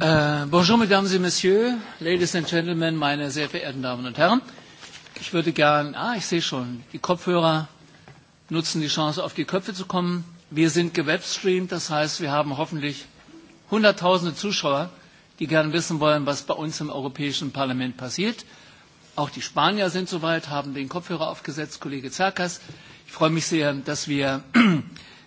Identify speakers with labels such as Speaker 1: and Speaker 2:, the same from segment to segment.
Speaker 1: Bonjour, mesdames et messieurs, ladies and gentlemen, meine sehr verehrten Damen und Herren. Ich würde gern, ah, ich sehe schon, die Kopfhörer nutzen die Chance, auf die Köpfe zu kommen. Wir sind gewebstreamt, das heißt, wir haben hoffentlich hunderttausende Zuschauer, die gern wissen wollen, was bei uns im Europäischen Parlament passiert. Auch die Spanier sind soweit, haben den Kopfhörer aufgesetzt, Kollege Zerkas. Ich freue mich sehr, dass wir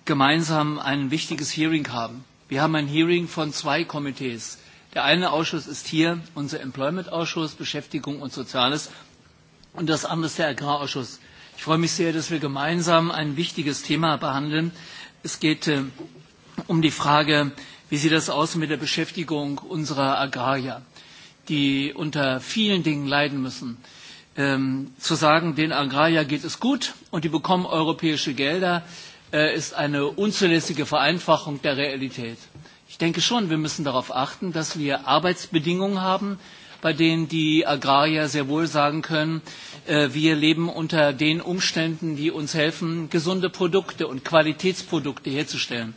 Speaker 1: gemeinsam ein wichtiges Hearing haben. Wir haben ein Hearing von zwei Komitees. Der eine Ausschuss ist hier unser Employment-Ausschuss, Beschäftigung und Soziales, und das andere ist der Agrarausschuss. Ich freue mich sehr, dass wir gemeinsam ein wichtiges Thema behandeln. Es geht um die Frage, wie sieht das aus mit der Beschäftigung unserer Agrarier, die unter vielen Dingen leiden müssen. zu sagen, den Agrarier geht es gut und die bekommen europäische Gelder, ist eine unzulässige Vereinfachung der Realität. Ich denke schon, wir müssen darauf achten, dass wir Arbeitsbedingungen haben, bei denen die Agrarier sehr wohl sagen können, wir leben unter den Umständen, die uns helfen, gesunde Produkte und Qualitätsprodukte herzustellen.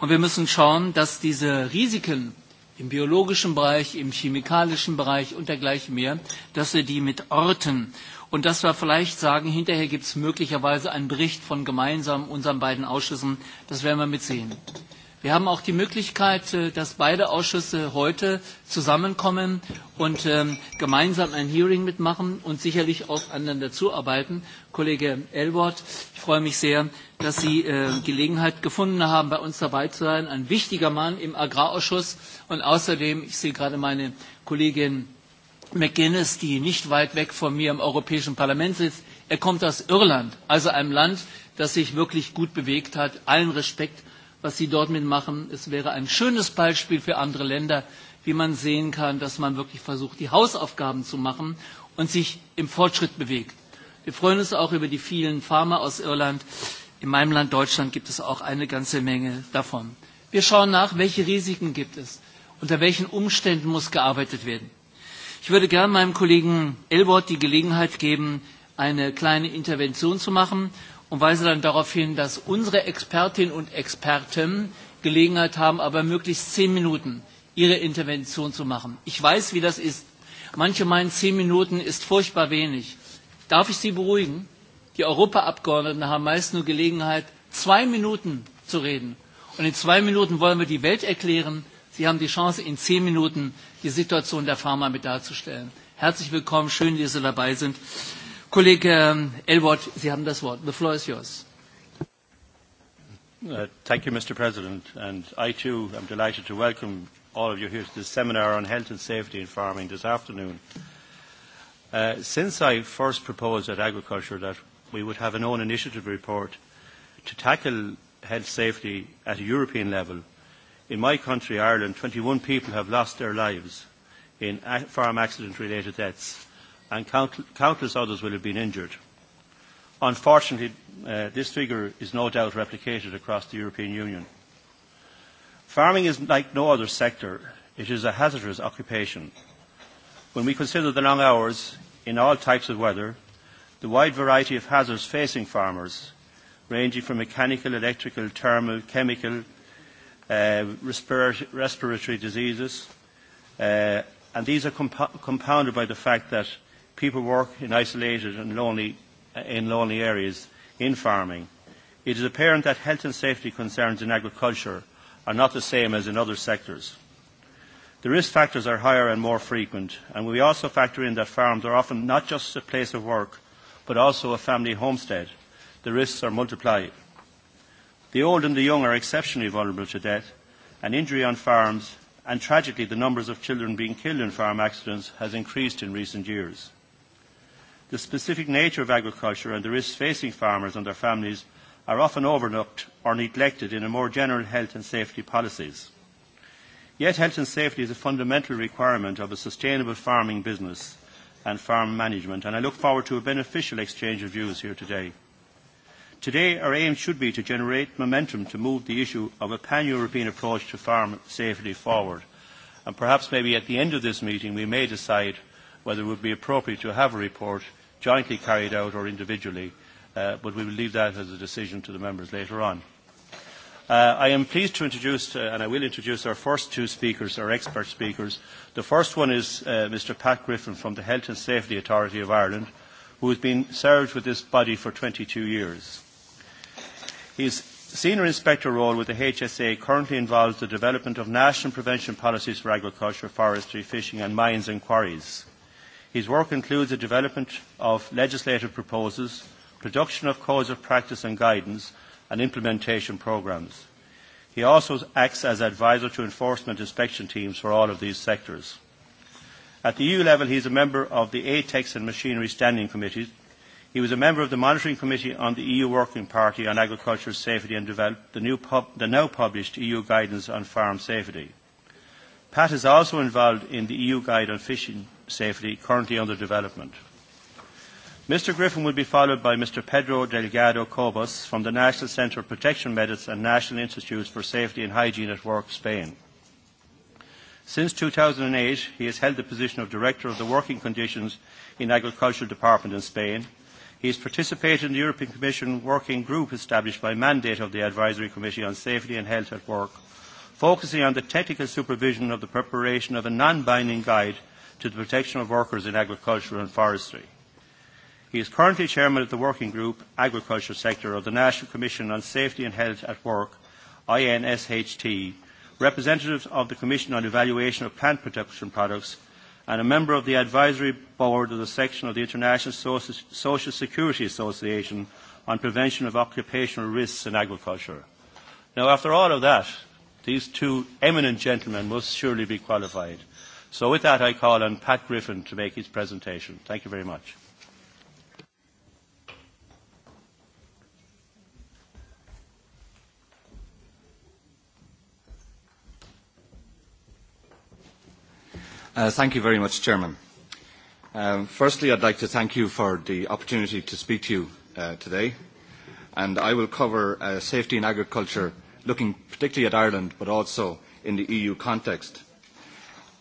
Speaker 1: Und wir müssen schauen, dass diese Risiken im biologischen Bereich, im chemikalischen Bereich und dergleichen mehr, dass wir die mit Orten und dass wir vielleicht sagen, hinterher gibt es möglicherweise einen Bericht von gemeinsam unseren beiden Ausschüssen. Das werden wir mitsehen. Wir haben auch die Möglichkeit, dass beide Ausschüsse heute zusammenkommen und gemeinsam ein Hearing mitmachen und sicherlich auch aneinander zuarbeiten. Kollege Elbert, ich freue mich sehr, dass Sie Gelegenheit gefunden haben, bei uns dabei zu sein. Ein wichtiger Mann im Agrarausschuss und außerdem, ich sehe gerade meine Kollegin McGuinness, die nicht weit weg von mir im Europäischen Parlament sitzt. Er kommt aus Irland, also einem Land, das sich wirklich gut bewegt hat. Allen Respekt, was Sie dort mitmachen. Es wäre ein schönes Beispiel für andere Länder, wie man sehen kann, dass man wirklich versucht, die Hausaufgaben zu machen und sich im Fortschritt bewegt. Wir freuen uns auch über die vielen Farmer aus Irland. In meinem Land Deutschland gibt es auch eine ganze Menge davon. Wir schauen nach, welche Risiken gibt es, unter welchen Umständen muss gearbeitet werden. Ich würde gerne meinem Kollegen Elbert die Gelegenheit geben, eine kleine Intervention zu machen und weise dann darauf hin, dass unsere Expertinnen und Experten Gelegenheit haben, aber möglichst zehn Minuten ihre Intervention zu machen. Ich weiß, wie das ist. Manche meinen, zehn Minuten ist furchtbar wenig. Darf ich Sie beruhigen? Die Europaabgeordneten haben meist nur Gelegenheit, zwei Minuten zu reden. Und in zwei Minuten wollen wir die Welt erklären. Sie haben die Chance, in zehn Minuten die Situation der Pharma mit darzustellen. Herzlich willkommen, schön, dass Sie dabei sind. Kollege Elwood, Sie haben das Wort. The floor is yours.
Speaker 2: Thank you, Mr. President. And I too am delighted to welcome all of you here to this seminar on health and safety in farming this afternoon. Uh, since I first proposed at Agriculture that we would have an own initiative report to tackle health safety at a European level, In my country, Ireland, 21 people have lost their lives in farm accident-related deaths, and count, countless others will have been injured. Unfortunately, uh, this figure is no doubt replicated across the European Union. Farming is like no other sector. It is a hazardous occupation. When we consider the long hours in all types of weather, the wide variety of hazards facing farmers, ranging from mechanical, electrical, thermal, chemical, uh, respiratory diseases, uh, and these are comp- compounded by the fact that people work in isolated and lonely, in lonely areas in farming. It is apparent that health and safety concerns in agriculture are not the same as in other sectors. The risk factors are higher and more frequent, and we also factor in that farms are often not just a place of work, but also a family homestead. The risks are multiplied. The old and the young are exceptionally vulnerable to death and injury on farms, and tragically the numbers of children being killed in farm accidents has increased in recent years. The specific nature of agriculture and the risks facing farmers and their families are often overlooked or neglected in a more general health and safety policies. Yet health and safety is a fundamental requirement of a sustainable farming business and farm management, and I look forward to a beneficial exchange of views here today. Today, our aim should be to generate momentum to move the issue of a pan-European approach to farm safety forward. And perhaps maybe at the end of this meeting, we may decide whether it would be appropriate to have a report jointly carried out or individually, uh, but we will leave that as a decision to the members later on. Uh, I am pleased to introduce, uh, and I will introduce our first two speakers, our expert speakers. The first one is uh, Mr Pat Griffin from the Health and Safety Authority of Ireland, who has been served with this body for 22 years. His senior inspector role with the HSA currently involves the development of national prevention policies for agriculture, forestry, fishing and mines and quarries. His work includes the development of legislative proposals, production of codes of practice and guidance, and implementation programmes. He also acts as advisor to enforcement inspection teams for all of these sectors. At the EU level, he is a member of the ATEX and Machinery Standing Committees, He was a member of the Monitoring Committee on the EU Working Party on Agricultural Safety and developed the, new pub, the now published EU Guidance on Farm Safety. Pat is also involved in the EU Guide on Fishing Safety, currently under development. Mr Griffin will be followed by Mr Pedro Delgado Cobos from the National Centre of Protection Medicine and National Institutes for Safety and Hygiene at Work, Spain. Since 2008, he has held the position of Director of the Working Conditions in Agricultural Department in Spain – He has participated in the European Commission working group established by mandate of the Advisory Committee on Safety and Health at Work, focusing on the technical supervision of the preparation of a non-binding guide to the protection of workers in agriculture and forestry. He is currently chairman of the working group Agriculture Sector of the National Commission on Safety and Health at Work, INSHT, representative of the Commission on Evaluation of Plant Protection Products and a member of the advisory board of the section of the International Social Security Association on prevention of occupational risks in agriculture. Now, after all of that, these two eminent gentlemen must surely be qualified. So with that, I call on Pat Griffin to make his presentation. Thank you very much.
Speaker 3: Thank you very much, Chairman. Firstly, I'd like to thank you for the opportunity to speak to you today, and I will cover safety in agriculture, looking particularly at Ireland, but also in the EU context.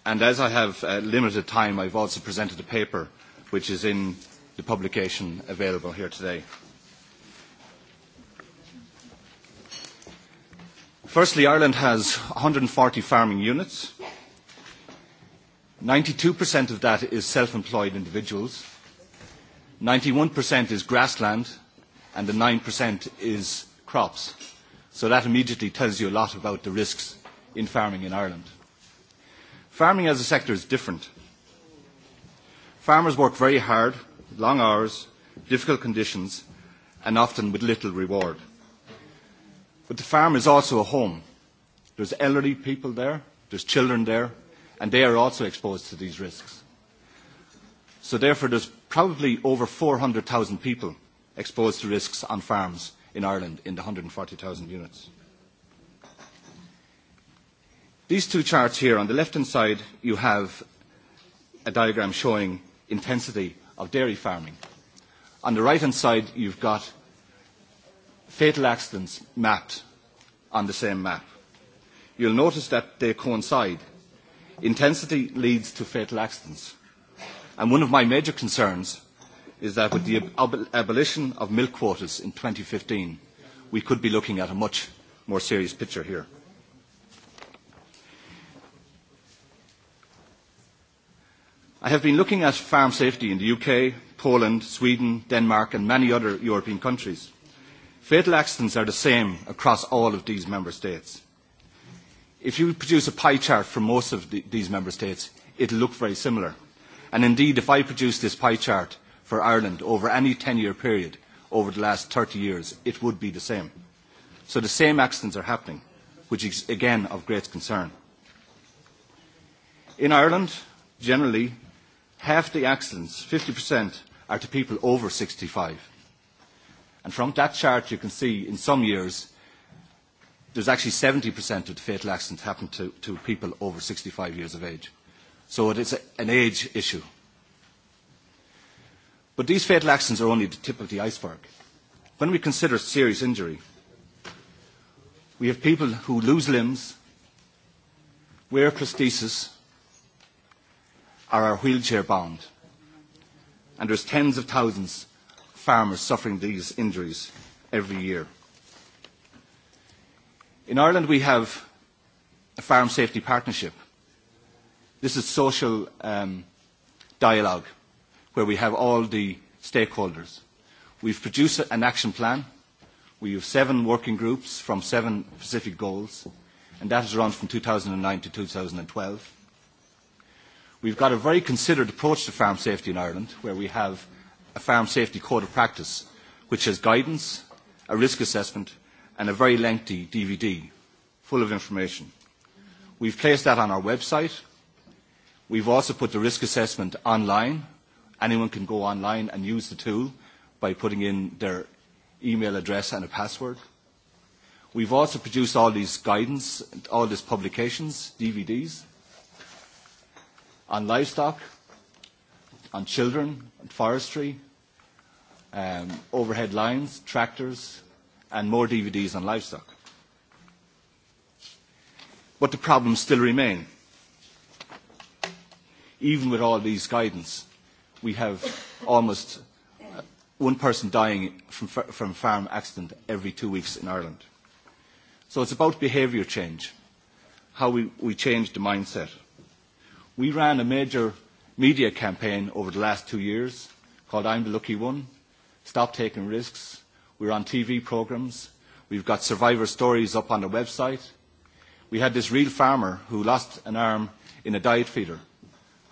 Speaker 3: And as I have limited time, I've also presented a paper which is in the publication available here today. Firstly, Ireland has one hundred and forty farming units, 92% of that is self-employed individuals, 91% is grassland, and the 9% is crops. So that immediately tells you a lot about the risks in farming in Ireland. Farming as a sector is different. Farmers work very hard, long hours, difficult conditions, and often with little reward. But the farm is also a home. There's elderly people there, there's children there, and they are also exposed to these risks. So therefore, there's probably over 400,000 people exposed to risks on farms in Ireland in the 140,000 units. These two charts here, on the left-hand side, you have a diagram showing intensity of dairy farming. On the right-hand side, you've got fatal accidents mapped on the same map. You'll notice that they coincide Intensity leads to fatal accidents. And one of my major concerns is that with the abolition of milk quotas in fifteen, we could be looking at a much more serious picture here. I have been looking at farm safety in the UK, Poland, Sweden, Denmark and many other European countries. Fatal accidents are the same across all of these member states. If you produce a pie chart for most of the, these member states, it will look very similar. And indeed, if I produce this pie chart for Ireland over any 10-year period over the last 30 years, it would be the same. So the same accidents are happening, which is again of great concern. In Ireland, generally, half the accidents, 50%, are to people over 65. And from that chart, you can see in some years there's actually 70% of the fatal accidents happen to, to people over 65 years of age. So it is an age issue. But these fatal accidents are only the tip of the iceberg. When we consider serious injury, we have people who lose limbs, wear prosthesis, or are wheelchair bound. And there's tens of thousands of farmers suffering these injuries every year. In Ireland, we have a farm safety partnership. This is social um, dialogue where we have all the stakeholders. We've produced an action plan. We have seven working groups from seven specific goals, and that has run from 2009 to 2012. We've got a very considered approach to farm safety in Ireland, where we have a farm safety code of practice, which has guidance, a risk assessment, and a very lengthy DVD full of information. We've placed that on our website. We've also put the risk assessment online. Anyone can go online and use the tool by putting in their email address and a password. We've also produced all these guidance, all these publications, DVDs, on livestock, on children, on forestry, um, overhead lines, tractors, and more DVDs on livestock. But the problems still remain. Even with all these guidance, we have almost one person dying from, from farm accident every two weeks in Ireland. So it's about behaviour change, how we, we change the mindset. We ran a major media campaign over the last two years called I'm the Lucky One, Stop Taking Risks, We're on TV programmes. We've got survivor stories up on the website. We had this real farmer who lost an arm in a diet feeder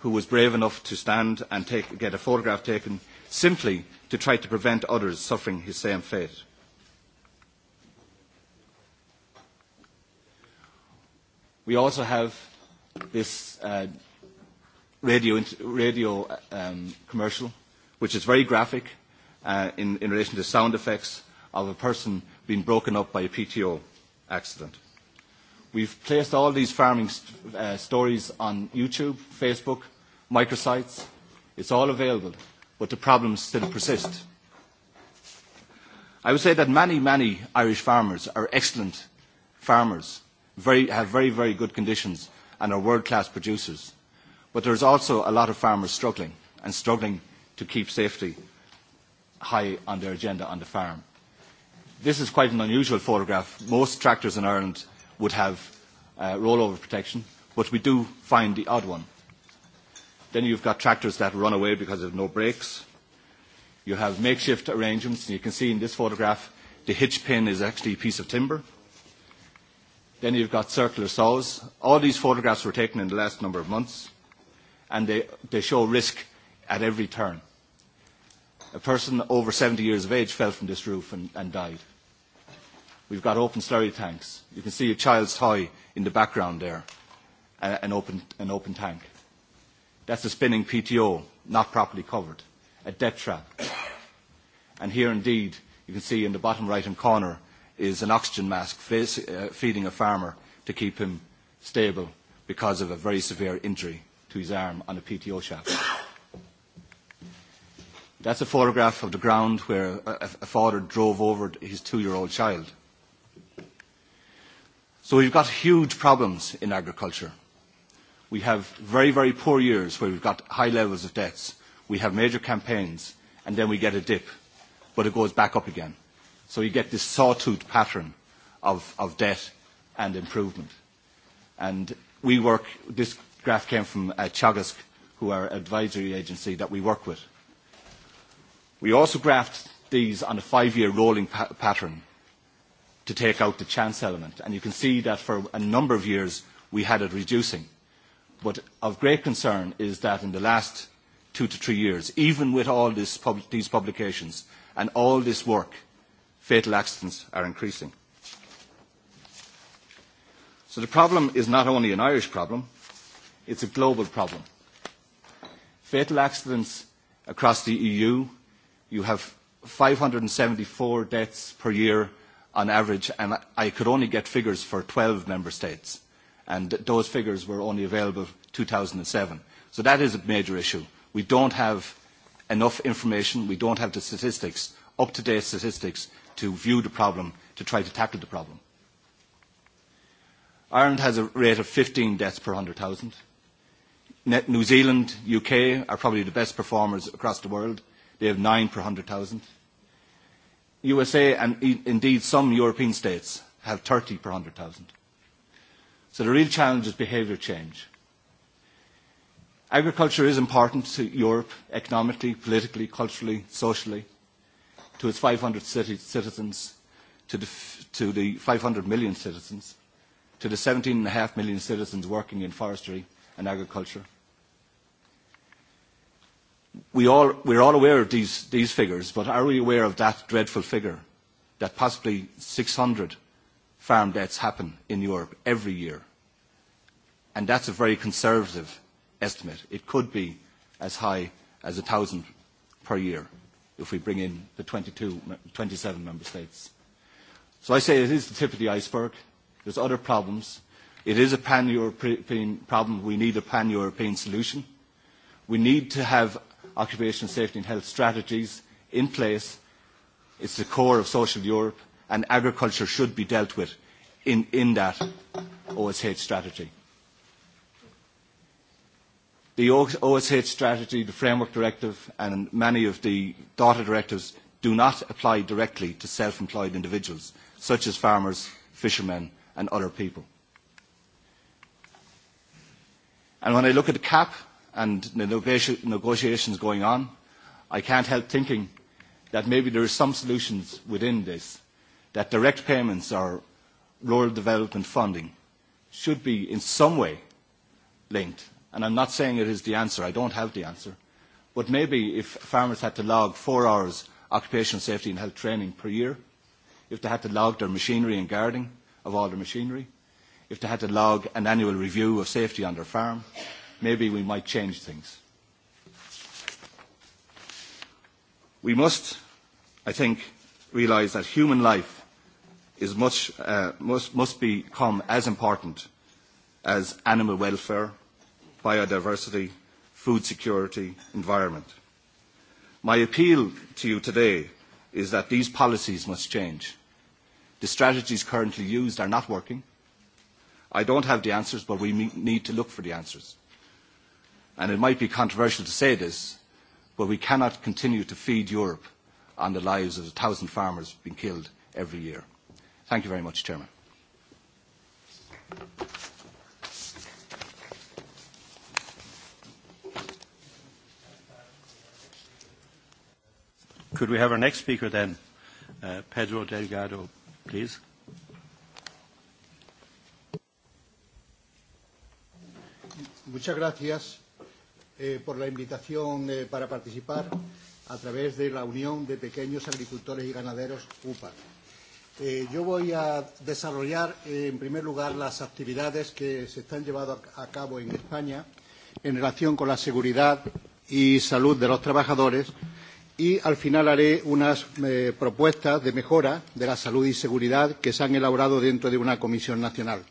Speaker 3: who was brave enough to stand and take, get a photograph taken simply to try to prevent others suffering his same fate. We also have this uh, radio, radio um, commercial, which is very graphic uh, in, in relation to sound effects of a person being broken up by a PTO accident. We've placed all these farming st- uh, stories on YouTube, Facebook, microsites. It's all available, but the problems still persist. I would say that many, many Irish farmers are excellent farmers, very, have very, very good conditions and are world-class producers. But there's also a lot of farmers struggling and struggling to keep safety high on their agenda on the farm. This is quite an unusual photograph. Most tractors in Ireland would have uh, rollover protection, but we do find the odd one. Then you've got tractors that run away because of no brakes. You have makeshift arrangements, and you can see in this photograph the hitch pin is actually a piece of timber. Then you've got circular saws. All these photographs were taken in the last number of months, and they, they show risk at every turn a person over 70 years of age fell from this roof and, and died. We've got open slurry tanks. You can see a child's toy in the background there, an open, an open tank. That's a spinning PTO, not properly covered, a debt trap. And here indeed, you can see in the bottom right-hand corner is an oxygen mask face, uh, feeding a farmer to keep him stable because of a very severe injury to his arm on a PTO shaft. That's a photograph of the ground where a, a father drove over his two-year-old child. So we've got huge problems in agriculture. We have very, very poor years where we've got high levels of debts. We have major campaigns, and then we get a dip, but it goes back up again. So you get this sawtooth pattern of, of debt and improvement. And we work, this graph came from uh, Chagask, who are an advisory agency that we work with We also graphed these on a five-year rolling pa pattern to take out the chance element. And you can see that for a number of years we had it reducing. But of great concern is that in the last two to three years, even with all this pub these publications and all this work, fatal accidents are increasing. So the problem is not only an Irish problem, it's a global problem. Fatal accidents across the EU you have 574 deaths per year on average, and I could only get figures for 12 member states, and those figures were only available 2007. So that is a major issue. We don't have enough information, we don't have the statistics, up-to-date statistics, to view the problem, to try to tackle the problem. Ireland has a rate of 15 deaths per 100,000. New Zealand, UK are probably the best performers across the world They have nine per 100,000. USA and indeed some European states have 30 per 100,000. So the real challenge is behaviour change. Agriculture is important to Europe economically, politically, culturally, socially, to its 500 citizens, to the, to the 500 million citizens, to the 17.5 million citizens working in forestry and agriculture, we all, we're all aware of these, these figures, but are we aware of that dreadful figure that possibly 600 farm deaths happen in Europe every year? And that's a very conservative estimate. It could be as high as 1,000 per year if we bring in the 22, 27 member states. So I say it is the tip of the iceberg. There's other problems. It is a pan-European problem. We need a pan-European solution. We need to have occupational safety and health strategies in place. It's the core of social Europe, and agriculture should be dealt with in, in that OSH strategy. The OSH strategy, the framework directive, and many of the daughter directives do not apply directly to self-employed individuals, such as farmers, fishermen, and other people. And when I look at the CAP, and the negotiations going on, I can't help thinking that maybe there are some solutions within this, that direct payments or rural development funding should be in some way linked. And I'm not saying it is the answer. I don't have the answer. But maybe if farmers had to log four hours occupational safety and health training per year, if they had to log their machinery and guarding of all their machinery, if they had to log an annual review of safety on their farm, maybe we might change things. We must, I think, realise that human life is much, uh, must, must become as important as animal welfare, biodiversity, food security, environment. My appeal to you today is that these policies must change. The strategies currently used are not working. I don't have the answers, but we need to look for the answers and it might be controversial to say this, but we cannot continue to feed Europe on the lives of a thousand farmers being killed every year. Thank you very much, Chairman.
Speaker 2: Could we have our next speaker then? Uh, Pedro Delgado, please.
Speaker 4: Muchas gracias por la invitación para participar a través de la Unión de Pequeños Agricultores y Ganaderos, UPA. yo voy a desarrollar, en primer lugar, las actividades que se están llevando a cabo en España en relación con la seguridad y salud de los trabajadores y, al final, haré unas propuestas de mejora de la salud y seguridad que se han elaborado dentro de una comisión nacional.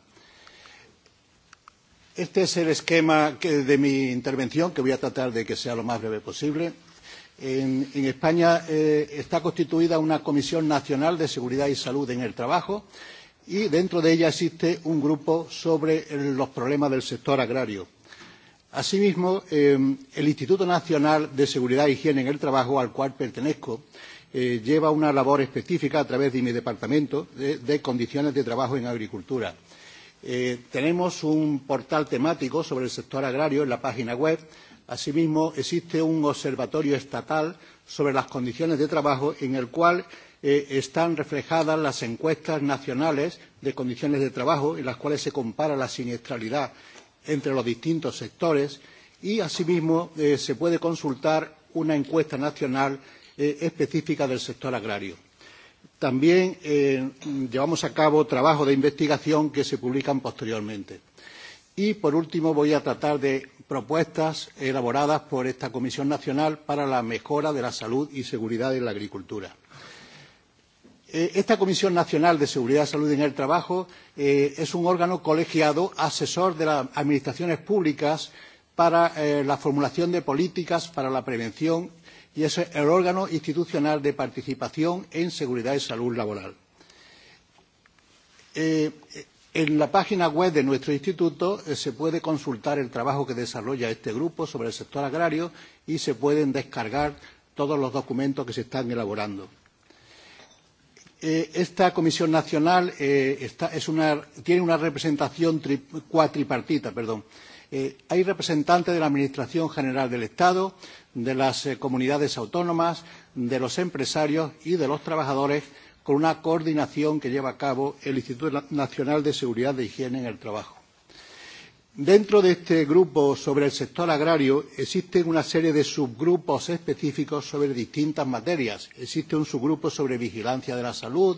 Speaker 4: Este es el esquema de mi intervención, que voy a tratar de que sea lo más breve posible. En, en España eh, está constituida una Comisión Nacional de Seguridad y Salud en el Trabajo y dentro de ella existe un grupo sobre los problemas del sector agrario. Asimismo, eh, el Instituto Nacional de Seguridad e Higiene en el Trabajo, al cual pertenezco, eh, lleva una labor específica a través de mi departamento de, de condiciones de trabajo en agricultura. Eh, tenemos un portal temático sobre el sector agrario en la página web. Asimismo, existe un observatorio estatal sobre las condiciones de trabajo en el cual eh, están reflejadas las encuestas nacionales de condiciones de trabajo en las cuales se compara la siniestralidad entre los distintos sectores y, asimismo, eh, se puede consultar una encuesta nacional eh, específica del sector agrario. También llevamos a cabo trabajos de investigación que se publican posteriormente. Y, por último, voy a tratar de propuestas elaboradas por esta Comisión Nacional para la mejora de la salud y seguridad en la agricultura. Esta Comisión Nacional de Seguridad, Salud y en el Trabajo es un órgano colegiado asesor de las administraciones públicas para la formulación de políticas para la prevención y es el órgano institucional de participación en seguridad y salud laboral. Eh, en la página web de nuestro instituto eh, se puede consultar el trabajo que desarrolla este grupo sobre el sector agrario y se pueden descargar todos los documentos que se están elaborando. Eh, esta Comisión Nacional eh, está, es una, tiene una representación tri, cuatripartita. Perdón. Eh, hay representantes de la Administración General del Estado, de las comunidades autónomas, de los empresarios y de los trabajadores, con una coordinación que lleva a cabo el Instituto Nacional de Seguridad de Higiene en el Trabajo. Dentro de este grupo sobre el sector agrario existen una serie de subgrupos específicos sobre distintas materias. Existe un subgrupo sobre vigilancia de la salud,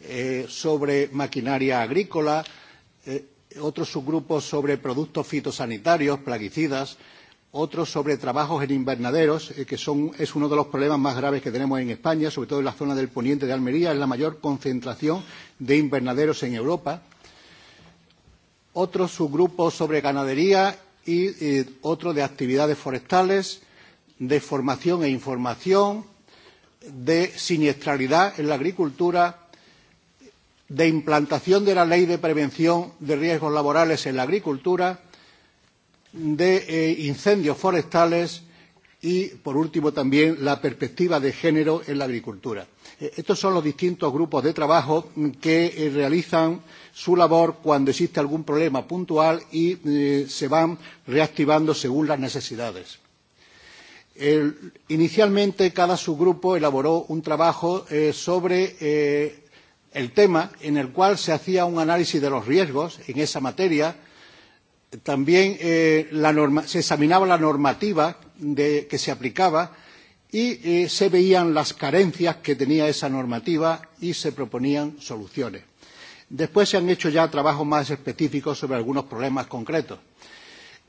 Speaker 4: eh, sobre maquinaria agrícola, eh, otro subgrupo sobre productos fitosanitarios, plaguicidas, otro sobre trabajos en invernaderos, eh, que son, es uno de los problemas más graves que tenemos en España, sobre todo en la zona del poniente de Almería, es la mayor concentración de invernaderos en Europa. Otro subgrupo sobre ganadería y eh, otro de actividades forestales, de formación e información, de siniestralidad en la agricultura, de implantación de la ley de prevención de riesgos laborales en la agricultura de eh, incendios forestales y, por último, también la perspectiva de género en la agricultura. Estos son los distintos grupos de trabajo que realizan su labor cuando existe algún problema puntual y eh, se van reactivando según las necesidades. El, inicialmente, cada subgrupo elaboró un trabajo eh, sobre eh, el tema en el cual se hacía un análisis de los riesgos en esa materia, también eh, la norma, se examinaba la normativa de, que se aplicaba y eh, se veían las carencias que tenía esa normativa y se proponían soluciones. Después se han hecho ya trabajos más específicos sobre algunos problemas concretos.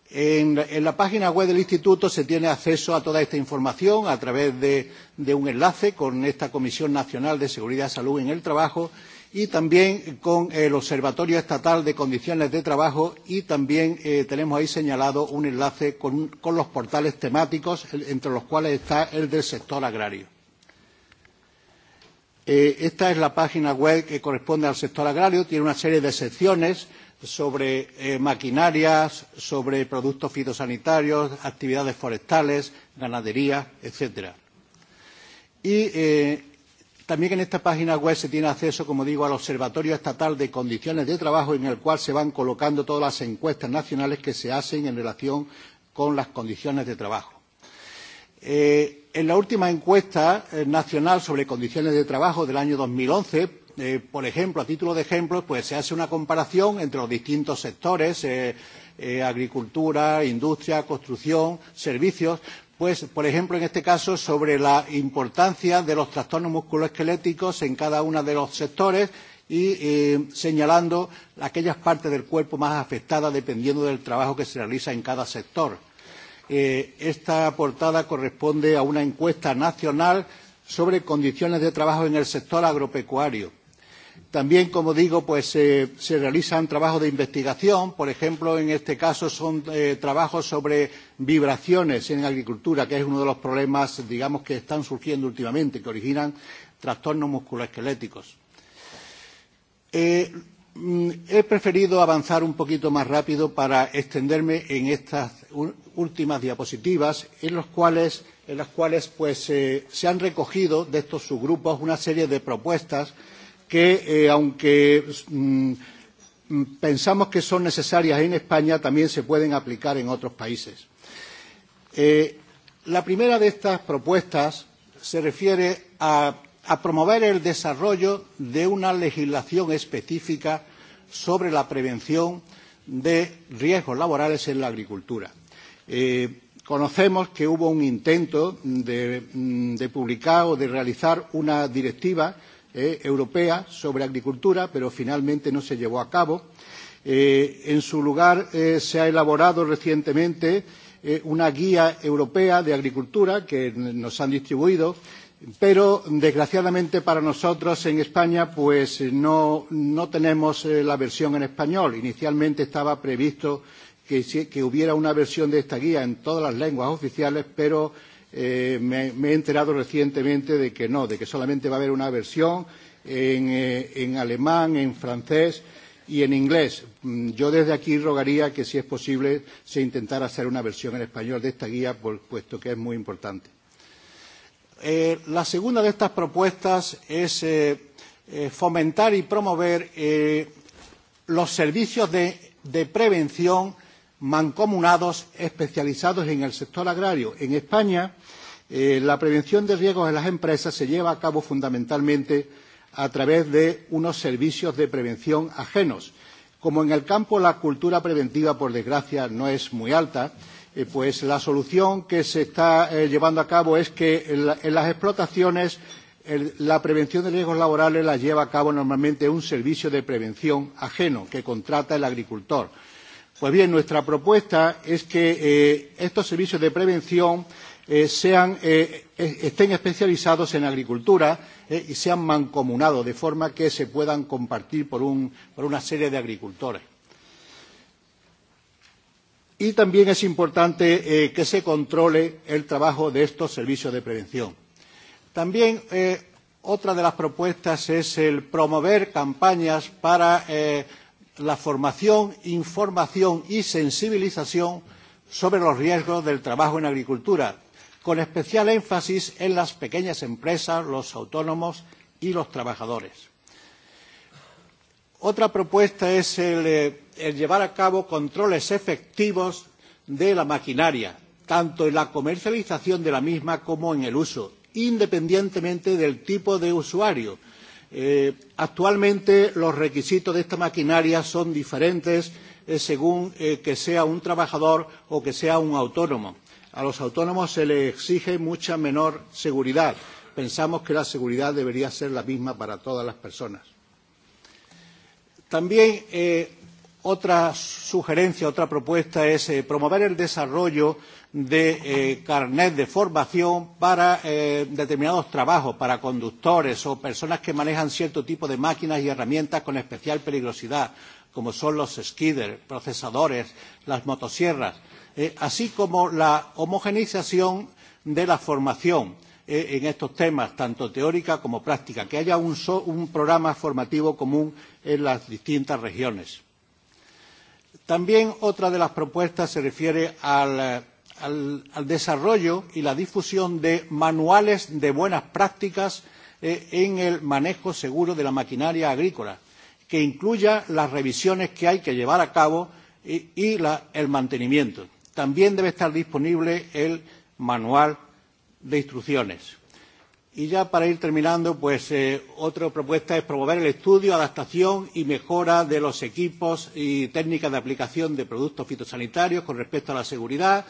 Speaker 4: En, en la página web del Instituto se tiene acceso a toda esta información a través de, de un enlace con esta Comisión Nacional de Seguridad y Salud en el Trabajo y también con el Observatorio Estatal de Condiciones de Trabajo y también eh, tenemos ahí señalado un enlace con, con los portales temáticos, el, entre los cuales está el del sector agrario. Eh, esta es la página web que corresponde al sector agrario, tiene una serie de secciones sobre eh, maquinarias, sobre productos fitosanitarios, actividades forestales, ganadería, etcétera. Y eh, También en esta página web se tiene acceso, como digo, al Observatorio Estatal de Condiciones de Trabajo, en el cual se van colocando todas las encuestas nacionales que se hacen en relación con las condiciones de trabajo. Eh, en la última encuesta eh, nacional sobre condiciones de trabajo del año 2011, eh, por ejemplo, a título de ejemplo, pues se hace una comparación entre los distintos sectores, eh, eh, agricultura, industria, construcción, servicios, pues, por ejemplo, en este caso, sobre la importancia de los trastornos musculoesqueléticos en cada uno de los sectores y eh, señalando aquellas partes del cuerpo más afectadas dependiendo del trabajo que se realiza en cada sector. Eh, esta portada corresponde a una encuesta nacional sobre condiciones de trabajo en el sector agropecuario También, como digo, pues se realizan trabajos de investigación. Por ejemplo, en este caso son trabajos sobre vibraciones en agricultura, que es uno de los problemas, digamos, que están surgiendo últimamente, que originan trastornos musculoesqueléticos. he preferido avanzar un poquito más rápido para extenderme en estas últimas diapositivas, en las cuales, en las cuales pues, se han recogido de estos subgrupos una serie de propuestas que, eh, aunque mm, pensamos que son necesarias en España, también se pueden aplicar en otros países. Eh, la primera de estas propuestas se refiere a, a promover el desarrollo de una legislación específica sobre la prevención de riesgos laborales en la agricultura. Eh, conocemos que hubo un intento de, de publicar o de realizar una directiva eh, europea sobre agricultura, pero finalmente no se llevó a cabo. Eh, en su lugar, eh, se ha elaborado recientemente eh, una guía europea de agricultura que nos han distribuido, pero desgraciadamente para nosotros en España pues no, no tenemos eh, la versión en español. Inicialmente estaba previsto que, que hubiera una versión de esta guía en todas las lenguas oficiales, pero eh, me, me he enterado recientemente de que no, de que solamente va a haber una versión en, eh, en alemán, en francés y en inglés. Yo desde aquí rogaría que, si es posible, se intentara hacer una versión en español de esta guía, por, puesto que es muy importante. Eh, la segunda de estas propuestas es eh, eh, fomentar y promover eh, los servicios de, de prevención mancomunados especializados en el sector agrario. En España, eh, la prevención de riesgos en las empresas se lleva a cabo fundamentalmente a través de unos servicios de prevención ajenos. Como en el campo la cultura preventiva, por desgracia, no es muy alta, eh, pues la solución que se está eh, llevando a cabo es que en, la, en las explotaciones el, la prevención de riesgos laborales la lleva a cabo normalmente un servicio de prevención ajeno que contrata el agricultor Pues bien, nuestra propuesta es que eh, estos servicios de prevención eh, sean, eh, estén especializados en agricultura eh, y sean mancomunados, de forma que se puedan compartir por, un, por una serie de agricultores. Y también es importante eh, que se controle el trabajo de estos servicios de prevención. También eh, otra de las propuestas es el promover campañas para eh, la formación, información y sensibilización sobre los riesgos del trabajo en agricultura, con especial énfasis en las pequeñas empresas, los autónomos y los trabajadores. Otra propuesta es el, el llevar a cabo controles efectivos de la maquinaria, tanto en la comercialización de la misma como en el uso, independientemente del tipo de usuario, actualmente los requisitos de esta maquinaria son diferentes según que sea un trabajador o que sea un autónomo. A los autónomos se les exige mucha menor seguridad. Pensamos que la seguridad debería ser la misma para todas las personas. También otra sugerencia, otra propuesta es promover el desarrollo de eh, carnet de formación para eh, determinados trabajos, para conductores o personas que manejan cierto tipo de máquinas y herramientas con especial peligrosidad, como son los skiders, procesadores, las motosierras, eh, así como la homogeneización de la formación eh, en estos temas, tanto teórica como práctica, que haya un, so, un programa formativo común en las distintas regiones. También otra de las propuestas se refiere al al, al desarrollo y la difusión de manuales de buenas prácticas eh, en el manejo seguro de la maquinaria agrícola, que incluya las revisiones que hay que llevar a cabo y, y la, el mantenimiento. También debe estar disponible el manual de instrucciones. Y ya para ir terminando, pues eh, otra propuesta es promover el estudio, adaptación y mejora de los equipos y técnicas de aplicación de productos fitosanitarios con respecto a la seguridad,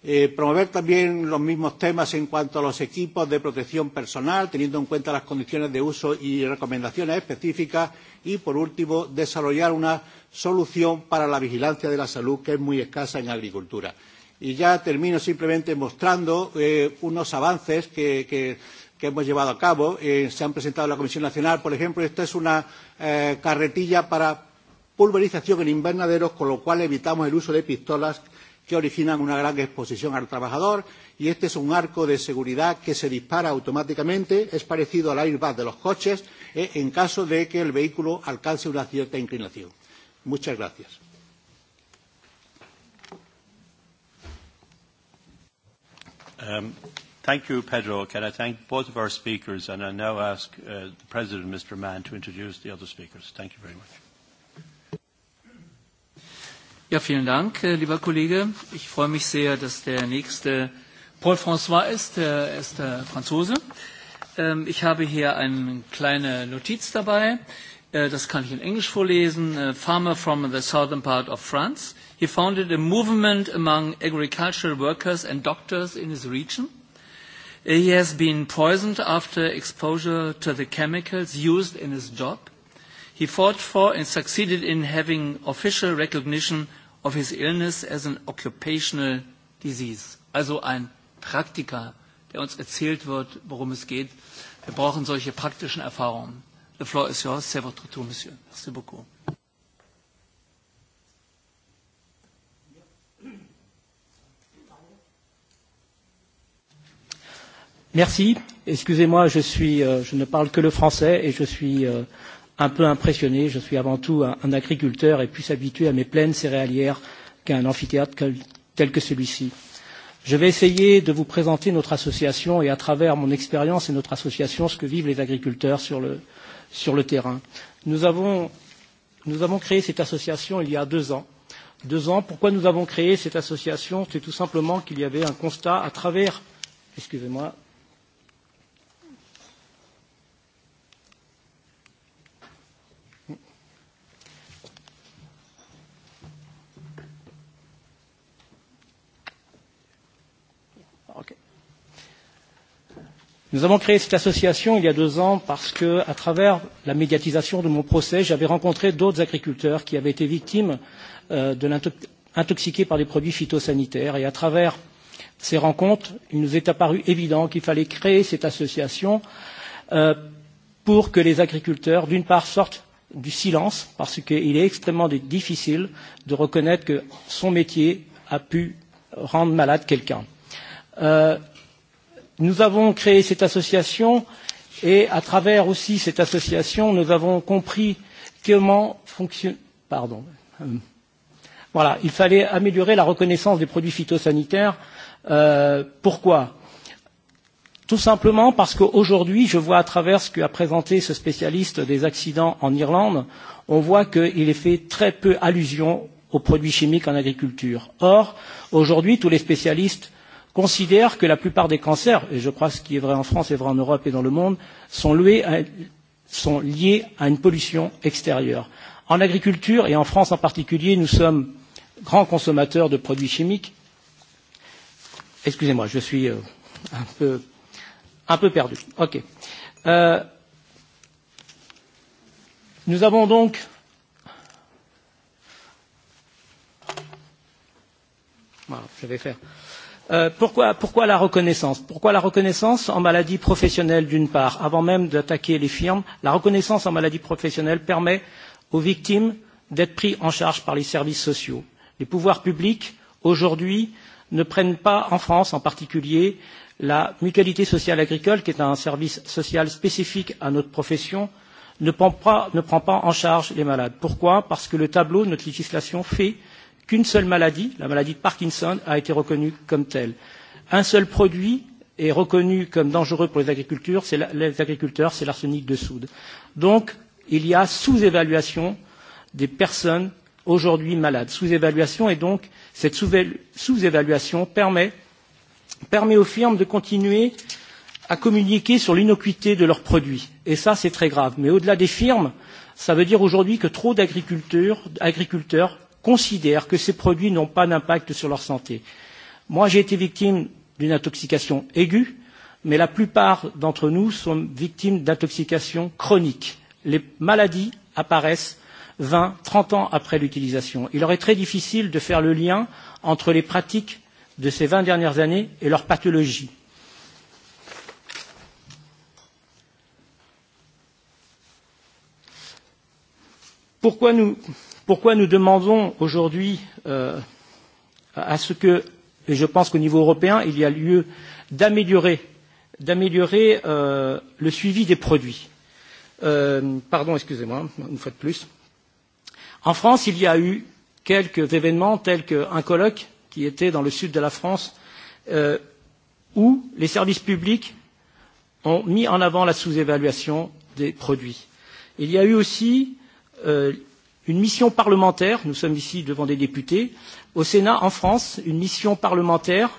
Speaker 4: Eh, promover también los mismos temas en cuanto a los equipos de protección personal, teniendo en cuenta las condiciones de uso y recomendaciones específicas. Y, por último, desarrollar una solución para la vigilancia de la salud, que es muy escasa en agricultura. Y ya termino simplemente mostrando eh, unos avances que, que, que hemos llevado a cabo. Eh, se han presentado en la Comisión Nacional, por ejemplo, esta es una eh, carretilla para pulverización en invernaderos, con lo cual evitamos el uso de pistolas que originan una gran exposición al trabajador y este es un arco de seguridad que se dispara automáticamente, es parecido al airbag de los coches eh, en caso de que el vehículo alcance una cierta inclinación. Muchas gracias.
Speaker 2: Um, thank you, Pedro. Can I thank both of our speakers? And I now ask uh, the President, Mr. Mann, to introduce the other speakers. Thank you very much.
Speaker 1: Ja, vielen Dank, lieber Kollege. Ich freue mich sehr, dass der nächste Paul François ist. Er ist der Franzose. Ich habe hier eine kleine Notiz dabei. Das kann ich in Englisch vorlesen. Farmer from the southern part of France. He founded a movement among agricultural workers and doctors in his region. He has been poisoned after exposure to the chemicals used in his job He fought for and succeeded in having official recognition of his illness as an occupational disease. Also ein Praktiker, der uns erzählt wird, worum es geht. Wir brauchen solche praktischen Erfahrungen. The floor is yours. C'est votre tour, monsieur. Merci beaucoup.
Speaker 5: Merci. Excusez-moi, je, suis, je ne parle que le français et je suis euh, un peu impressionné. Je suis avant tout un, un agriculteur et plus habitué à mes plaines céréalières qu'à un amphithéâtre tel que celui-ci. Je vais essayer de vous présenter notre association et à travers mon expérience et notre association ce que vivent les agriculteurs sur le, sur le terrain. Nous avons, nous avons créé cette association il y a deux ans. Deux ans, pourquoi nous avons créé cette association C'est tout simplement qu'il y avait un constat à travers, excusez-moi, Nous avons créé cette association il y a deux ans parce que, à travers la médiatisation de mon procès, j'avais rencontré d'autres agriculteurs qui avaient été victimes euh, de intoxiqués par des produits phytosanitaires. Et à travers ces rencontres, il nous est apparu évident qu'il fallait créer cette association euh, pour que les agriculteurs, d'une part, sortent du silence, parce qu'il est extrêmement difficile de reconnaître que son métier a pu rendre malade quelqu'un. Euh, Nous avons créé cette association et à travers aussi cette association, nous avons compris comment fonctionne. Pardon. Voilà, il fallait améliorer la reconnaissance des produits phytosanitaires. Euh, pourquoi Tout simplement parce qu'aujourd'hui, je vois à travers ce qu'a présenté ce spécialiste des accidents en Irlande, on voit qu'il est fait très peu allusion aux produits chimiques en agriculture. Or, aujourd'hui, tous les spécialistes Considère que la plupart des cancers, et je crois que ce qui est vrai en France est vrai en Europe et dans le monde, sont, loués à, sont liés à une pollution extérieure. En agriculture, et en France en particulier, nous sommes grands consommateurs de produits chimiques. Excusez-moi, je suis un peu, un peu perdu. OK. Euh, nous avons donc voilà, je vais faire. Euh, pourquoi, la reconnaissance Pourquoi la reconnaissance en maladie professionnelle d'une part, avant même d'attaquer les firmes La reconnaissance en maladie professionnelle permet aux victimes d'être prises en charge par les services sociaux. Les pouvoirs publics, aujourd'hui, ne prennent pas, en France en particulier, la mutualité sociale agricole, qui est un service social spécifique à notre profession, ne prend pas, en charge les malades. Pourquoi Parce que le tableau, de notre législation fait qu'une seule maladie, la maladie de Parkinson, a été reconnue comme telle. Un seul produit est reconnu comme dangereux pour les agriculteurs, c'est l'arsenic de soude. Donc, il y a sous-évaluation des personnes aujourd'hui malades. Sous-évaluation, et donc cette sous-évaluation permet, permet aux firmes de continuer à communiquer sur l'innocuité de leurs produits. Et ça, c'est très grave. Mais au-delà des firmes, ça veut dire aujourd'hui que trop d'agriculteurs considèrent que ces produits n'ont pas d'impact sur leur santé. Moi, j'ai été victime d'une intoxication aiguë, mais la plupart d'entre nous sont victimes d'intoxications chroniques. Les maladies apparaissent vingt, trente ans après l'utilisation. Il leur est très difficile de faire le lien entre les pratiques de ces vingt dernières années et leur pathologie. Pourquoi nous, Pourquoi nous demandons aujourd'hui euh, à ce que, et je pense qu'au niveau européen, il y a lieu d'améliorer d'améliorer euh, le suivi des produits. Euh, pardon, excusez-moi, une fois de plus. En France, il y a eu quelques événements tels qu'un colloque qui était dans le sud de la France euh, où les services publics ont mis en avant la sous-évaluation des produits. Il y a eu aussi euh, une mission parlementaire, nous sommes ici devant des députés, au Sénat en France, une mission parlementaire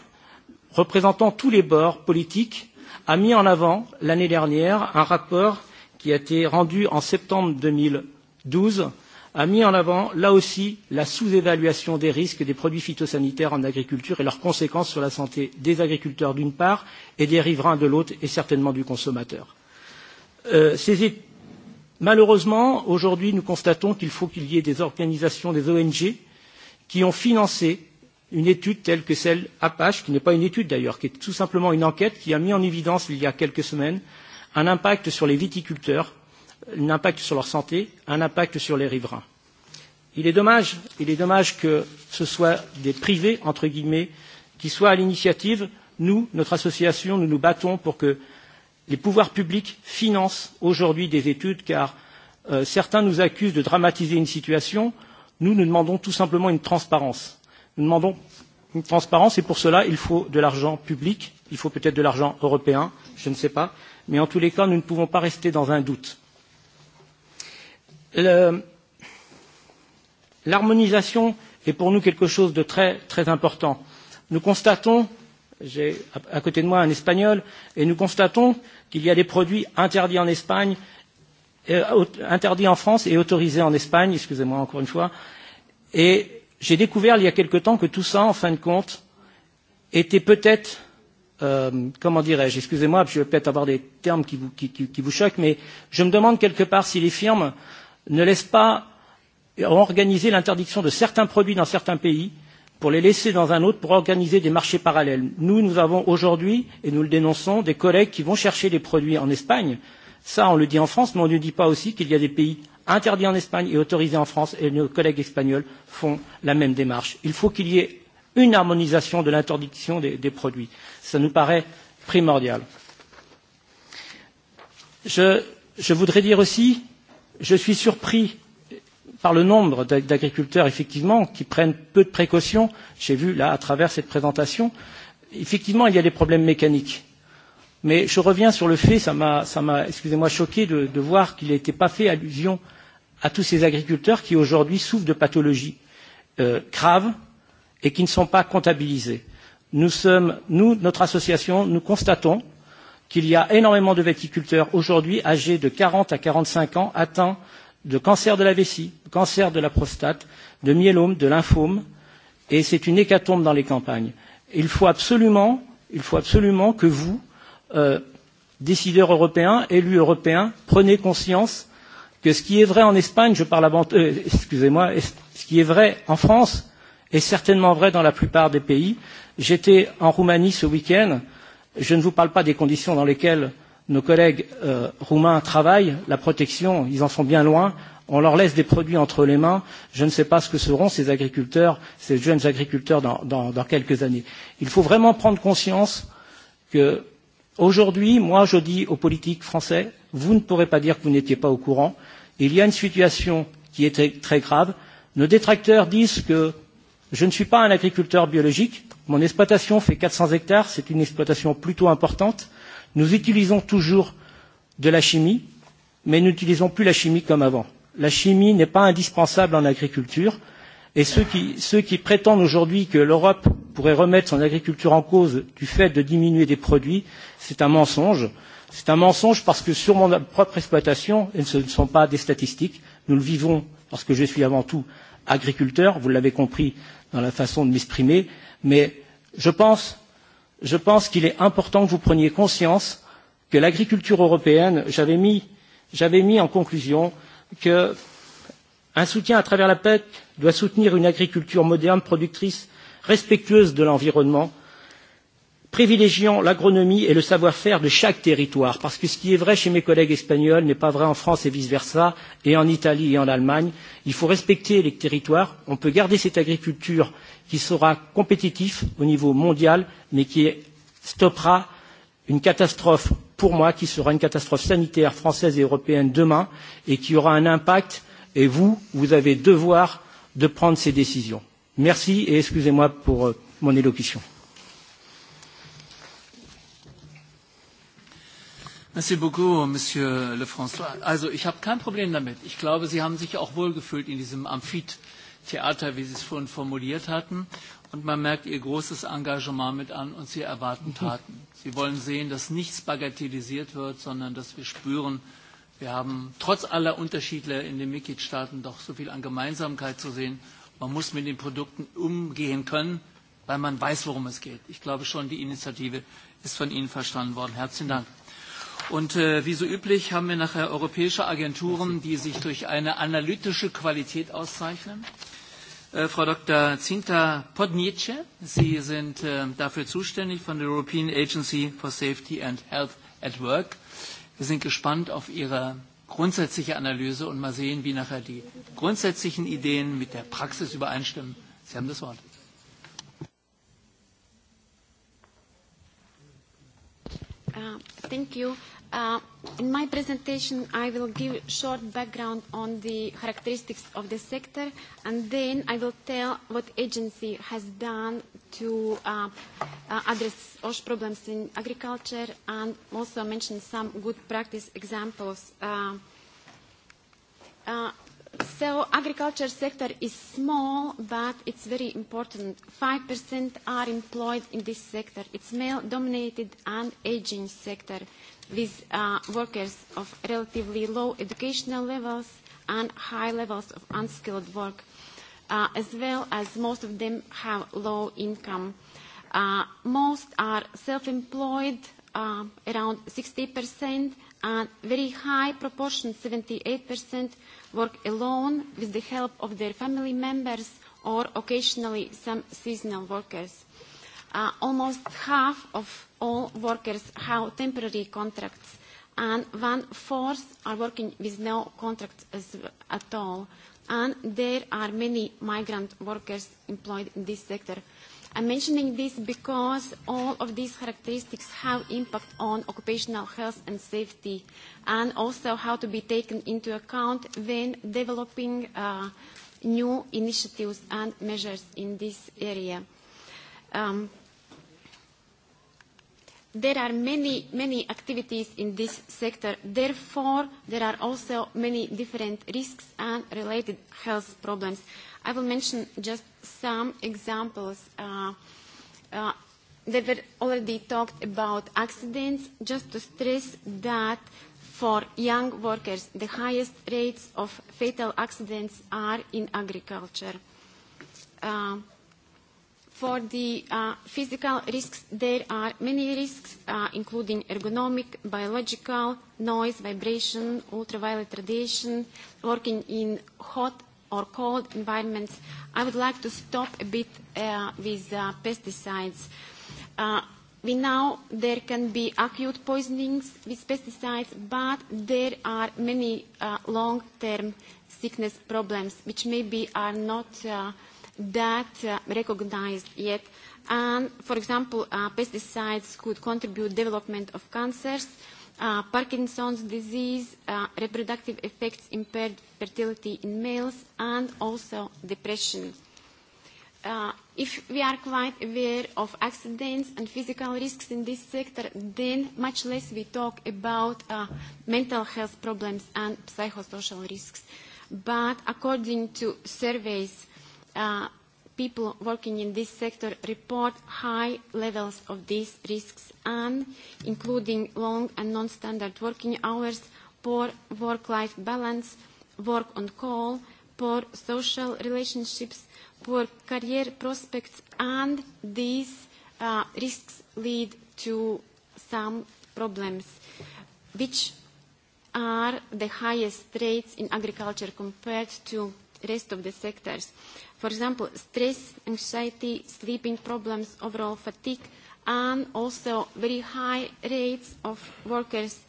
Speaker 5: représentant tous les bords politiques a mis en avant l'année dernière un rapport qui a été rendu en septembre deux mille douze a mis en avant, là aussi, la sous-évaluation des risques des produits phytosanitaires en agriculture et leurs conséquences sur la santé des agriculteurs d'une part et des riverains de l'autre et certainement du consommateur. ces Malheureusement, aujourd'hui, nous constatons qu'il faut qu'il y ait des organisations, des ONG, qui ont financé une étude telle que celle Apache, qui n'est pas une étude d'ailleurs, qui est tout simplement une enquête qui a mis en évidence il y a quelques semaines un impact sur les viticulteurs, un impact sur leur santé, un impact sur les riverains. Il est dommage, il est dommage que ce soit des privés, entre guillemets, qui soient à l'initiative. Nous, notre association, nous nous battons pour que Les pouvoirs publics financent aujourd'hui des études car euh, certains nous accusent de dramatiser une situation. Nous, nous demandons tout simplement une transparence. Nous demandons une transparence et pour cela, il faut de l'argent public, il faut peut-être de l'argent européen, je ne sais pas, mais en tous les cas, nous ne pouvons pas rester dans un doute. L'harmonisation est pour nous quelque chose de très, très important. Nous constatons, j'ai à côté de moi un Espagnol, et nous constatons qu'il y a des produits interdits en Espagne, euh, interdits en France et autorisés en Espagne, excusez-moi encore une fois. Et j'ai découvert il y a quelque temps que tout ça, en fin de compte, était peut-être euh, comment dirais-je, excusez-moi, je vais peut-être avoir des termes qui vous, qui, qui, qui vous choquent, mais je me demande quelque part si les firmes ne laissent pas organiser l'interdiction de certains produits dans certains pays pour les laisser dans un autre pour organiser des marchés parallèles. Nous, nous avons aujourd'hui, et nous le dénonçons, des collègues qui vont chercher des produits en Espagne. Ça, on le dit en France, mais on ne dit pas aussi qu'il y a des pays interdits en Espagne et autorisés en France, et nos collègues espagnols font la même démarche. Il faut qu'il y ait une harmonisation de l'interdiction des, des produits. Ça nous paraît primordial. Je, je voudrais dire aussi, je suis surpris par le nombre d'agriculteurs, effectivement, qui prennent peu de précautions. J'ai vu, là, à travers cette présentation, effectivement, il y a des problèmes mécaniques. Mais je reviens sur le fait, ça m'a, excusez-moi, choqué de, de voir qu'il n'était pas fait allusion à tous ces agriculteurs qui, aujourd'hui, souffrent de pathologies euh, graves et qui ne sont pas comptabilisés. Nous sommes, nous, notre association, nous constatons qu'il y a énormément de viticulteurs aujourd'hui âgés de 40 à 45 ans atteints de cancer de la vessie, de cancer de la prostate, de myélome, de lymphome, et c'est une hécatombe dans les campagnes. Il faut absolument, il faut absolument que vous, euh, décideurs européens, élus européens, preniez conscience que ce qui est vrai en Espagne, je parle avant, euh, excusez-moi, ce qui est vrai en France est certainement vrai dans la plupart des pays. J'étais en Roumanie ce week-end. Je ne vous parle pas des conditions dans lesquelles nos collègues euh, roumains travaillent, la protection, ils en sont bien loin. On leur laisse des produits entre les mains. Je ne sais pas ce que seront ces agriculteurs, ces jeunes agriculteurs dans, dans, dans quelques années. Il faut vraiment prendre conscience que aujourd'hui, moi je dis aux politiques français, vous ne pourrez pas dire que vous n'étiez pas au courant. Il y a une situation qui est très, très grave. Nos détracteurs disent que je ne suis pas un agriculteur biologique. Mon exploitation fait 400 hectares, c'est une exploitation plutôt importante Nous utilisons toujours de la chimie, mais nous n'utilisons plus la chimie comme avant. La chimie n'est pas indispensable en agriculture, et ceux qui, ceux qui prétendent aujourd'hui que l'Europe pourrait remettre son agriculture en cause du fait de diminuer des produits, c'est un mensonge. C'est un mensonge parce que sur mon propre exploitation, et ce ne sont pas des statistiques, nous le vivons parce que je suis avant tout agriculteur, vous l'avez compris dans la façon de m'exprimer, mais je pense je pense qu'il est important que vous preniez conscience que l'agriculture européenne, j'avais mis, mis en conclusion qu'un soutien à travers la PEC doit soutenir une agriculture moderne, productrice, respectueuse de l'environnement, privilégiant l'agronomie et le savoir-faire de chaque territoire, parce que ce qui est vrai chez mes collègues espagnols n'est pas vrai en France et vice-versa, et en Italie et en Allemagne. Il faut respecter les territoires, on peut garder cette agriculture qui sera compétitive au niveau mondial, mais qui stoppera une catastrophe, pour moi, qui sera une catastrophe sanitaire française et européenne demain, et qui aura un impact, et vous, vous avez devoir de prendre ces décisions. Merci et excusez-moi pour mon élocution.
Speaker 1: Merci beaucoup, Monsieur Lefrançois. Also ich habe kein Problem damit. Ich glaube, Sie haben sich auch wohlgefühlt in diesem Amphitheater, wie Sie es vorhin formuliert hatten. Und man merkt Ihr großes Engagement mit an und Sie erwarten Taten. Sie wollen sehen, dass nichts bagatellisiert wird, sondern dass wir spüren, wir haben trotz aller Unterschiede in den Mitgliedstaaten doch so viel an Gemeinsamkeit zu sehen. Man muss mit den Produkten umgehen können, weil man weiß, worum es geht. Ich glaube schon, die Initiative ist von Ihnen verstanden worden. Herzlichen Dank. Und äh, wie so üblich haben wir nachher europäische Agenturen, die sich durch eine analytische Qualität auszeichnen. Äh, Frau Dr. Zinta Podnice, Sie sind äh, dafür zuständig von der European Agency for Safety and Health at Work. Wir sind gespannt auf Ihre grundsätzliche Analyse und mal sehen, wie nachher die grundsätzlichen Ideen mit der Praxis übereinstimmen. Sie haben das Wort.
Speaker 6: Thank you in my presentation, I will give short background on the characteristics of the sector, and then I will tell what agency has done to uh, address OSH problems in agriculture, and also mention some good practice examples. Uh, uh, so agriculture sector is small, but it's very important. 5% are employed in this sector. It's male-dominated and aging sector with uh, workers of relatively low educational levels and high levels of unskilled work, uh, as well as most of them have low income. Uh, most are self-employed, uh, around 60%, and very high proportion, 78%, work alone with the help of their family members or occasionally some seasonal workers almost half of all workers have temporary contracts, and one-fourth are working with no contracts at all. And there are many migrant workers employed in this sector. I'm mentioning this because all of these characteristics have impact on occupational health and safety, and also how to be taken into account when developing uh, new initiatives and measures in this area. Um, there are many, many activities in this sector. Therefore, there are also many different risks and related health problems. I will mention just some examples. Uh, uh, they were already talked about accidents, just to stress that for young workers, the highest rates of fatal accidents are in agriculture. Uh, For the uh, physical risks, there are many risks, uh, including ergonomic, biological, noise, vibration, ultraviolet radiation, working in hot or cold environments. I would like to stop a bit uh, with uh, pesticides. Uh, we know there can be acute poisonings with pesticides, but there are many uh, long-term sickness problems which maybe are not uh, – that uh, recognized yet. And, for example, uh, pesticides could contribute development of cancers, uh, Parkinson's disease, uh, reproductive effects, impaired fertility in males, and also depression. Uh, if we are quite aware of accidents and physical risks in this sector, then much less we talk about uh, mental health problems and psychosocial risks. But according to surveys uh, people working in this sector report high levels of these risks and including long and non-standard working hours, poor work-life balance, work on call, poor social relationships, poor career prospects, and these uh, risks lead to some problems, which are the highest rates in agriculture compared to rest of the sectors. Uh, For example, stress, anxiety, sleeping problems, overall fatigue, and also very high rates of workers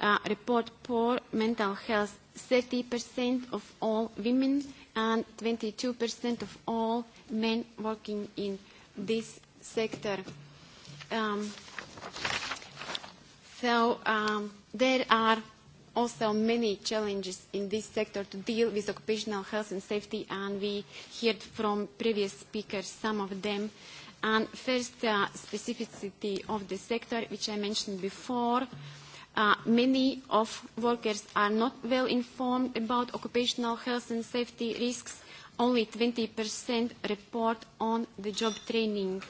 Speaker 6: uh, report poor mental health. 30% of all women and 22% of all men working in this sector. Um, so um, there are also many challenges in this sector to deal with occupational health and safety, and we heard from previous speakers some of them. And first, uh, specificity of the sector, which I mentioned before. Uh, many of workers are not well informed about occupational health and safety risks. Only 20% report on the job training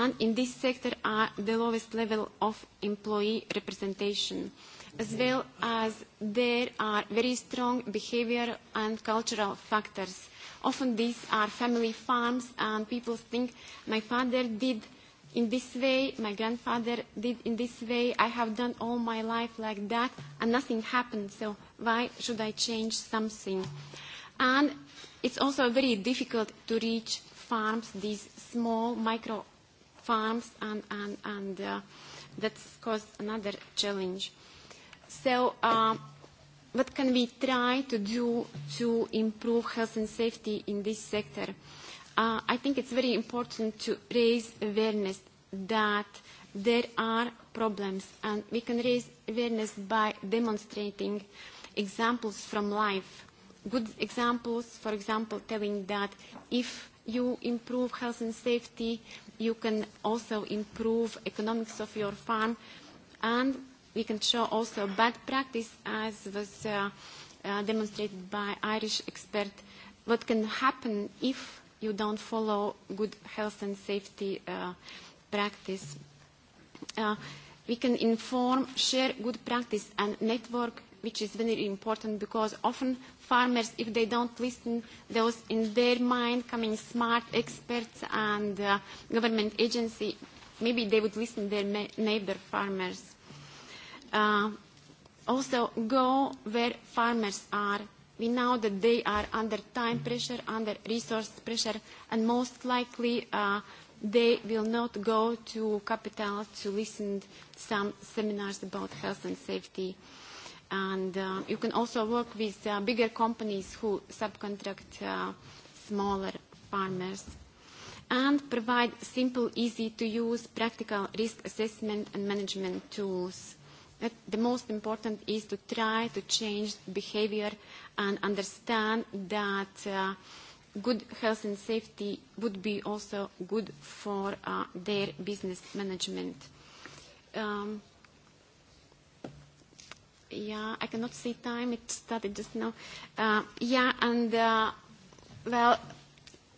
Speaker 6: and in this sector are the lowest level of employee representation as well as there are very strong behavior and cultural factors. Often these are family farms and people think my father did in this way, my grandfather did in this way, I have done all my life like that and nothing happened, so why should I change something? And it's also very difficult to reach farms, these small micro farms, and, and, and uh, that's caused another challenge. So uh, what can we try to do to improve health and safety in this sector? Uh, I think it's very important to raise awareness that there are problems and we can raise awareness by demonstrating examples from life. Good examples, for example, telling that if you improve health and safety, you can also improve economics of your farm and we can show also bad practice as was uh, uh, demonstrated by Irish expert what can happen if you don't follow good health and safety uh, practice. Uh, we can inform, share good practice and network, which is very important because often farmers, if they don't listen, those in their mind coming smart experts and uh, government agency, maybe they would listen to their neighbor farmers uh, also go where farmers are. We know that they are under time pressure, under resource pressure, and most likely uh, they will not go to capital to listen to some seminars about health and safety. And uh, you can also work with uh, bigger companies who subcontract uh, smaller farmers and provide simple, easy-to-use practical risk assessment and management tools the most important is to try to change behavior and understand that uh, good health and safety would be also good for uh, their business management. Um, yeah, I cannot see time. It started just now. Uh, yeah, and uh, well,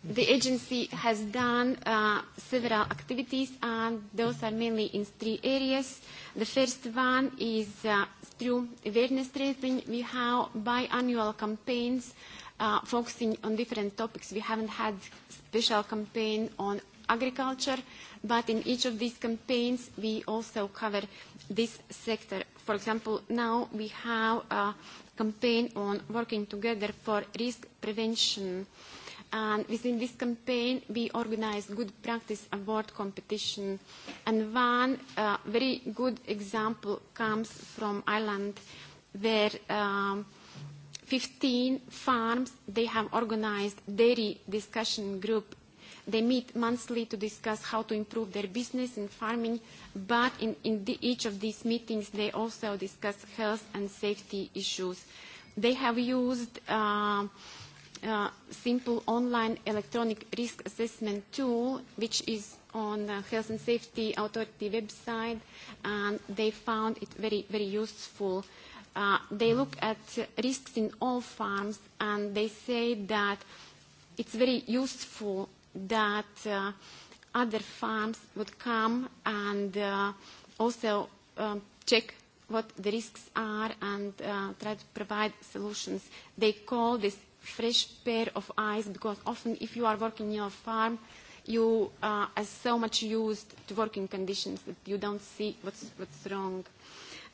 Speaker 6: the agency has done uh, several activities, and those are mainly in three areas. The first one is uh, through awareness raising. We have biannual campaigns uh, focusing on different topics. We haven't had special campaign on agriculture, but in each of these campaigns, we also cover this sector. For example, now we have a campaign on working together for risk prevention. Uh, And within this campaign, we organized good practice award competition. And one uh, very good example comes from Ireland, where um, 15 farms, they have organized dairy discussion group. They meet monthly to discuss how to improve their business in farming, but in, in the, each of these meetings, they also discuss health and safety issues. They have used uh, simple online electronic risk assessment tool, which is on the Health and Safety Authority website, and they found it very, very useful. Uh, they look at risks in all farms, and they say that it's very useful that uh, other farms would come and uh, also um, check what the risks are and uh, try to provide solutions. They call this fresh pair of eyes because often if you are working in a farm, you uh, are so much used to working conditions that you don't see what's, what's wrong.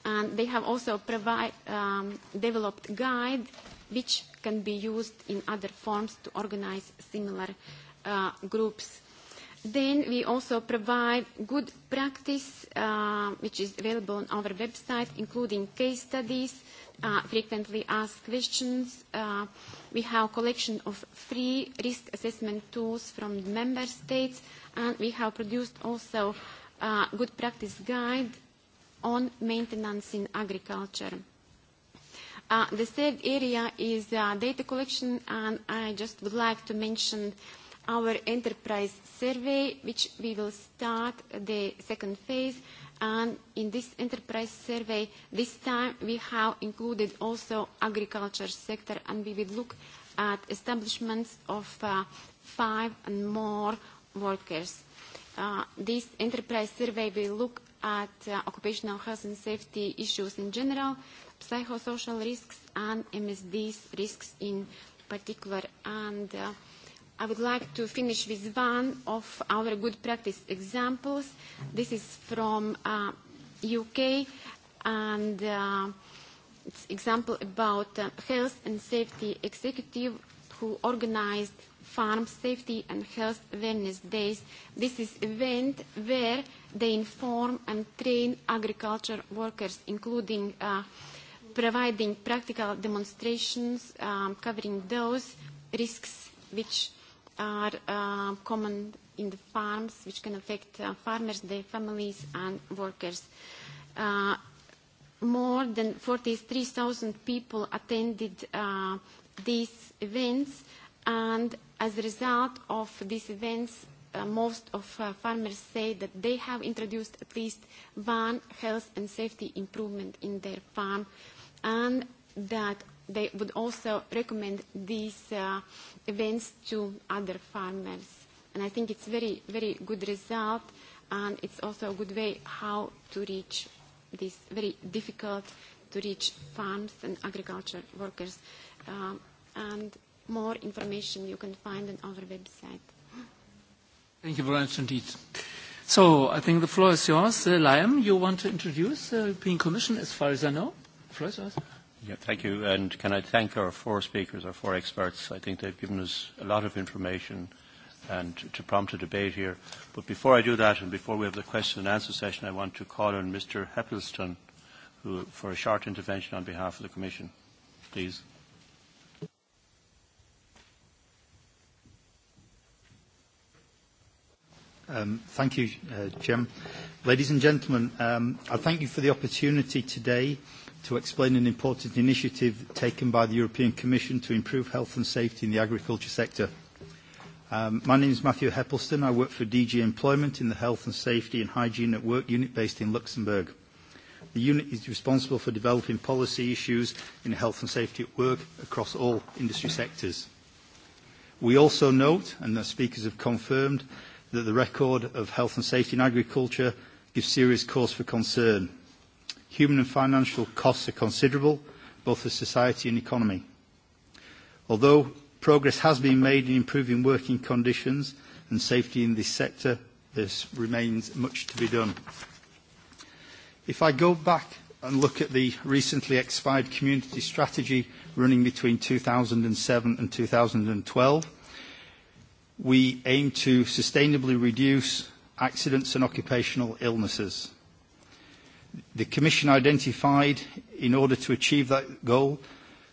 Speaker 6: And they have also provide, um, developed guide which can be used in other forms to organize similar uh, groups Then we also provide good practice, uh, which is available on our website, including case studies, uh, frequently asked questions. Uh, we have a collection of free risk assessment tools from the member states, and we have produced also a good practice guide on maintenance in agriculture. Uh, the third area is uh, data collection, and I just would like to mention uh, our enterprise survey, which we will start the second phase. And in this enterprise survey, this time we have included also agriculture sector, and we will look at establishments of uh, five and more workers. Uh, this enterprise survey will look at uh, occupational health and safety issues in general, psychosocial risks, and MSD's risks in particular. And uh, I would like to finish with one of our good practice examples. This is from uh, UK and uh, it's example about uh, health and safety executive who organized farm safety and health awareness days. This is event where they inform and train agriculture workers, including uh, providing practical demonstrations um, covering those risks which are uh, common in the farms, which can affect uh, farmers, their families, and workers. Uh, more than 43,000 people attended uh, these events, and as a result of these events, uh, most of uh, farmers say that they have introduced at least one health and safety improvement in their farm, and that they would also recommend these uh, events to other farmers. And I think it's very, very good result, and it's also a good way how to reach these very difficult to reach farms and agriculture workers. Um, and more information you can find on our website.
Speaker 1: Thank you very much indeed. So I think the floor is yours. Uh, Liam, you want to introduce the European Commission as far as I know? The floor is yours.
Speaker 2: Yeah, thank you. And can I thank our four speakers, our four experts? I think they've given us a lot of information and to prompt a debate here. But before I do that, and before we have the question and answer session, I want to call on Mr. Heppelston who, for a short intervention on behalf of the Commission. Please. Um, thank
Speaker 7: you, uh, Jim. Ladies and gentlemen, um, I thank you for the opportunity today to explain an important initiative taken by the European Commission to improve health and safety in the agriculture sector. my name is Matthew Heppelston. I work for DG Employment in the Health and Safety and Hygiene at Work unit based in Luxembourg. The unit is responsible for developing policy issues in health and safety at work across all industry sectors. We also note, and the speakers have confirmed, that the record of health and safety in agriculture gives serious cause for concern human and financial costs are considerable, both for society and economy. Although progress has been made in improving working conditions and safety in this sector, there remains much to be done. If I go back and look at the recently expired community strategy running between 2007 and 2012, we aim to sustainably reduce accidents and occupational illnesses. The Commission identified, in order to achieve that goal,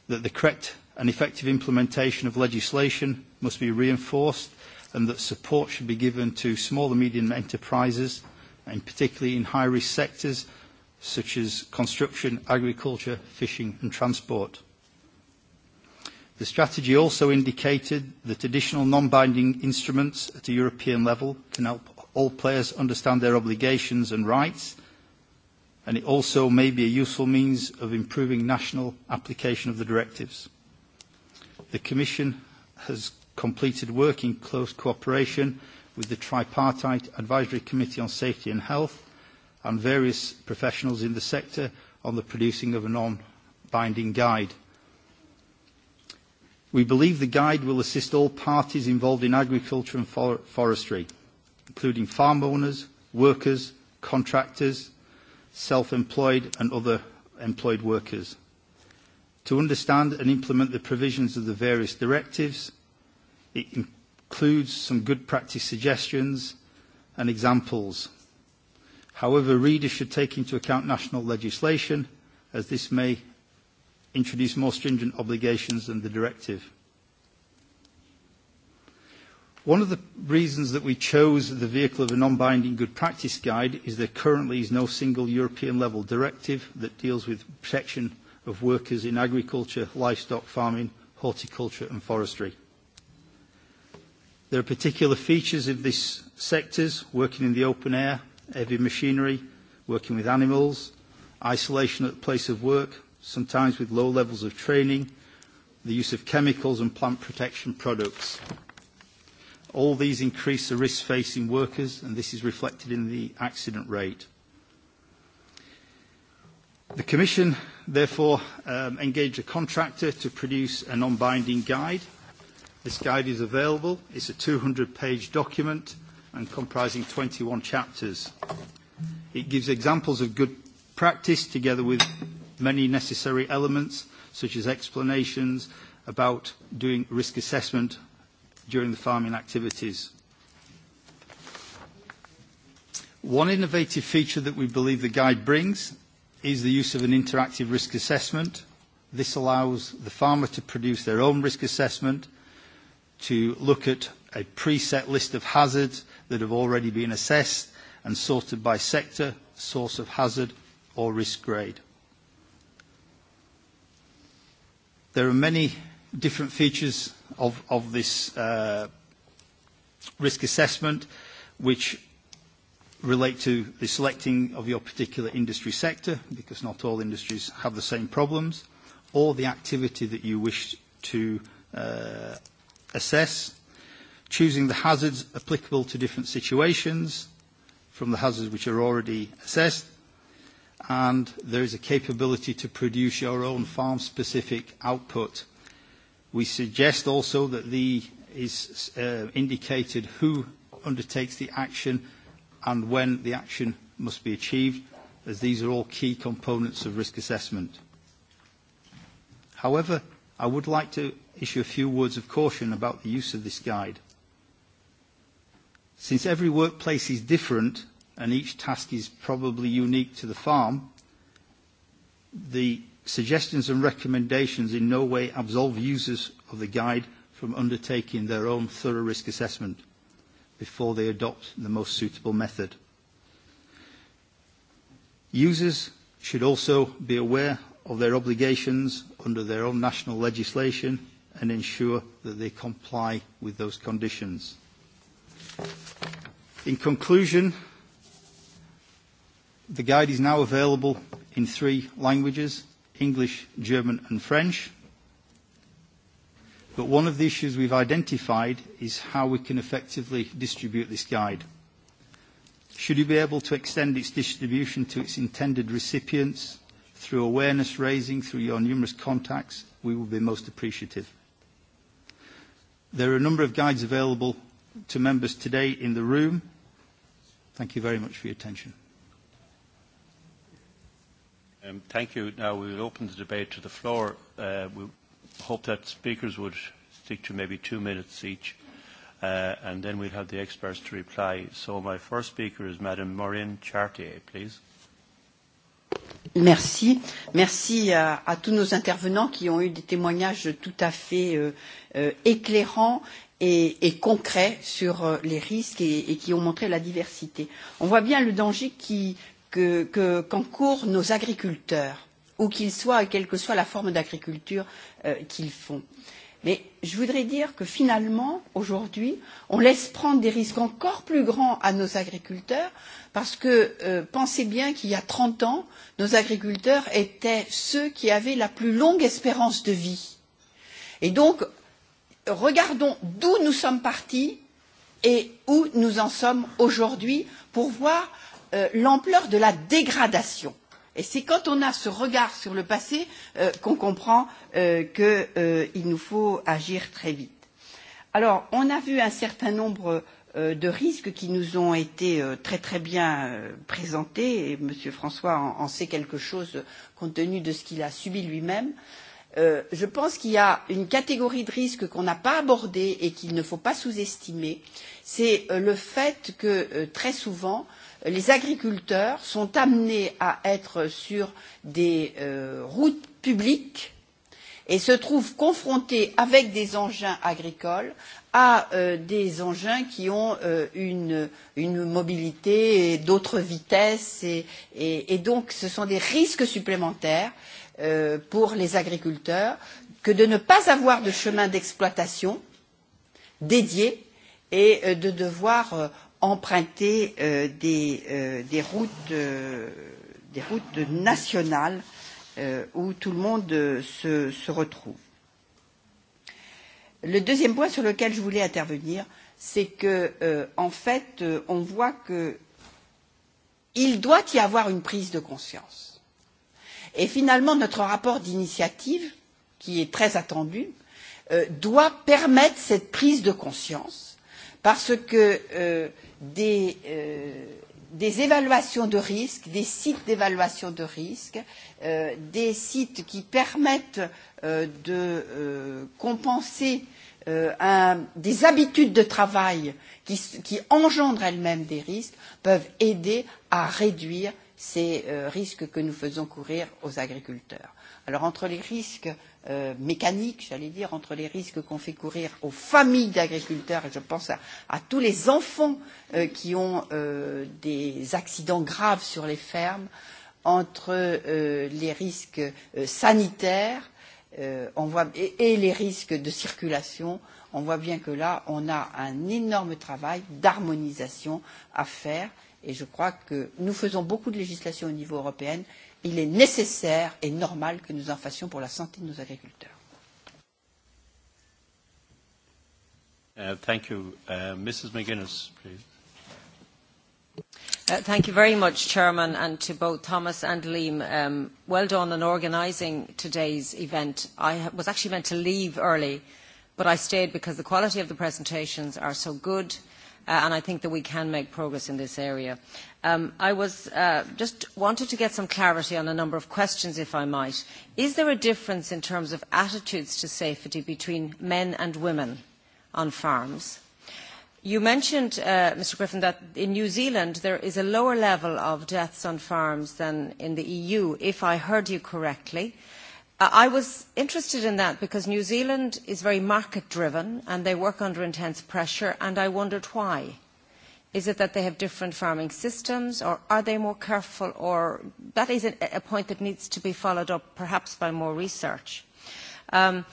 Speaker 7: that the correct and effective implementation of legislation must be reinforced and that support should be given to small and medium enterprises, and particularly in high-risk sectors such as construction, agriculture, fishing and transport. The strategy also indicated that additional non-binding instruments at a European level can help all players understand their obligations and rights and it also may be a useful means of improving national application of the directives. The Commission has completed work in close cooperation with the Tripartite Advisory Committee on Safety and Health and various professionals in the sector on the producing of a non-binding guide. We believe the guide will assist all parties involved in agriculture and forestry, including farm owners, workers, contractors, self-employed and other employed workers, to understand and implement the provisions of the various directives. It includes some good practice suggestions and examples. However, readers should take into account national legislation, as this may introduce more stringent obligations than the directive. One of the reasons that we chose the vehicle of a non-binding good practice guide is there currently is no single European level directive that deals with protection of workers in agriculture, livestock farming, horticulture and forestry. There are particular features of these sectors, working in the open air, heavy machinery, working with animals, isolation at the place of work, sometimes with low levels of training, the use of chemicals and plant protection products. All these increase the risk facing workers, and this is reflected in the accident rate. The Commission therefore engaged a contractor to produce a non-binding guide. This guide is available. It's a 200-page document and comprising 21 chapters. It gives examples of good practice together with many necessary elements such as explanations about doing risk assessment during the farming activities. One innovative feature that we believe the guide brings is the use of an interactive risk assessment. This allows the farmer to produce their own risk assessment, to look at a preset list of hazards that have already been assessed and sorted by sector, source of hazard, or risk grade. There are many different features of, of this uh, risk assessment, which relate to the selecting of your particular industry sector, because not all industries have the same problems, or the activity that you wish to uh, assess, choosing the hazards applicable to different situations from the hazards which are already assessed, and there is a capability to produce your own farm-specific output We suggest also that the is uh, indicated who undertakes the action and when the action must be achieved, as these are all key components of risk assessment. However, I would like to issue a few words of caution about the use of this guide. Since every workplace is different and each task is probably unique to the farm, the suggestions and recommendations in no way absolve users of the guide from undertaking their own thorough risk assessment before they adopt the most suitable method. Users should also be aware of their obligations under their own national legislation and ensure that they comply with those conditions. In conclusion, the guide is now available in three languages English, German and French. But one of the issues we've identified is how we can effectively distribute this guide. Should you be able to extend its distribution to its intended recipients through awareness raising, through your numerous contacts, we will be most appreciative. There are a number of guides available to members today in the room. Thank you very much for your attention.
Speaker 2: Um, thank you. Now we will open the debate to the floor. Uh, we hope that speakers would stick to maybe two minutes each, uh, and then we'll have the experts to reply. So my first speaker is Madame Maureen Chartier, please.
Speaker 8: Merci. Merci à, à tous nos intervenants qui ont eu des témoignages tout à fait euh, euh, éclairants et, et concrets sur les risques et, et qui ont montré la diversité. On voit bien le danger qui, qu'encourent nos agriculteurs, où qu'ils soient et quelle que soit la forme d'agriculture qu'ils font. Mais je voudrais dire que finalement, aujourd'hui, on laisse prendre des risques encore plus grands à nos agriculteurs parce que euh, pensez bien qu'il y a 30 ans, nos agriculteurs étaient ceux qui avaient la plus longue espérance de vie. Et donc, regardons d'où nous sommes partis et où nous en sommes aujourd'hui pour voir l'ampleur de la dégradation. Et c'est quand on a ce regard sur le passé qu'on comprend qu'il nous faut agir très vite. Alors, on a vu un certain nombre de risques qui nous ont été très très bien présentés et M. François en, en sait quelque chose compte tenu de ce qu'il a subi lui-même. Euh, je pense qu'il y a une catégorie de risques qu'on n'a pas abordée et qu'il ne faut pas sous-estimer, c'est le fait que très souvent euh, les agriculteurs sont amenés à être sur des euh, routes publiques et se trouvent confrontés avec des engins agricoles à euh, des engins qui ont euh, une, une mobilité et d'autres vitesses et, et, et donc ce sont des risques supplémentaires euh, pour les agriculteurs que de ne pas avoir de chemin d'exploitation dédié et de devoir emprunter euh, des, euh, des, routes, euh, des routes nationales euh, où tout le monde euh, se, se retrouve. Le deuxième point sur lequel je voulais intervenir, c'est que, euh, en fait, euh, on voit que il doit y avoir une prise de conscience. Et finalement, notre rapport d'initiative, qui est très attendu, euh, doit permettre cette prise de conscience parce que euh, des, euh, des évaluations de risque, des sites d'évaluation de risque, euh, des sites qui permettent euh, de euh, compenser euh, un, des habitudes de travail qui, qui engendrent elles-mêmes des risques, peuvent aider à réduire ces euh, risques que nous faisons courir aux agriculteurs. Alors entre les risques euh, euh, mécanique, j'allais dire, entre les risques qu'on fait courir aux familles d'agriculteurs, et je pense à, à tous les enfants euh, qui ont euh, des accidents graves sur les fermes, entre euh, les risques euh, sanitaires euh, on voit, et, et les risques de circulation, on voit bien que là, on a un énorme travail d'harmonisation à faire. Et je crois que nous faisons beaucoup de législation au niveau européen, il est nécessaire et normal que nous en fassions pour la santé de nos agriculteurs.
Speaker 2: Uh, thank you. Uh, Mrs. McGuinness, please.
Speaker 9: Uh, thank you very much, Chairman, and to both Thomas and Liam. Um, well done on organising today's event. I was actually meant to leave early, but I stayed because the quality of the presentations are so good and I think that we can make progress in this area. I was just wanted to get some clarity on a number of questions, if I might. Is there a difference in terms of attitudes to safety between men and women on farms? You mentioned, Mr Griffin, that in New Zealand there is a lower level of deaths on farms than in the EU, if I heard you correctly. I was interested in that because New Zealand is very market driven and they work under intense pressure and I wondered why. Is it that they have different farming systems or are they more careful or that is a point that needs to be followed up perhaps by more research. Um,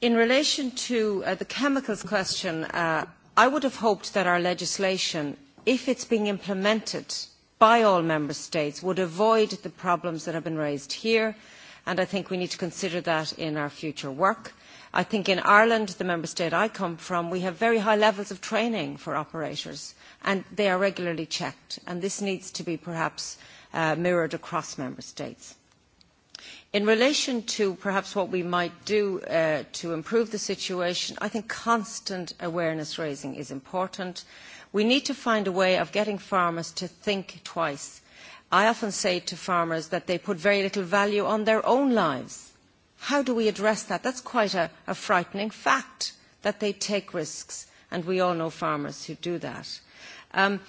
Speaker 9: in relation to uh, the chemicals question, uh, I would have hoped that our legislation, if it's being implemented by all member states, would avoid the problems that have been raised here – and I think we need to consider that in our future work. I think in Ireland, the member state I come from, we have very high levels of training for operators and they are regularly checked and this needs to be perhaps mirrored across member states. In relation to perhaps what we might do to improve the situation, I think constant awareness raising is important. We need to find a way of getting farmers to think twice I often say to farmers that they put very little value on their own lives. How do we address that? That's quite a, a frightening fact that they take risks, and we all know farmers who do that. Um,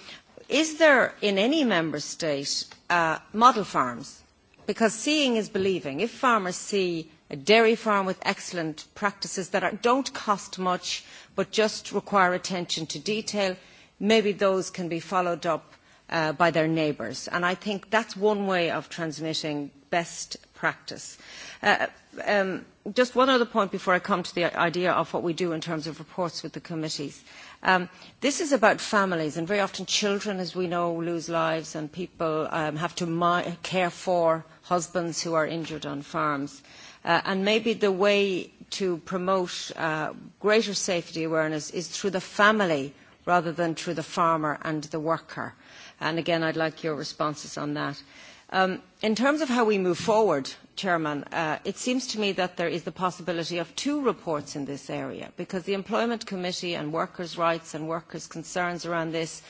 Speaker 9: is there in any member state uh, model farms? Because seeing is believing. If farmers see a dairy farm with excellent practices that are, don't cost much but just require attention to detail, maybe those can be followed up uh, by their neighbours. And I think that's one way of transmitting best practice. Uh, um, just one other point before I come to the idea of what we do in terms of reports with the committees. Um, this is about families, and very often children, as we know, lose lives, and people um, have to mi- care for husbands who are injured on farms. Uh, and maybe the way to promote uh, greater safety awareness is through the family rather than through the farmer and the worker And again, I'd like your responses on that. in terms of how we move forward, Chairman, it seems to me that there is the possibility of two reports in this area because the Employment Committee and workers' rights and workers' concerns around this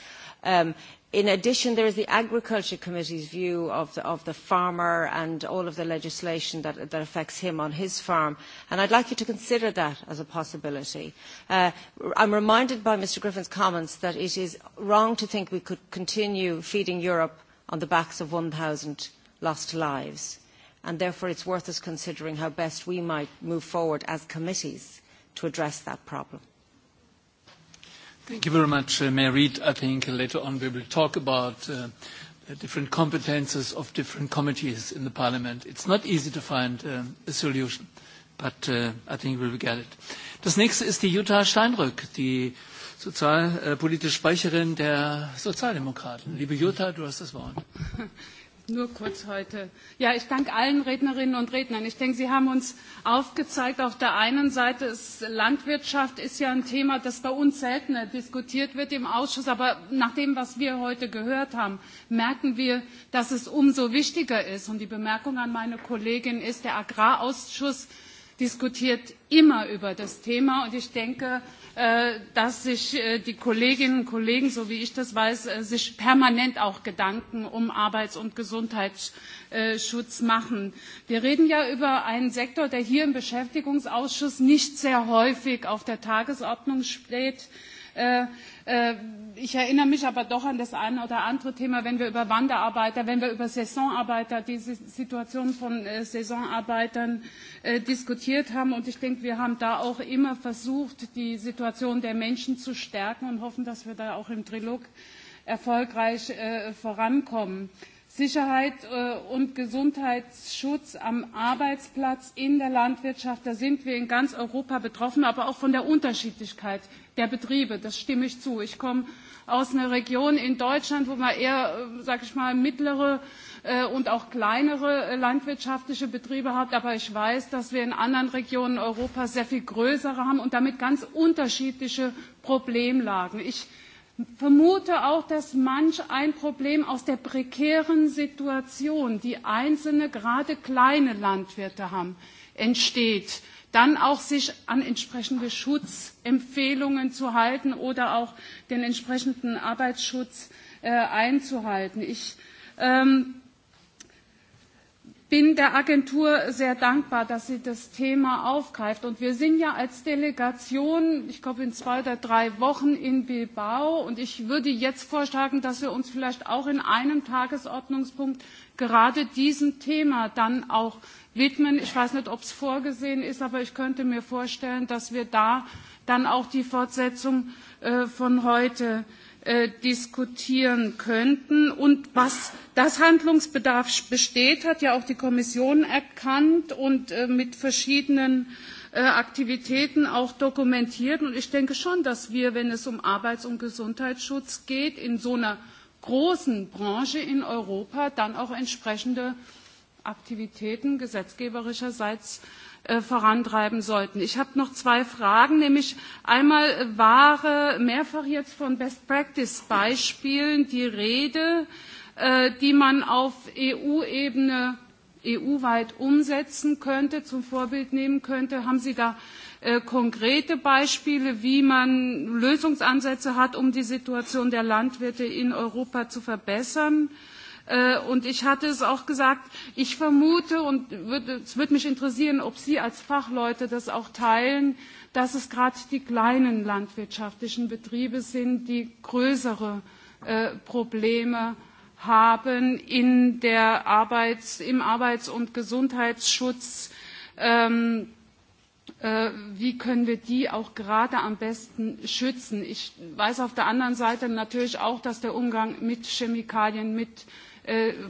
Speaker 9: In addition, there is the Agriculture Committee's view of the, of the farmer and all of the legislation that, that affects him on his farm, and I'd like you to consider that as a possibility. Uh, I'm reminded by Mr Griffin's comments that it is wrong to think we could continue feeding Europe on the backs of 1,000 lost lives, and therefore it's worth us considering how best we might move forward as committees to address that problem.
Speaker 1: Thank you very much, Mayor Reid. I think later on we will talk about uh, the different competences of different committees in the Parliament. It's not easy to find uh, a solution, but uh, I think we will get it. Das nächste ist die Jutta Steinrück, die sozialpolitische Sprecherin der Sozialdemokraten. Liebe Jutta, du hast das Wort.
Speaker 10: Nur kurz heute. Ja, ich danke allen Rednerinnen und Rednern. Ich denke, Sie haben uns aufgezeigt, auf der einen Seite ist Landwirtschaft ist ja ein Thema, das bei uns seltener diskutiert wird im Ausschuss. Aber nach dem, was wir heute gehört haben, merken wir, dass es umso wichtiger ist. Und die Bemerkung an meine Kollegin ist, der Agrarausschuss diskutiert immer über das Thema. Und ich denke, dass sich die Kolleginnen und Kollegen, so wie ich das weiß, sich permanent auch Gedanken um Arbeits- und Gesundheitsschutz machen. Wir reden ja über einen Sektor, der hier im Beschäftigungsausschuss nicht sehr häufig auf der Tagesordnung steht Ich erinnere mich aber doch an das eine oder andere Thema, wenn wir über Wanderarbeiter, wenn wir über Saisonarbeiter, die Situation von Saisonarbeitern diskutiert haben. Und ich denke, wir haben da auch immer versucht, die Situation der Menschen zu stärken und hoffen, dass wir da auch im Trilog erfolgreich vorankommen. Sicherheit und Gesundheitsschutz am Arbeitsplatz in der Landwirtschaft, da sind wir in ganz Europa betroffen, aber auch von der Unterschiedlichkeit der Betriebe. Das stimme ich zu. Ich komme aus einer Region in Deutschland, wo man eher, sage ich mal, mittlere und auch kleinere landwirtschaftliche Betriebe hat, Aber ich weiß, dass wir in anderen Regionen Europas sehr viel größere haben und damit ganz unterschiedliche Problemlagen. Ich vermute auch, dass manch ein Problem aus der prekären Situation, die einzelne, gerade kleine Landwirte haben, entsteht, dann auch sich an entsprechende Schutzempfehlungen zu halten oder auch den entsprechenden Arbeitsschutz einzuhalten. Ich ähm, bin der Agentur sehr dankbar, dass sie das Thema aufgreift. Und wir sind ja als Delegation, ich glaube, in zwei oder drei Wochen in Bilbao. Und ich würde jetzt vorschlagen, dass wir uns vielleicht auch in einem Tagesordnungspunkt gerade diesem Thema dann auch widmen. Ich weiß nicht, ob es vorgesehen ist, aber ich könnte mir vorstellen, dass wir da dann auch die Fortsetzung von heute diskutieren könnten. Und was das Handlungsbedarf besteht, hat ja auch die Kommission erkannt und mit verschiedenen Aktivitäten auch dokumentiert. Und ich denke schon, dass wir, wenn es um Arbeits- und Gesundheitsschutz geht, in so einer großen Branche in Europa dann auch entsprechende Aktivitäten gesetzgeberischerseits vorantreiben sollten. Ich habe noch zwei Fragen, nämlich einmal war mehrfach jetzt von Best Practice Beispielen die Rede, die man auf EU-Ebene EU-weit umsetzen könnte, zum Vorbild nehmen könnte. Haben Sie da konkrete Beispiele, wie man Lösungsansätze hat, um die Situation der Landwirte in Europa zu verbessern? Äh, Und ich hatte es auch gesagt, ich vermute und es würde mich interessieren, ob Sie als Fachleute das auch teilen, dass es gerade die kleinen landwirtschaftlichen Betriebe sind, die größere Probleme haben in der Arbeits-, im Arbeits- und Gesundheitsschutz. Ähm, wie können wir die auch gerade am besten schützen. Ich weiß auf der anderen Seite natürlich auch, dass der Umgang mit Chemikalien, mit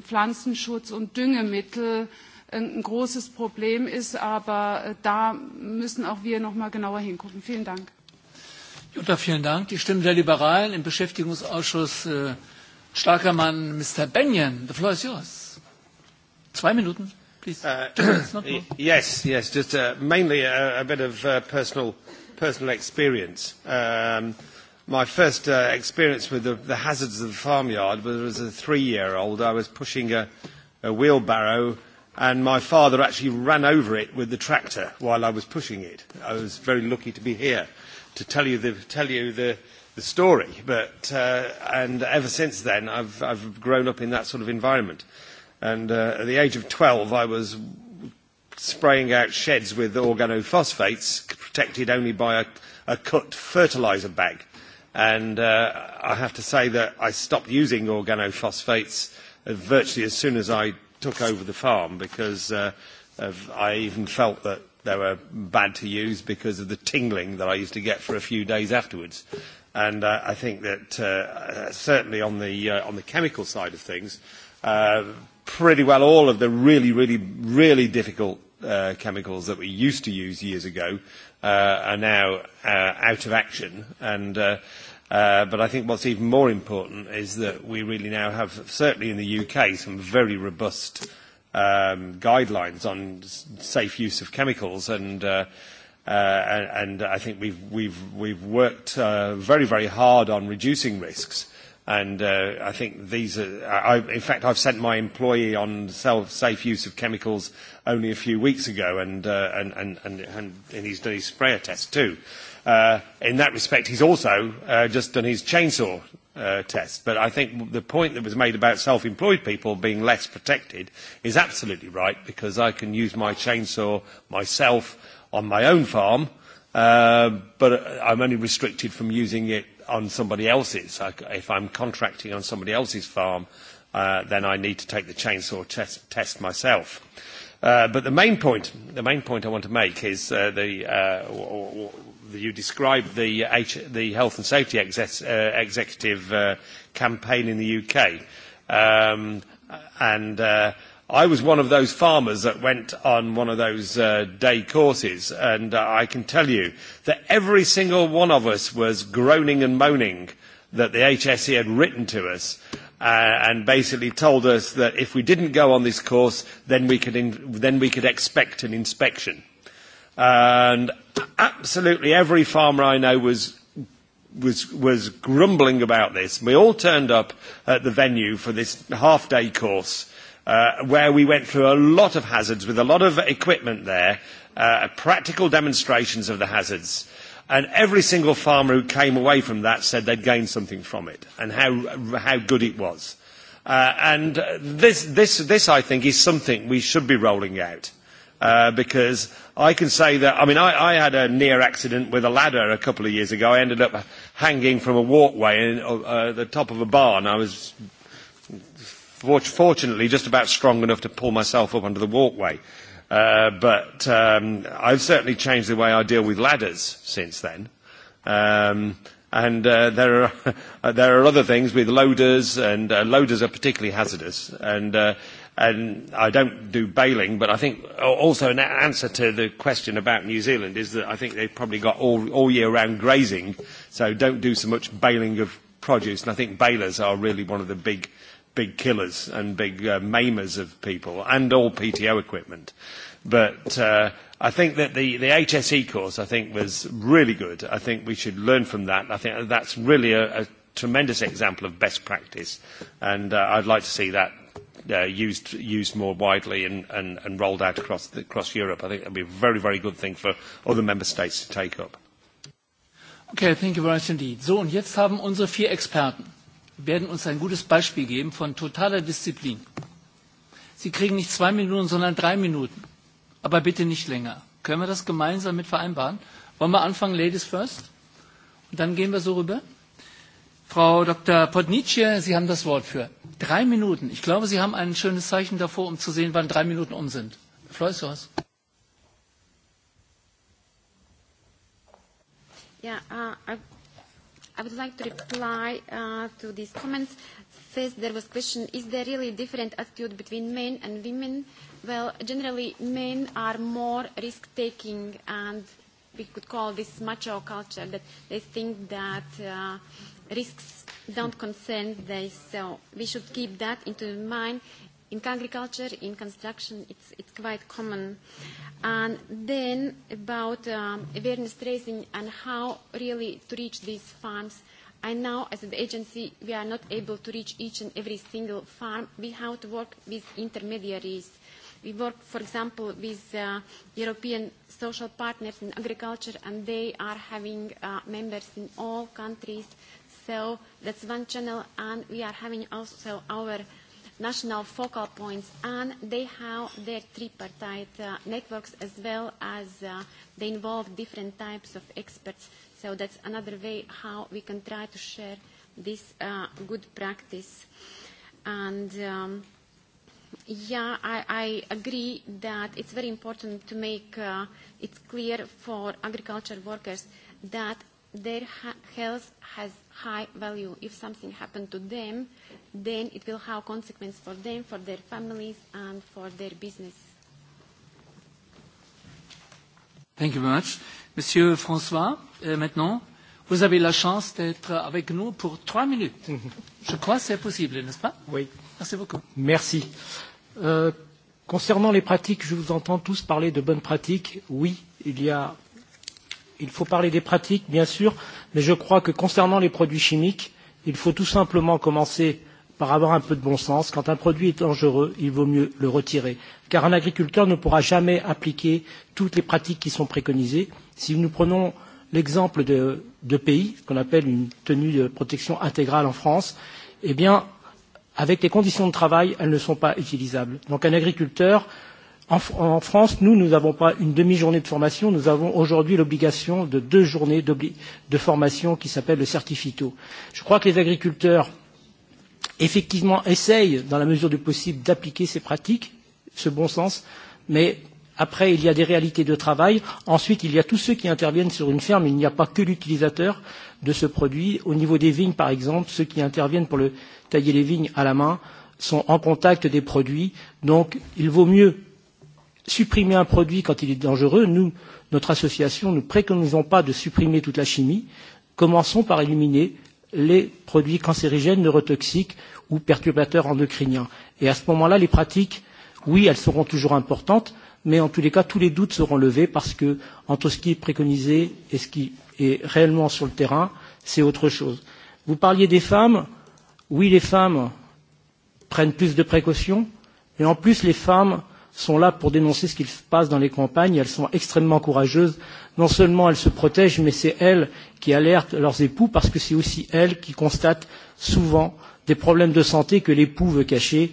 Speaker 10: Pflanzenschutz und Düngemittel ein großes Problem ist, aber da müssen auch wir noch mal genauer hingucken. Vielen Dank.
Speaker 1: Jutta, vielen Dank. Die Stimme der Liberalen im Beschäftigungsausschuss starker Mann, Mr. Benyon. The floor is yours. Zwei Minuten please.
Speaker 11: yes, yes, just uh, mainly a, a bit of uh, personal, personal experience. Um, my first uh, experience with the, the hazards of the farmyard was as a three-year-old. I was pushing a, a wheelbarrow, and my father actually ran over it with the tractor while I was pushing it. I was very lucky to be here to tell you the, tell you the, the story. But, uh, and ever since then, I've, I've grown up in that sort of environment. Uh, And uh, at the age of 12, I was spraying out sheds with organophosphates protected only by a, a cut fertilizer bag. And uh, I have to say that I stopped using organophosphates virtually as soon as I took over the farm because uh, I even felt that they were bad to use because of the tingling that I used to get for a few days afterwards. And uh, I think that uh, certainly on the, uh, on the chemical side of things, uh, pretty well all of the really, really, really difficult uh, chemicals that we used to use years ago uh, are now uh, out of action. And, uh, uh, but I think what's even more important is that we really now have, certainly in the UK, some very robust um, guidelines on safe use of chemicals and uh, uh, and I think we've, we've, we've worked uh, very, very hard on reducing risks And uh, I think these are, I, in fact, I've sent my employee on self, safe use of chemicals only a few weeks ago, and, uh, and, and, and, and and he's done his sprayer test too. Uh, in that respect, he's also uh, just done his chainsaw uh, test. But I think the point that was made about self-employed people being less protected is absolutely right, because I can use my chainsaw myself on my own farm, uh, but I'm only restricted from using it on somebody else's. If I'm contracting on somebody else's farm, uh, then I need to take the chainsaw test, test myself. Uh, but the main point, the main point I want to make is uh, the, uh, you described the, H, the health and safety ex- uh, executive uh, campaign in the UK, um, and uh, I was one of those farmers that went on one of those uh, day courses, and uh, I can tell you that every single one of us was groaning and moaning that the HSE had written to us uh, and basically told us that if we didn't go on this course, then we could, in, then we could expect an inspection. And absolutely every farmer I know was was was grumbling about this. We all turned up at the venue for this half day course uh, where we went through a lot of hazards with a lot of equipment there, uh, practical demonstrations of the hazards. And every single farmer who came away from that said they'd gained something from it and how, how good it was. Uh, and this, this, this, I think, is something we should be rolling out. Uh, because I can say that, I mean, I, I had a near accident with a ladder a couple of years ago. I ended up hanging from a walkway in, uh, the top of a barn. I was fortunately just about strong enough to pull myself up under the walkway. Uh, but um, I've certainly changed the way I deal with ladders since then. Um, and uh, there are there are other things with loaders, and uh, loaders are particularly hazardous. And uh, and I don't do bailing, but I think also an answer to the question about New Zealand is that I think they've probably got all, all year round grazing, so don't do so much bailing of produce. And I think balers are really one of the big big killers and big uh, maimers of people and all PTO equipment. But uh, I think that the, the HSE course, I think, was really good. I think we should learn from that. I think that's really a, a tremendous example of best practice. And uh, I'd like to see that uh, used, used more widely and, and, and rolled out across, the, across Europe. I think that would be a very, very good thing for other member states to take up.
Speaker 1: Okay, thank you very much indeed. So, und jetzt haben unsere vier Experten werden uns ein gutes Beispiel geben von totaler Disziplin. Sie kriegen nicht zwei Minuten, sondern drei Minuten. Aber bitte nicht länger. Können wir das gemeinsam mit vereinbaren? Wollen wir anfangen, Ladies first? Und dann gehen wir so rüber. Frau Dr. Podnice, Sie haben das Wort für drei Minuten. Ich glaube, Sie haben ein schönes Zeichen davor, um zu sehen, wann drei Minuten um sind. Flores.
Speaker 6: Ja, uh, I would like to reply uh, to these comments. First, there was question, is there really a different attitude between men and women? Well, generally, men are more risk-taking, and we could call this macho culture, that they think that uh, risks don't concern them, So we should keep that into mind in agriculture, in construction, it's, it's quite common. And then about um, awareness raising and how really to reach these farms. I know as an agency we are not able to reach each and every single farm. We have to work with intermediaries. We work, for example, with uh, European social partners in agriculture, and they are having uh, members in all countries. So that's one channel, and we are having also our national focal points, and they have their tripartite uh, networks as well as uh, they involve different types of experts. So that's another way how we can try to share this uh, good practice. And um, Yeah, I, I agree that it's very important to make uh, it clear for agriculture workers that their ha health has high value. If something happened to them, then it will have consequence for them, for their families, and for their business.
Speaker 1: Thank you very much. Monsieur François, euh, maintenant, vous avez la chance d'être avec nous pour trois minutes. Je crois que c'est possible, n'est-ce pas
Speaker 5: Oui. Merci beaucoup. Merci. Euh, concernant les pratiques, je vous entends tous parler de bonnes pratiques. Oui, il y a Il faut parler des pratiques, bien sûr, mais je crois que concernant les produits chimiques, il faut tout simplement commencer par avoir un peu de bon sens. Quand un produit est dangereux, il vaut mieux le retirer, car un agriculteur ne pourra jamais appliquer toutes les pratiques qui sont préconisées. Si nous prenons l'exemple de, de pays, ce qu'on appelle une tenue de protection intégrale en France, eh bien, avec les conditions de travail, elles ne sont pas utilisables. Donc un agriculteur, En, en France, nous, nous n'avons pas une demi-journée de formation, nous avons aujourd'hui l'obligation de deux journées de formation qui s'appelle le certifito. Je crois que les agriculteurs, effectivement, essayent, dans la mesure du possible, d'appliquer ces pratiques, ce bon sens, mais Après, il y a des réalités de travail. Ensuite, il y a tous ceux qui interviennent sur une ferme. Il n'y a pas que l'utilisateur de ce produit. Au niveau des vignes, par exemple, ceux qui interviennent pour le tailler les vignes à la main sont en contact des produits. Donc, il vaut mieux supprimer un produit quand il est dangereux, nous, notre association, ne préconisons pas de supprimer toute la chimie. Commençons par éliminer les produits cancérigènes, neurotoxiques ou perturbateurs endocriniens. Et à ce moment-là, les pratiques, oui, elles seront toujours importantes, mais en tous les cas, tous les doutes seront levés parce que entre ce qui est préconisé et ce qui est réellement sur le terrain, c'est autre chose. Vous parliez des femmes. Oui, les femmes prennent plus de précautions, mais en plus, les femmes sont là pour dénoncer ce qui se passe dans les campagnes. Elles sont extrêmement courageuses. Non seulement elles se protègent, mais c'est elles qui alertent leurs époux parce que c'est aussi elles qui constatent souvent des problèmes de santé que l'époux veut cacher.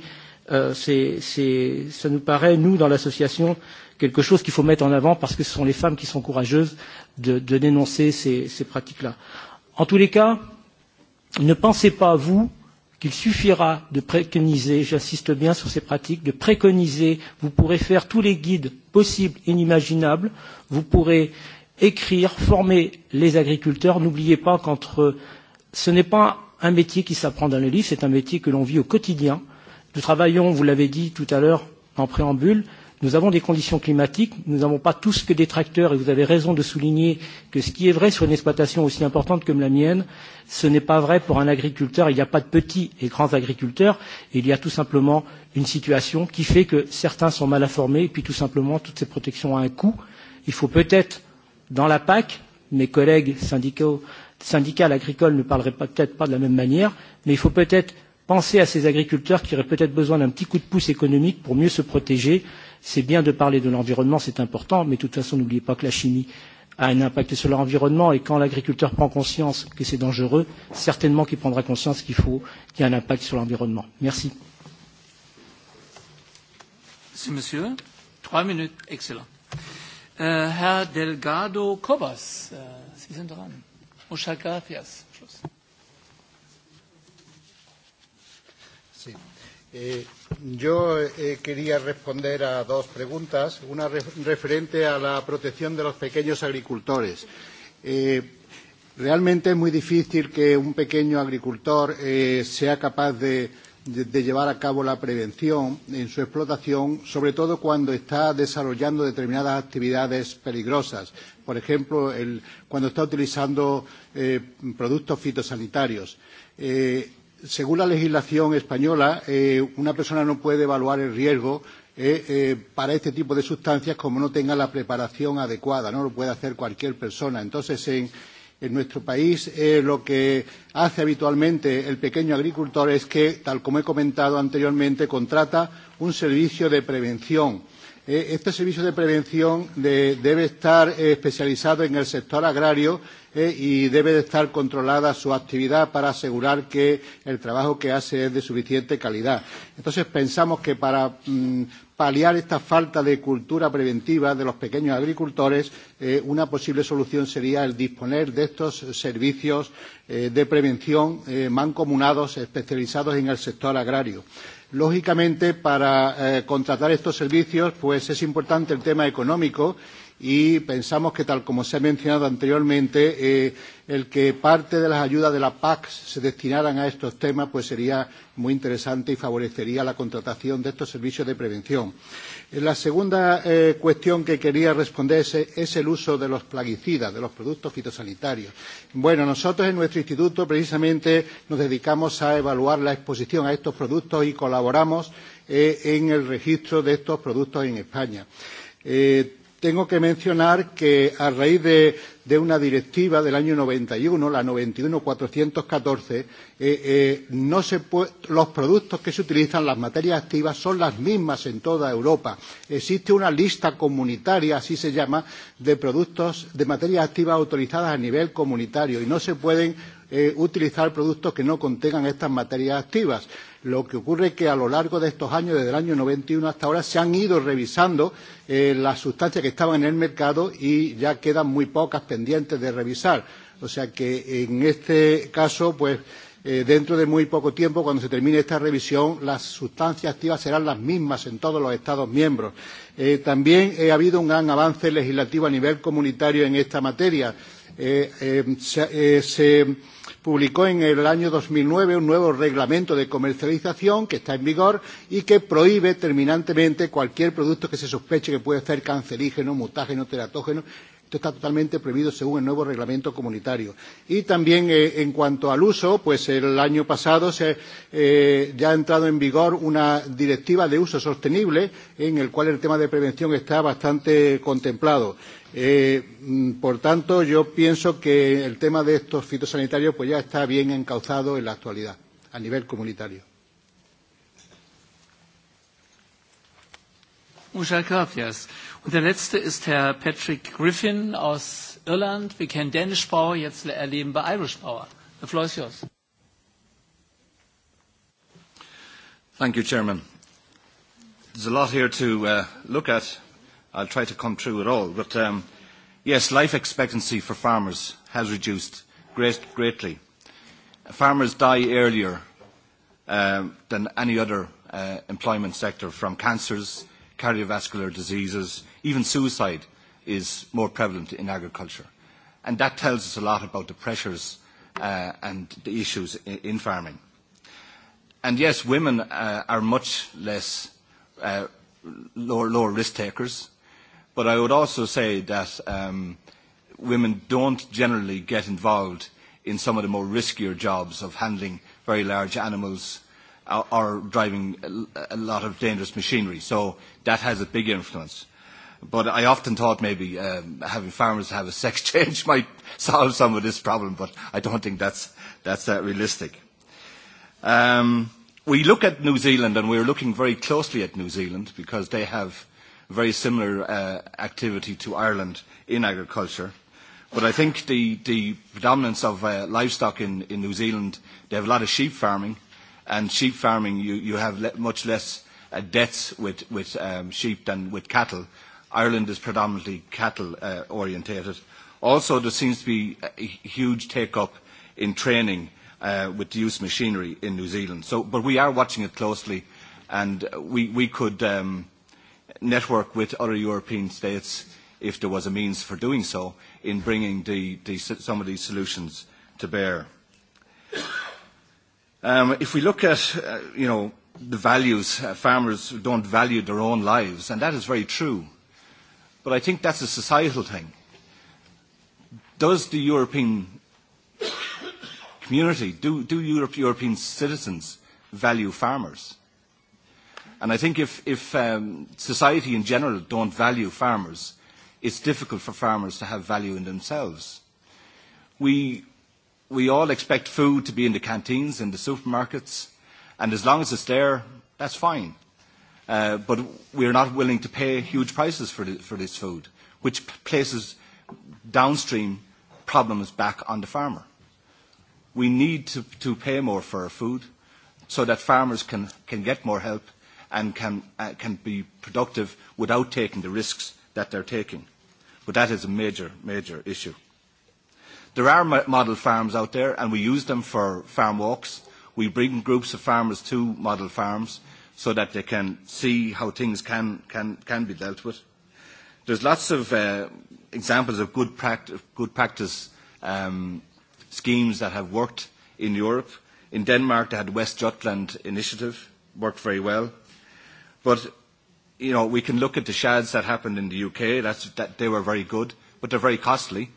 Speaker 5: Euh, ça nous paraît, nous, dans l'association, quelque chose qu'il faut mettre en avant parce que ce sont les femmes qui sont courageuses de, de dénoncer ces, ces pratiques-là. En tous les cas, ne pensez pas, vous, qu'il suffira de préconiser, j'insiste bien sur ces pratiques, de préconiser, vous pourrez faire tous les guides possibles, et inimaginables, vous pourrez écrire, former les agriculteurs. N'oubliez pas qu'entre ce n'est pas un métier qui s'apprend dans le livre, c'est un métier que l'on vit au quotidien. Nous travaillons, vous l'avez dit tout à l'heure en préambule, Nous avons des conditions climatiques, nous n'avons pas tous que des tracteurs, et vous avez raison de souligner que ce qui est vrai sur une exploitation aussi importante comme la mienne, ce n'est pas vrai pour un agriculteur. Il n'y a pas de petits et grands agriculteurs, il y a tout simplement une situation qui fait que certains sont mal informés, et puis tout simplement, toutes ces protections ont un coût. Il faut peut-être, dans la PAC, mes collègues syndicaux, syndicales agricoles ne parleraient peut-être pas de la même manière, mais il faut peut-être penser à ces agriculteurs qui auraient peut-être besoin d'un petit coup de pouce économique pour mieux se protéger C'est bien de parler de l'environnement, c'est important, mais de toute façon, n'oubliez pas que la chimie a un impact sur l'environnement et quand l'agriculteur prend conscience que c'est dangereux, certainement qu'il prendra conscience qu'il faut qu'il y ait un impact sur l'environnement. Merci.
Speaker 1: Merci, monsieur. Trois minutes, excellent. Euh, Herr Delgado Cobas, euh, Sie sind dran. Muchas gracias. Schluss. Sí.
Speaker 4: Eh, yo eh, quería responder a dos preguntas. Una referente a la protección de los pequeños agricultores. Eh, realmente es muy difícil que un pequeño agricultor eh, sea capaz de, de, de llevar a cabo la prevención en su explotación, sobre todo cuando está desarrollando determinadas actividades peligrosas. Por ejemplo, el, cuando está utilizando eh, productos fitosanitarios. Eh, según la legislación española, eh, una persona no puede evaluar el riesgo eh, eh, para este tipo de sustancias como no tenga la preparación adecuada, no lo puede hacer cualquier persona. Entonces, en, en nuestro país eh, lo que hace habitualmente el pequeño agricultor es que, tal como he comentado anteriormente, contrata un servicio de prevención este servicio de prevención de, debe estar eh, especializado en el sector agrario eh, y debe de estar controlada su actividad para asegurar que el trabajo que hace es de suficiente calidad. Entonces pensamos que para mmm, paliar esta falta de cultura preventiva de los pequeños agricultores, eh, una posible solución sería el disponer de estos servicios eh, de prevención eh, mancomunados especializados en el sector agrario. Lógicamente, para eh, contratar estos servicios, pues es importante el tema económico y pensamos que, tal como se ha mencionado anteriormente, eh, el que parte de las ayudas de la PAC se destinaran a estos temas, pues sería muy interesante y favorecería la contratación de estos servicios de prevención. La segunda eh, cuestión que quería responder es, es el uso de los plaguicidas, de los productos fitosanitarios. Bueno, nosotros en nuestro instituto precisamente nos dedicamos a evaluar la exposición a estos productos y colaboramos eh, en el registro de estos productos en España. Eh, tengo que mencionar que a raíz de, de una directiva del año 91, la 91-414, eh, eh, no se puede, los productos que se utilizan, las materias activas, son las mismas en toda Europa. Existe una lista comunitaria, así se llama, de productos de materias activas autorizadas a nivel comunitario y no se pueden eh, utilizar productos que no contengan estas materias activas. Lo que ocurre es que a lo largo de estos años, desde el año 91 hasta ahora, se han ido revisando eh, las sustancias que estaban en el mercado y ya quedan muy pocas pendientes de revisar. O sea que en este caso, pues eh, dentro de muy poco tiempo, cuando se termine esta revisión, las sustancias activas serán las mismas en todos los Estados miembros. Eh, también eh, ha habido un gran avance legislativo a nivel comunitario en esta materia. Eh, eh, se, eh, se publicó en el año 2009 un nuevo reglamento de comercialización que está en vigor y que prohíbe terminantemente cualquier producto que se sospeche que puede ser cancerígeno, mutágeno, teratógeno. Esto está totalmente prohibido según el nuevo reglamento comunitario. Y también eh, en cuanto al uso, pues el año pasado se, eh, ya ha entrado en vigor una directiva de uso sostenible en el cual el tema de prevención está bastante contemplado. Eh, por tanto, yo pienso que el tema de estos fitosanitarios pues ya está bien encauzado en la actualidad, a nivel comunitario.
Speaker 1: Muchas gracias. Und der letzte ist Herr Patrick Griffin aus Irland. Wir kennen Danish Power, jetzt erleben wir Irish Power. The floor is yours.
Speaker 3: Thank you, Chairman. There's a lot here to uh, look at I'll try to come through it all. But um, yes, life expectancy for farmers has reduced great, greatly. Farmers die earlier uh, than any other uh, employment sector from cancers, cardiovascular diseases, even suicide is more prevalent in agriculture. And that tells us a lot about the pressures uh, and the issues in, in farming. And yes, women uh, are much less uh, lower, lower risk takers But I would also say that um, women don't generally get involved in some of the more riskier jobs of handling very large animals or, or driving a lot of dangerous machinery. So that has a big influence. But I often thought maybe um, having farmers have a sex change might solve some of this problem, but I don't think that's, that's uh, realistic. Um, we look at New Zealand, and we're looking very closely at New Zealand because they have – very similar uh, activity to Ireland in agriculture. But I think the, the predominance of uh, livestock in, in New Zealand, they have a lot of sheep farming, and sheep farming, you, you have le- much less uh, debts with, with um, sheep than with cattle. Ireland is predominantly cattle uh, orientated. Also, there seems to be a huge take-up in training uh, with the use of machinery in New Zealand. So, but we are watching it closely, and we, we could... Um, network with other European states if there was a means for doing so in bringing the, the, some of these solutions to bear. Um, if we look at, uh, you know, the values, uh, farmers don't value their own lives, and that is very true. But I think that's a societal thing. Does the European community, do, do Europe, European citizens value farmers? And I think if, if um, society in general don't value farmers, it's difficult for farmers to have value in themselves. We, we all expect food to be in the canteens, in the supermarkets, and as long as it's there, that's fine. Uh, but we're not willing to pay huge prices for, the, for this food, which places downstream problems back on the farmer. We need to, to pay more for our food so that farmers can, can get more help and can, uh, can be productive without taking the risks that they're taking. But that is a major, major issue. There are model farms out there, and we use them for farm walks. We bring groups of farmers to model farms so that they can see how things can, can, can be dealt with. There's lots of uh, examples of good, pract- good practice um, schemes that have worked in Europe. In Denmark, they had the West Jutland initiative, worked very well. But, you know, we can look at the shads that happened in the UK. That's, that they were very good, but they're very costly.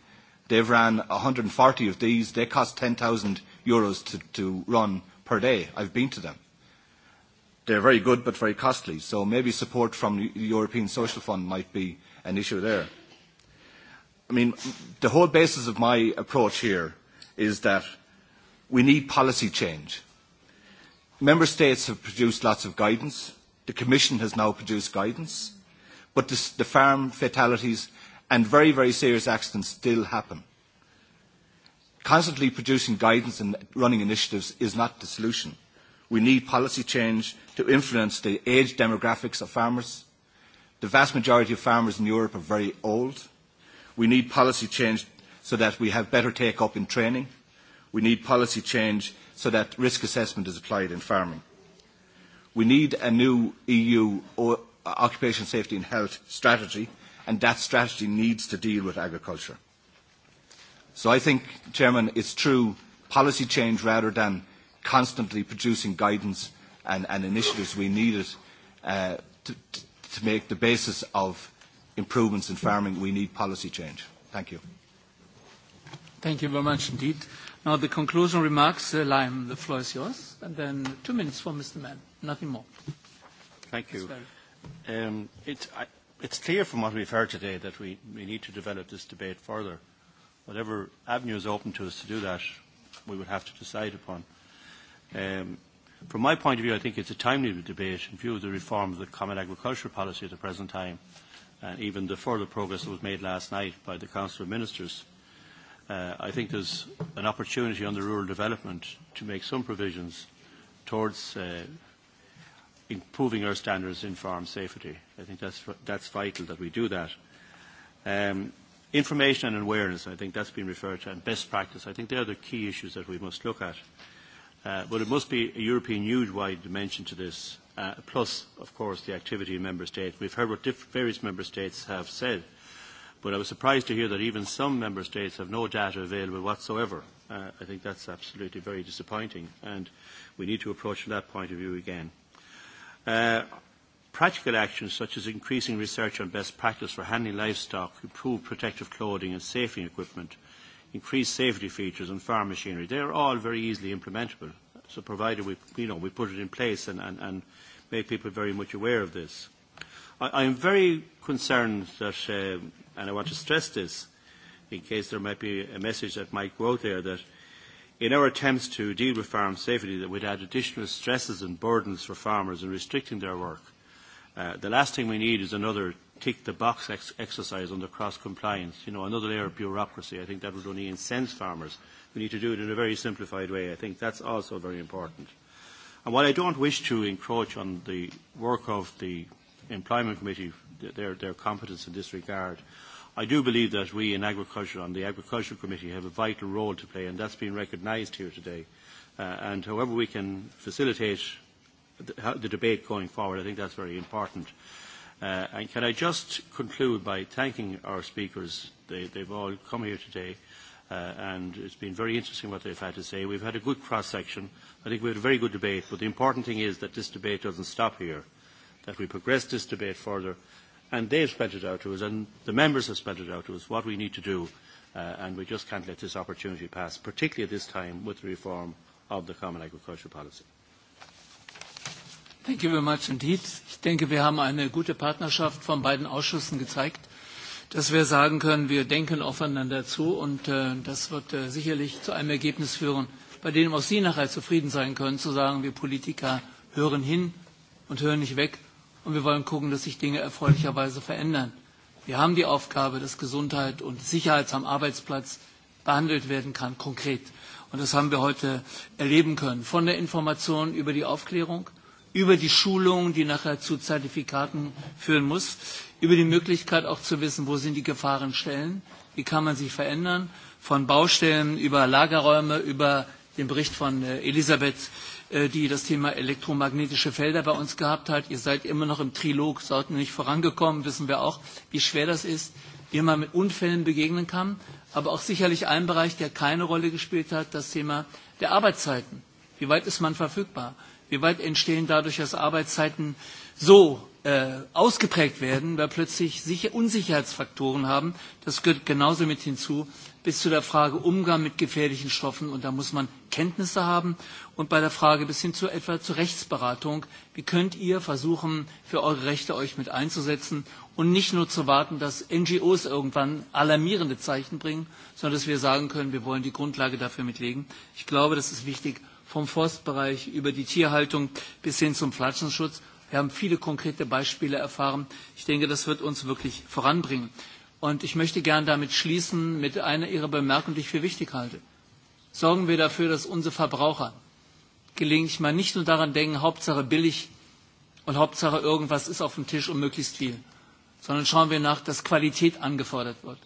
Speaker 3: They've ran 140 of these. They cost 10,000 euros to, to run per day. I've been to them. They're very good, but very costly. So maybe support from the European Social Fund might be an issue there. I mean, the whole basis of my approach here is that we need policy change. Member states have produced lots of guidance The Commission has now produced guidance, but this, the farm fatalities and very, very serious accidents still happen. Constantly producing guidance and running initiatives is not the solution. We need policy change to influence the age demographics of farmers. The vast majority of farmers in Europe are very old. We need policy change so that we have better take-up in training. We need policy change so that risk assessment is applied in farming. We need a new EU occupation safety and health strategy, and that strategy needs to deal with agriculture. So I think, Chairman, it's true policy change rather than constantly producing guidance and, and initiatives. We need it uh, to, to make the basis of improvements in farming. We need policy change. Thank you.
Speaker 1: Thank you very much indeed. Now the conclusion remarks, uh, Lime, the floor is yours, and then two minutes for Mr. Mann nothing more.
Speaker 2: Thank you. Um, it's, I, it's clear from what we've heard today that we, we need to develop this debate further. Whatever avenue is open to us to do that, we would have to decide upon. Um, from my point of view, I think it's a timely debate in view of the reform of the common agricultural policy at the present time and even the further progress that was made last night by the Council of Ministers. Uh, I think there's an opportunity under rural development to make some provisions towards uh, improving our standards in farm safety. I think that's, that's vital that we do that. Um, information and awareness, I think that's been referred to, and best practice. I think they are the key issues that we must look at. Uh, but it must be a European wide dimension to this, uh, plus, of course, the activity in member states. We've heard what diff- various member states have said, but I was surprised to hear that even some member states have no data available whatsoever. Uh, I think that's absolutely very disappointing, and we need to approach from that point of view again. Uh, practical actions such as increasing research on best practice for handling livestock, improved protective clothing and safety equipment, increased safety features and farm machinery, they are all very easily implementable. So provided we, you know, we put it in place and, and, and make people very much aware of this. I, am very concerned that, uh, and I want to stress this in case there might be a message that might go out there, that In our attempts to deal with farm safety, that would add additional stresses and burdens for farmers in restricting their work. Uh, the last thing we need is another tick the box ex- exercise under cross compliance, you know, another layer of bureaucracy. I think that would only incense farmers. We need to do it in a very simplified way. I think that's also very important. And while I don't wish to encroach on the work of the Employment Committee, their, their competence in this regard, I do believe that we in agriculture, on the Agriculture Committee, have a vital role to play, and that's been recognised here today. Uh, and however we can facilitate the, the debate going forward, I think that's very important. Uh, and can I just conclude by thanking our speakers? They, they've all come here today, uh, and it's been very interesting what they've had to say. We've had a good cross-section. I think we had a very good debate, but the important thing is that this debate doesn't stop here, that we progress this debate further and they've spelled it out to us, and the members have spelled it out to us, what we need to do, uh, and we just can't let this opportunity pass, particularly at this time with the reform of the Common Agricultural Policy.
Speaker 1: Thank you very much indeed. Ich denke, wir haben eine gute Partnerschaft von beiden Ausschüssen gezeigt, dass wir sagen können, wir denken aufeinander zu und äh, das wird äh, sicherlich zu einem Ergebnis führen, bei dem auch Sie nachher zufrieden sein können, zu sagen, wir Politiker hören hin und hören nicht weg Und wir wollen gucken, dass sich Dinge erfreulicherweise verändern. Wir haben die Aufgabe, dass Gesundheit und Sicherheit am Arbeitsplatz behandelt werden kann, konkret. Und das haben wir heute erleben können. Von der Information über die Aufklärung, über die Schulung, die nachher zu Zertifikaten führen muss, über die Möglichkeit auch zu wissen, wo sind die Gefahrenstellen, wie kann man sie verändern, von Baustellen über Lagerräume, über den Bericht von Elisabeth die das Thema elektromagnetische Felder bei uns gehabt hat. Ihr seid immer noch im Trilog, seid nicht vorangekommen, wissen wir auch, wie schwer das ist, wie man mit Unfällen begegnen kann. Aber auch sicherlich ein Bereich, der keine Rolle gespielt hat, das Thema der Arbeitszeiten. Wie weit ist man verfügbar? Wie weit entstehen dadurch, dass Arbeitszeiten so ausgeprägt werden, weil plötzlich Unsicherheitsfaktoren haben. Das gehört genauso mit hinzu bis zu der Frage Umgang mit gefährlichen Stoffen. Und da muss man Kenntnisse haben. Und bei der Frage bis hin zu etwa zur Rechtsberatung. Wie könnt ihr versuchen, für eure Rechte euch mit einzusetzen und nicht nur zu warten, dass NGOs irgendwann alarmierende Zeichen bringen, sondern dass wir sagen können, wir wollen die Grundlage dafür mitlegen. Ich glaube, das ist wichtig vom Forstbereich über die Tierhaltung bis hin zum Pflanzenschutz. Wir haben viele konkrete Beispiele erfahren. Ich denke, das wird uns wirklich voranbringen. Und ich möchte gern damit schließen mit einer Ihrer Bemerkungen, die ich für wichtig halte. Sorgen wir dafür, dass unsere Verbraucher gelegentlich mal nicht nur daran denken, Hauptsache billig und Hauptsache irgendwas ist auf dem Tisch und möglichst viel, sondern schauen wir nach, dass Qualität angefordert wird.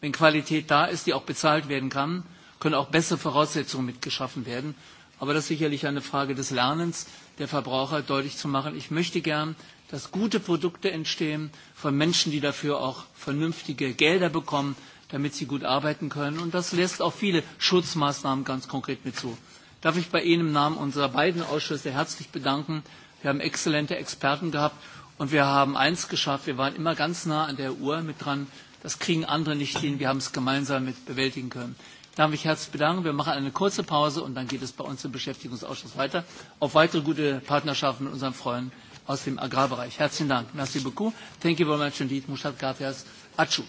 Speaker 1: Wenn Qualität da ist, die auch bezahlt werden kann, können auch bessere Voraussetzungen mitgeschaffen werden. Aber das ist sicherlich eine Frage des Lernens der Verbraucher deutlich zu machen. Ich möchte gern, dass gute Produkte entstehen von Menschen, die dafür auch vernünftige Gelder bekommen, damit sie gut arbeiten können. Und das lässt auch viele Schutzmaßnahmen ganz konkret mit zu. Darf ich bei Ihnen im Namen unserer beiden Ausschüsse herzlich bedanken. Wir haben exzellente Experten gehabt und wir haben eins geschafft. Wir waren immer ganz nah an der Uhr mit dran. Das kriegen andere nicht hin. Wir haben es gemeinsam mit bewältigen können. Darf mich herzlich bedanken. Wir machen eine kurze Pause und dann geht es bei uns im Beschäftigungsausschuss weiter. Auf weitere gute Partnerschaften mit unseren Freunden aus dem Agrarbereich. Herzlichen Dank. Merci beaucoup. Thank you very much indeed. Mushat Gafias Achu.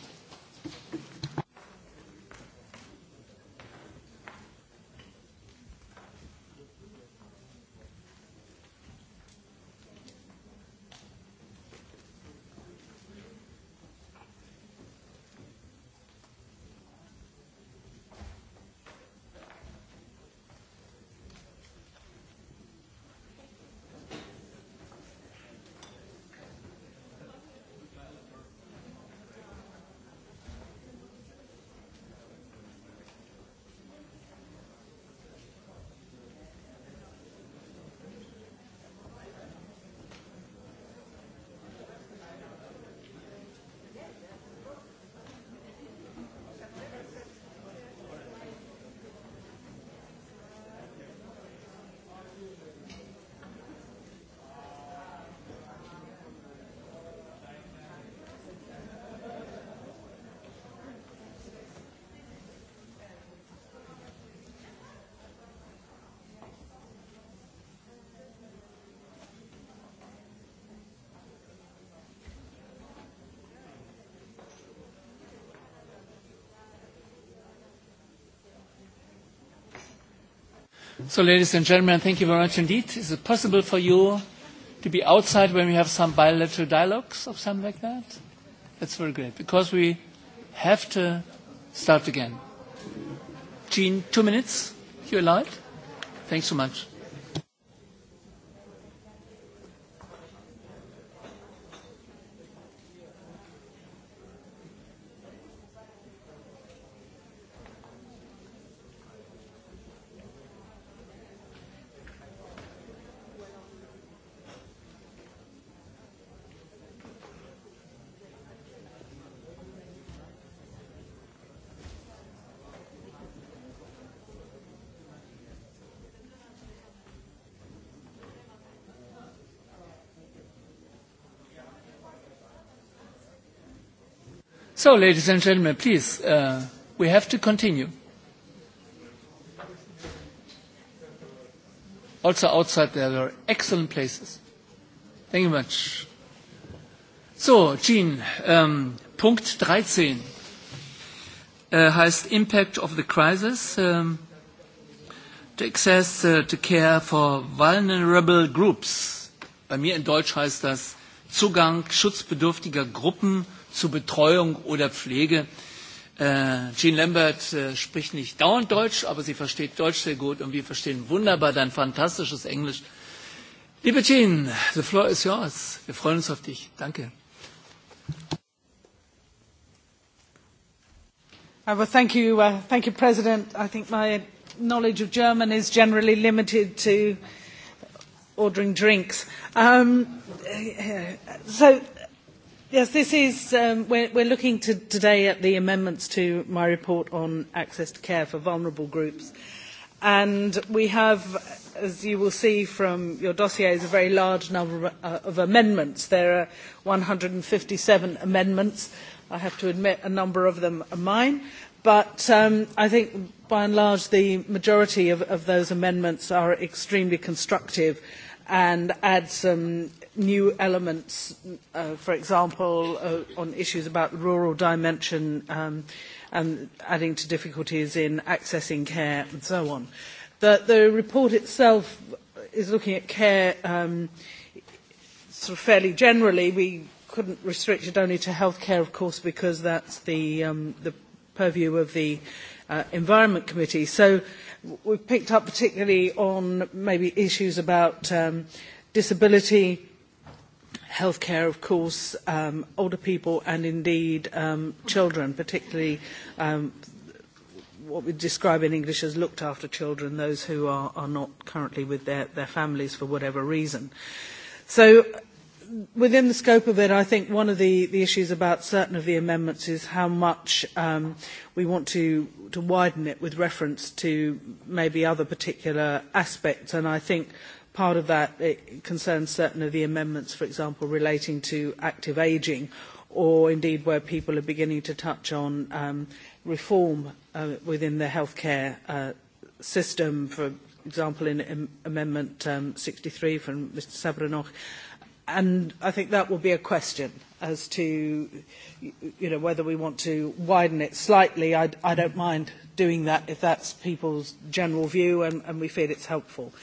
Speaker 1: So, ladies and gentlemen, thank you very much indeed. Is it possible for you to be outside when we have some bilateral dialogues of something like that? That's very great, because we have to start again. Jean, two minutes, if you're allowed. Thanks so much. So, ladies and gentlemen, please, uh, we have to continue. Also outside there are excellent places. Thank you much. So, Jean, um, Punkt 13 uh, heißt Impact of the Crisis. um, to access uh, to care for vulnerable groups. Bei mir in Deutsch heißt das Zugang schutzbedürftiger Gruppen zu Betreuung oder Pflege. Jean Lambert spricht nicht dauernd Deutsch, aber sie versteht Deutsch sehr gut und wir verstehen wunderbar dein fantastisches Englisch. Liebe Jean, the floor is yours. Wir freuen uns auf dich. Danke.
Speaker 12: thank you, uh, thank you, President. I think my knowledge of German is generally limited to ordering drinks. Um, so Yes, this is, um, we're, we're looking to, today at the amendments to my report on access to care for vulnerable groups. And we have, as you will see from your dossiers, a very large number of amendments. There are one hundred and fifty seven amendments. I have to admit a number of them are mine. But I think by and large the majority of of, those amendments are extremely constructive and add some new elements, for example, on issues about the rural dimension and adding to difficulties in accessing care and so on. The, report itself is looking at care sort of fairly generally. We couldn't restrict it only to healthcare, of course, because that's the, um, the purview of the Environment Committee. So we've picked up particularly on maybe issues about disability healthcare, of course, um, older people and indeed um, children, particularly um, what we describe in English as looked after children, those who are, are not currently with their, their families for whatever reason. So within the scope of it, I think one of the, the issues about certain of the amendments is how much um, we want to, to widen it with reference to maybe other particular aspects. And I think Part of that concerns certain of the amendments, for example, relating to active ageing, or indeed where people are beginning to touch on reform within the healthcare system, for example, in Amendment sixty three from Mr. Sabranoch. And I think that will be a question as to whether we want to widen it slightly. I, I don't mind doing that if that's people's general view and, and we feel it's helpful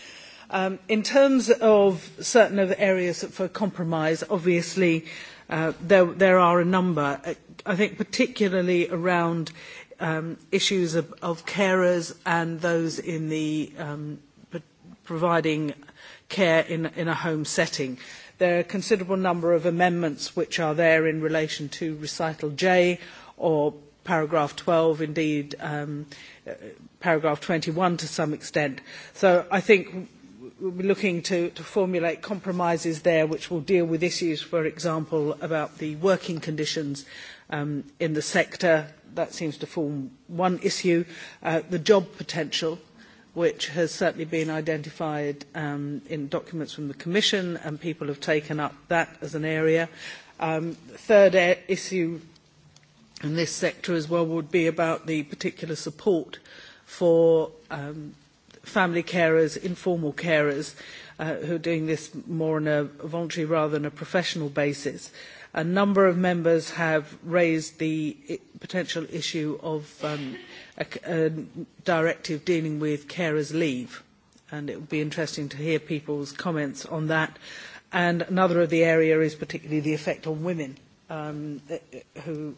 Speaker 12: in terms of certain of the areas for compromise, obviously there, there are a number. I think particularly around issues of, of carers and those in the providing care in, in a home setting. There are a considerable number of amendments which are there in relation to recital J or paragraph 12, indeed um, paragraph 21 to some extent. So I think looking to, to formulate compromises there which will deal with issues, for example, about the working conditions um, in the sector. That seems to form one issue. Uh, the job potential, which has certainly been identified um, in documents from the Commission, and people have taken up that as an area. Um, third issue in this sector as well would be about the particular support for um, family carers, informal carers, uh, who are doing this more on a voluntary rather than a professional basis. A number of members have raised the potential issue of um, a, a directive dealing with carers' leave, and it would be interesting to hear people's comments on that. And another of the area is particularly the effect on women um, who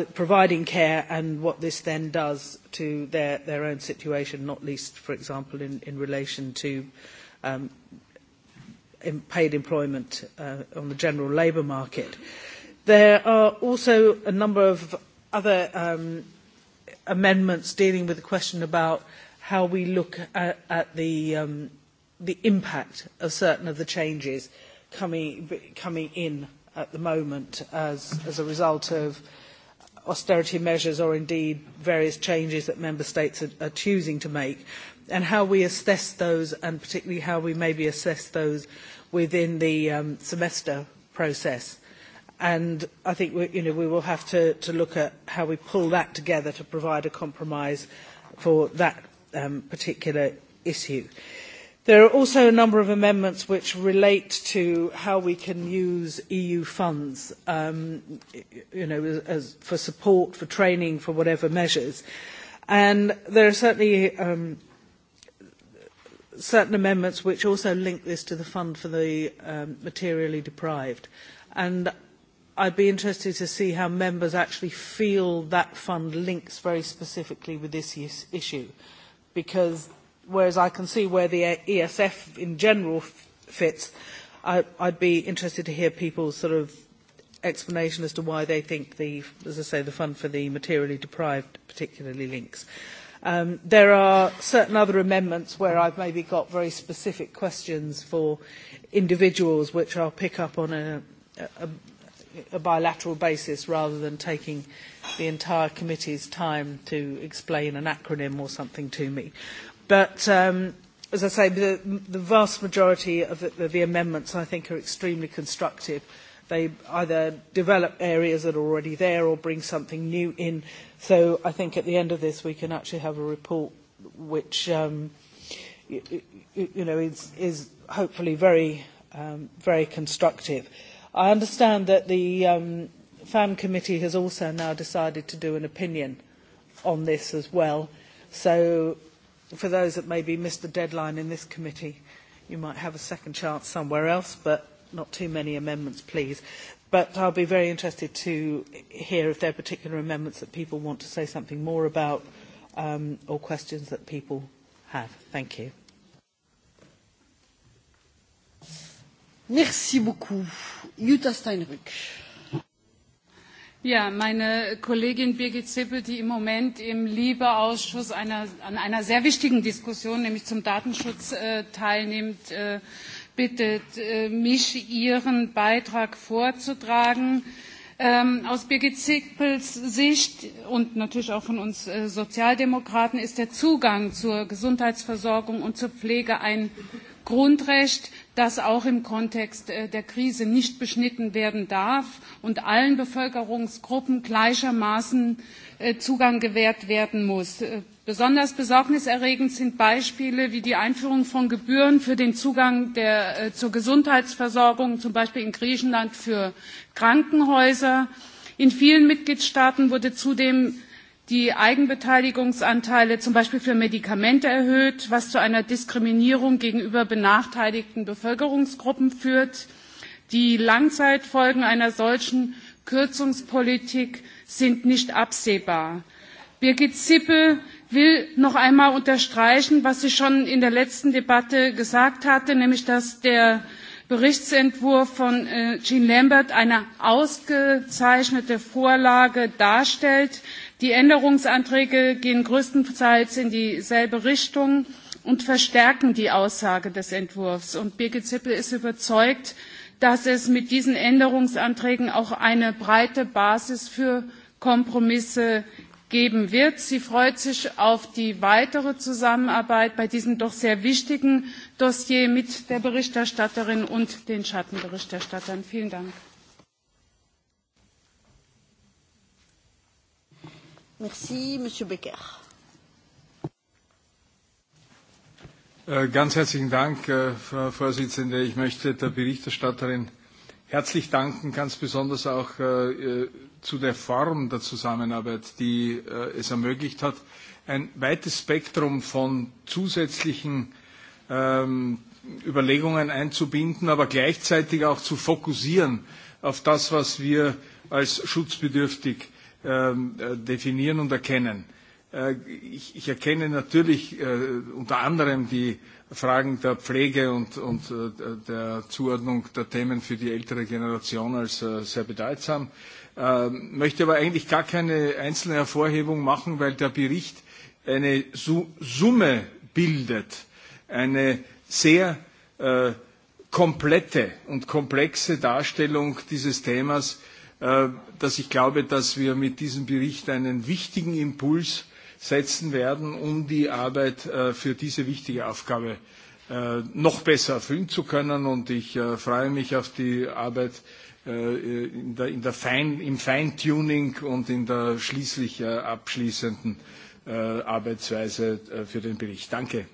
Speaker 12: providing care and what this then does to their, their own situation, not least, for example, in, in relation to um, in paid employment uh, on the general labour market. There are also a number of other um, amendments dealing with the question about how we look at, at the, um, the impact of certain of the changes coming, coming in at the moment as, as a result of austerity measures or indeed various changes that member states are, choosing to make and how we assess those and particularly how we maybe assess those within the semester process. And I think we, you know, we will have to, to look at how we pull that together to provide a compromise for that particular issue. There are also a number of amendments which relate to how we can use EU funds for support, for training, for whatever measures. And there are certainly certain amendments which also link this to the fund for the materially deprived. And I'd be interested to see how members actually feel that fund links very specifically with this issue, because whereas I can see where the ESF in general fits, I, I'd be interested to hear people's sort of explanation as to why they think the, as I say, the fund for the materially deprived particularly links. Um, there are certain other amendments where I've maybe got very specific questions for individuals, which I'll pick up on a, a, a bilateral basis rather than taking the entire committee's time to explain an acronym or something to me. But um, as I say, the, the vast majority of the, the amendments, I think, are extremely constructive. They either develop areas that are already there or bring something new in. So I think at the end of this, we can actually have a report which, um, you, you know, is, is hopefully very, um, very constructive. I understand that the um, FAM committee has also now decided to do an opinion on this as well. So for those that maybe missed the deadline in this committee, you might have a second chance somewhere else, but not too many amendments, please. But I'll be very interested to hear if there are particular amendments that people want to say something more about um, or questions that people have.
Speaker 10: Thank you. Merci beaucoup. Jutta Steinrück. Ja, meine Kollegin Birgit Zippel, die im Moment im LIBE-Ausschuss an einer sehr wichtigen Diskussion, nämlich zum Datenschutz, teilnimmt, bittet mich, ihren Beitrag vorzutragen. Aus Birgit Zippels Sicht und natürlich auch von uns Sozialdemokraten ist der Zugang zur Gesundheitsversorgung und zur Pflege ein Grundrecht, das auch im Kontext der Krise nicht beschnitten werden darf und allen Bevölkerungsgruppen gleichermaßen Zugang gewährt werden muss. Besonders besorgniserregend sind Beispiele wie die Einführung von Gebühren für den Zugang zur Gesundheitsversorgung, zum Beispiel in Griechenland für Krankenhäuser. In vielen Mitgliedstaaten wurde zudem die Eigenbeteiligungsanteile zum Beispiel für Medikamente erhöht, was zu einer Diskriminierung gegenüber benachteiligten Bevölkerungsgruppen führt. Die Langzeitfolgen einer solchen Kürzungspolitik sind nicht absehbar. Birgit Zippel will noch einmal unterstreichen, was sie schon in der letzten Debatte gesagt hatte, nämlich dass der Berichtsentwurf von Jean Lambert eine ausgezeichnete Vorlage darstellt, Die Änderungsanträge gehen größtenteils in dieselbe Richtung und verstärken die Aussage des Entwurfs. Und Birgit Zippel ist überzeugt, dass es mit diesen Änderungsanträgen auch eine breite Basis für Kompromisse geben wird. Sie freut sich auf die weitere Zusammenarbeit bei diesem doch sehr wichtigen Dossier mit der Berichterstatterin und den Schattenberichterstattern. Vielen Dank.
Speaker 13: Merci, Monsieur Becker.
Speaker 14: Ganz herzlichen Dank, Frau Vorsitzende. Ich möchte der Berichterstatterin herzlich danken, ganz besonders auch zu der Form der Zusammenarbeit, die es ermöglicht hat, ein weites Spektrum von zusätzlichen Überlegungen einzubinden, aber gleichzeitig auch zu fokussieren auf das, was wir als schutzbedürftig definieren und erkennen. Ich erkenne natürlich unter anderem die Fragen der Pflege und, und der Zuordnung der Themen für die ältere Generation als sehr bedeutsam, möchte aber eigentlich gar keine einzelne Hervorhebung machen, weil der Bericht eine Summe bildet, eine sehr komplette und komplexe Darstellung dieses Themas, dass ich glaube, dass wir mit diesem Bericht einen wichtigen Impuls setzen werden, um die Arbeit für diese wichtige Aufgabe noch besser erfüllen zu können. Und ich freue mich auf die Arbeit in der, in der Fein, im Feintuning und in der schließlich abschließenden Arbeitsweise für den Bericht. Danke.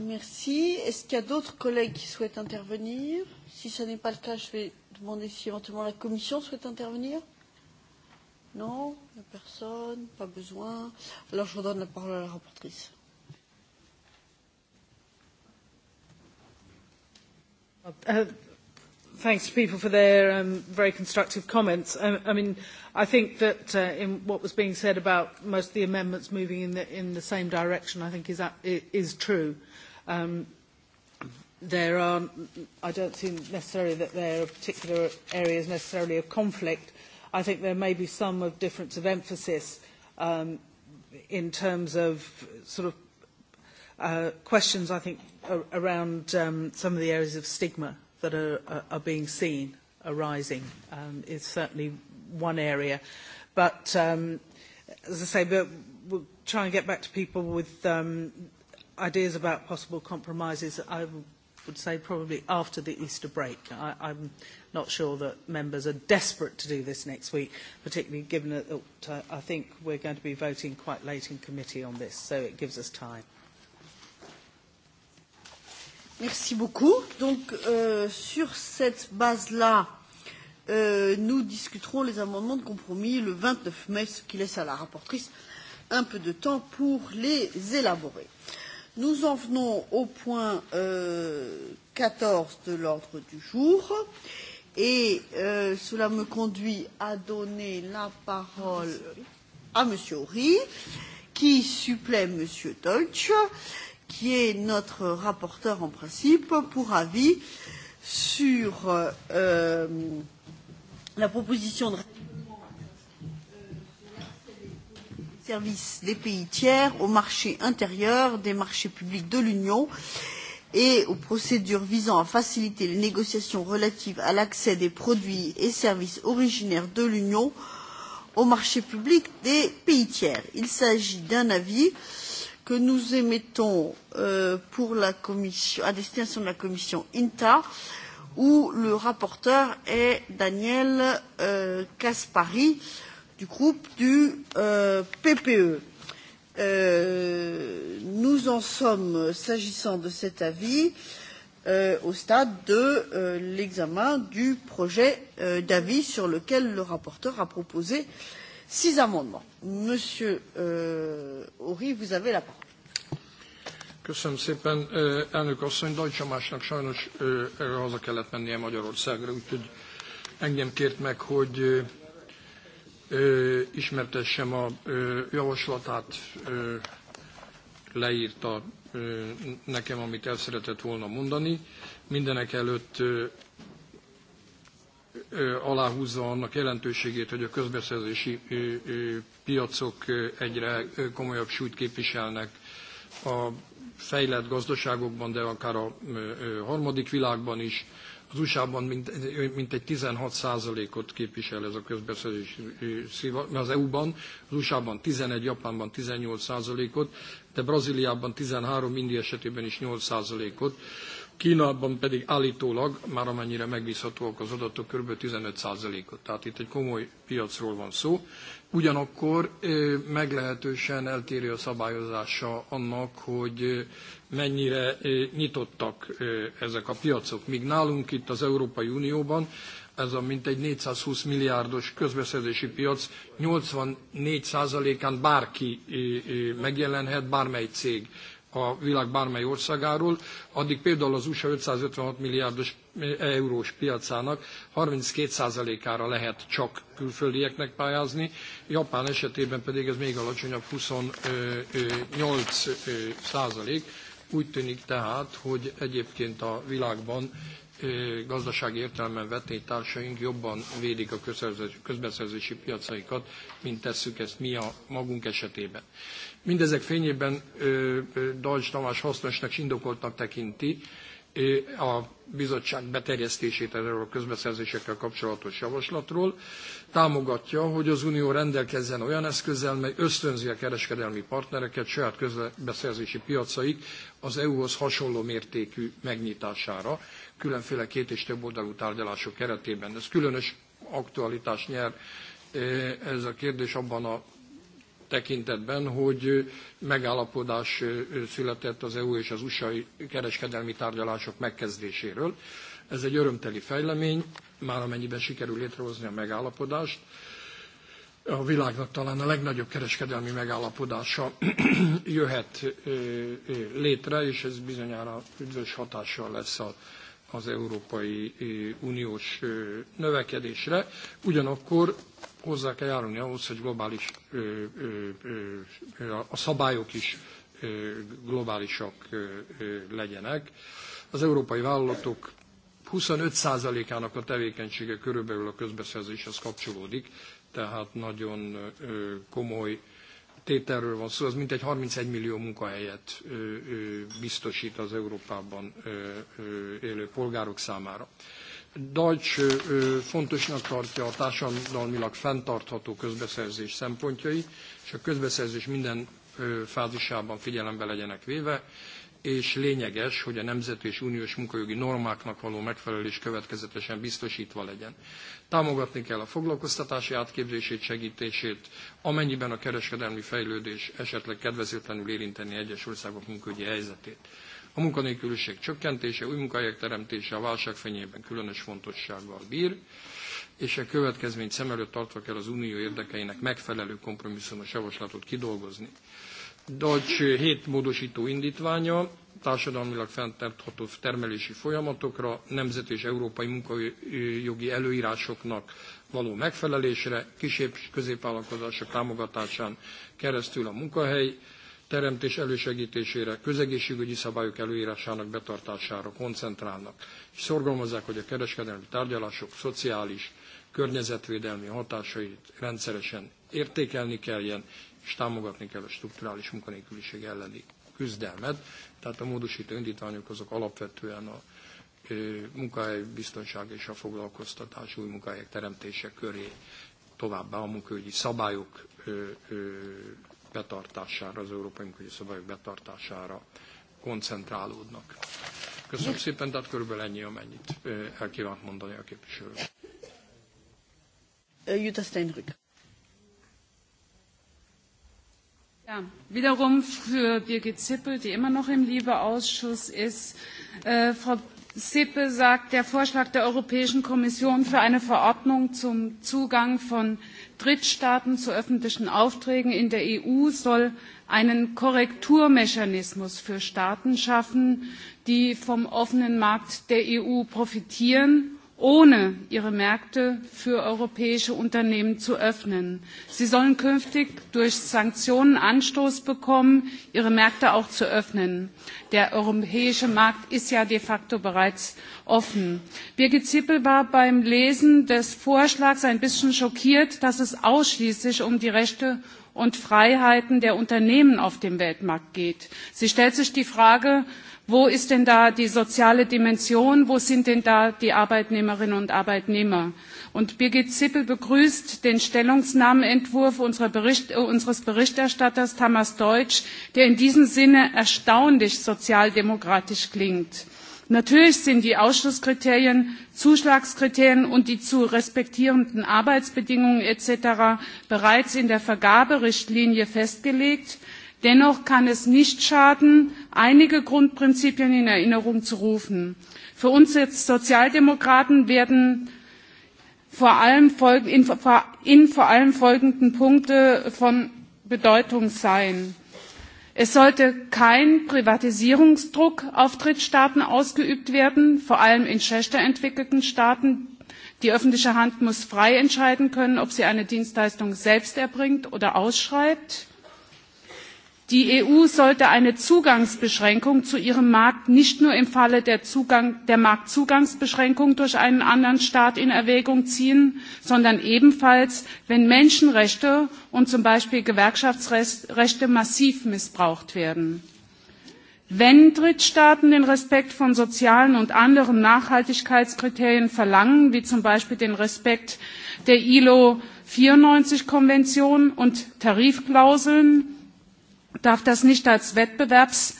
Speaker 13: Merci. Est-ce qu'il y a d'autres collègues qui souhaitent intervenir Si ce n'est pas le cas, je vais demander si éventuellement la Commission souhaite intervenir. Non Personne Pas besoin Alors je redonne la parole à la rapporteure.
Speaker 12: thanks to people for their um, very constructive comments. I, I mean, I think that uh, in what was being said about most of the amendments moving in the, in the same direction, I think is, is true. Um, there are, I don't see necessarily that there are particular areas necessarily of conflict. I think there may be some of difference of emphasis um, in terms of sort of uh, questions, I think, around um, some of the areas of stigma that are, are being seen arising um, is certainly one area. But um, as I say, we'll, we'll try and get back to people with um, ideas about possible compromises, I would say probably after the Easter break. I, I'm not sure that members are desperate to do this next week, particularly given that uh, I think we're going to be voting quite late in committee on this, so it gives us time.
Speaker 13: Merci beaucoup. Donc, euh, sur cette base-là, euh, nous discuterons les amendements de compromis le 29 mai, ce qui laisse à la rapportrice un peu de temps pour les élaborer. Euh, Nous en venons au point quatorze de l'ordre du jour et cela me conduit à donner la parole à Monsieur Horry, qui supplée M. Deutsch, qui est notre rapporteur en principe pour avis sur la proposition de services des pays tiers au marché intérieur des marchés publics de l'Union et aux procédures visant à faciliter les négociations relatives à l'accès des produits et services originaires de l'Union au marché public des pays tiers. Il s'agit d'un avis que nous émettons pour la commission, à destination de la commission INTA, où le rapporteur est Daniel Caspary. Euh, du groupe du euh, PPE. Euh, nous en sommes, s'agissant de cet avis, euh, au stade de euh, l'examen du projet euh, d'avis sur lequel le rapporteur a proposé six amendements. Monsieur euh, Horry, vous avez la parole.
Speaker 15: Köszönöm szépen, elnök asszony. Deutsche Másnak sajnos haza kellett mennie Magyarországra, úgyhogy engem kért meg, hogy ismertessem a javaslatát, leírta nekem, amit el szeretett volna mondani. Mindenek előtt aláhúzva annak jelentőségét, hogy a közbeszerzési piacok egyre komolyabb súlyt képviselnek a fejlett gazdaságokban, de akár a harmadik világban is Az USA-ban mint, mintegy 16%-ot képvisel ez a közbeszerzés szíva, az EU-ban, az USA-ban 11, Japánban 18%-ot, de Brazíliában 13, India esetében is 8%-ot Kínában pedig állítólag, már amennyire megbízhatóak az adatok, kb. 15%-ot. Tehát itt egy komoly piacról van szó. Ugyanakkor meglehetősen eltérő a szabályozása annak, hogy mennyire nyitottak ezek a piacok. Míg nálunk itt az Európai Unióban ez a mintegy 420 milliárdos közbeszerzési piac 84%-án bárki megjelenhet, bármely cég a világ bármely országáról, addig például az USA 556 milliárdos eurós piacának 32%-ára lehet csak külföldieknek pályázni, Japán esetében pedig ez még alacsonyabb 28%. Úgy tűnik tehát, hogy egyébként a világban gazdasági értelemben vetné társaink jobban védik a közbeszerzési piacaikat, mint tesszük ezt mi a magunk esetében. Mindezek fényében Dajcs Tamás hasznosnak és indokoltnak tekinti a bizottság beterjesztését erről a közbeszerzésekkel kapcsolatos javaslatról. Támogatja, hogy az Unió rendelkezzen olyan eszközzel, mely ösztönzi a kereskedelmi partnereket saját közbeszerzési piacaik az EU-hoz hasonló mértékű megnyitására különféle két és több oldalú tárgyalások keretében. Ez különös aktualitás nyer ez a kérdés abban a tekintetben, hogy megállapodás született az EU és az USA kereskedelmi tárgyalások megkezdéséről. Ez egy örömteli fejlemény, már amennyiben sikerül létrehozni a megállapodást. A világnak talán a legnagyobb kereskedelmi megállapodása jöhet létre, és ez bizonyára üdvös hatással lesz a az Európai Uniós növekedésre, ugyanakkor hozzá kell járulni ahhoz, hogy globális, a szabályok is globálisak legyenek. Az európai vállalatok 25%-ának a tevékenysége körülbelül a közbeszerzéshez kapcsolódik, tehát nagyon komoly tételről van szó, az mintegy 31 millió munkahelyet biztosít az Európában élő polgárok számára. Deutsch fontosnak tartja a társadalmilag fenntartható közbeszerzés szempontjai, és a közbeszerzés minden fázisában figyelembe legyenek véve és lényeges, hogy a nemzet és uniós munkajogi normáknak való megfelelés következetesen biztosítva legyen. Támogatni kell a foglalkoztatási átképzését, segítését, amennyiben a kereskedelmi fejlődés esetleg kedvezőtlenül érinteni egyes országok munkaügyi helyzetét. A munkanélküliség csökkentése, új munkahelyek teremtése a válság fenyében különös fontossággal bír, és a következményt szem előtt tartva kell az unió érdekeinek megfelelő kompromisszumos javaslatot kidolgozni. Deutsch 7 módosító indítványa, társadalmilag fenntartható termelési folyamatokra, nemzet és európai munkajogi előírásoknak való megfelelésre, kisebb középvállalkozások támogatásán keresztül a munkahely teremtés elősegítésére, közegészségügyi szabályok előírásának betartására koncentrálnak, és szorgalmazzák, hogy a kereskedelmi tárgyalások szociális, környezetvédelmi hatásait rendszeresen értékelni kelljen, és támogatni kell a strukturális munkanélküliség elleni küzdelmet. Tehát a módosító indítványok azok alapvetően a munkahely-biztonság és a foglalkoztatás új munkahelyek teremtése köré továbbá a munkahelyi szabályok betartására, az európai munkahelyi szabályok betartására koncentrálódnak. Köszönöm szépen, tehát körülbelül ennyi, amennyit el kívánt mondani a képviselő.
Speaker 13: Jutta
Speaker 10: Steinrück. Ja, wiederum für Birgit Zippel, die immer noch im Liebeausschuss ist. Äh, Frau Sippe sagt, der Vorschlag der Europäischen Kommission für eine Verordnung zum Zugang von Drittstaaten zu öffentlichen Aufträgen in der EU soll einen Korrekturmechanismus für Staaten schaffen, die vom offenen Markt der EU profitieren ohne ihre Märkte für europäische Unternehmen zu öffnen. Sie sollen künftig durch Sanktionen Anstoß bekommen, ihre Märkte auch zu öffnen. Der europäische Markt ist ja de facto bereits offen. Birgit Zippel war beim Lesen des Vorschlags ein bisschen schockiert, dass es ausschließlich um die Rechte und Freiheiten der Unternehmen auf dem Weltmarkt geht. Sie stellt sich die Frage, Wo ist denn da die soziale Dimension? Wo sind denn da die Arbeitnehmerinnen und Arbeitnehmer? Und Birgit Zippel begrüßt den Stellungnahmeentwurf unseres Berichterstatters Thomas Deutsch, der in diesem Sinne erstaunlich sozialdemokratisch klingt. Natürlich sind die Ausschlusskriterien, Zuschlagskriterien und die zu respektierenden Arbeitsbedingungen etc. bereits in der Vergaberichtlinie festgelegt. Dennoch kann es nicht schaden, einige Grundprinzipien in Erinnerung zu rufen. Für uns als Sozialdemokraten werden vor allem in vor allem folgenden Punkte von Bedeutung sein. Es sollte kein Privatisierungsdruck auf Drittstaaten ausgeübt werden, vor allem in schlechter entwickelten Staaten. Die öffentliche Hand muss frei entscheiden können, ob sie eine Dienstleistung selbst erbringt oder ausschreibt die eu sollte eine zugangsbeschränkung zu ihrem markt nicht nur im falle der marktzugangsbeschränkung durch einen anderen staat in erwägung ziehen sondern ebenfalls wenn menschenrechte und zum beispiel gewerkschaftsrechte massiv missbraucht werden. wenn drittstaaten den respekt von sozialen und anderen nachhaltigkeitskriterien verlangen wie zum beispiel den respekt der ilo vierundneunzig konvention und tarifklauseln darf das nicht als Wettbewerbs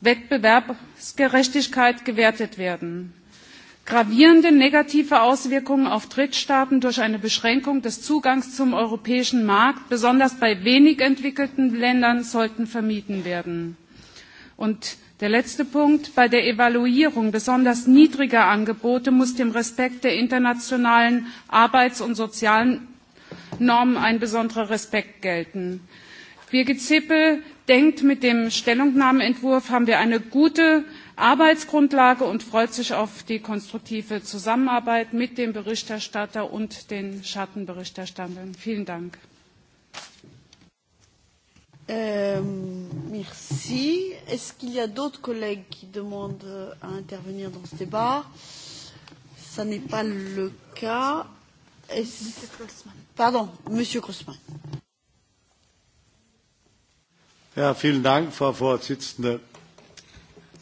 Speaker 10: Wettbewerbsgerechtigkeit gewertet werden. Gravierende negative Auswirkungen auf Drittstaaten durch eine Beschränkung des Zugangs zum europäischen Markt, besonders bei wenig entwickelten Ländern, sollten vermieden werden. Und der letzte Punkt Bei der Evaluierung besonders niedriger Angebote muss dem Respekt der internationalen Arbeits- und sozialen Normen ein besonderer Respekt gelten. Birgit Zippel denkt, mit dem Stellungnahmeentwurf haben wir eine gute Arbeitsgrundlage und freut sich auf die konstruktive Zusammenarbeit mit dem Berichterstatter und den Schattenberichterstattern. Vielen Dank.
Speaker 13: merci. Est-ce qu'il y a d'autres collègues qui demandent à intervenir dans ce débat Ce n'est pas le cas. Pardon, Monsieur Crossman.
Speaker 16: Frau Vorsitzende.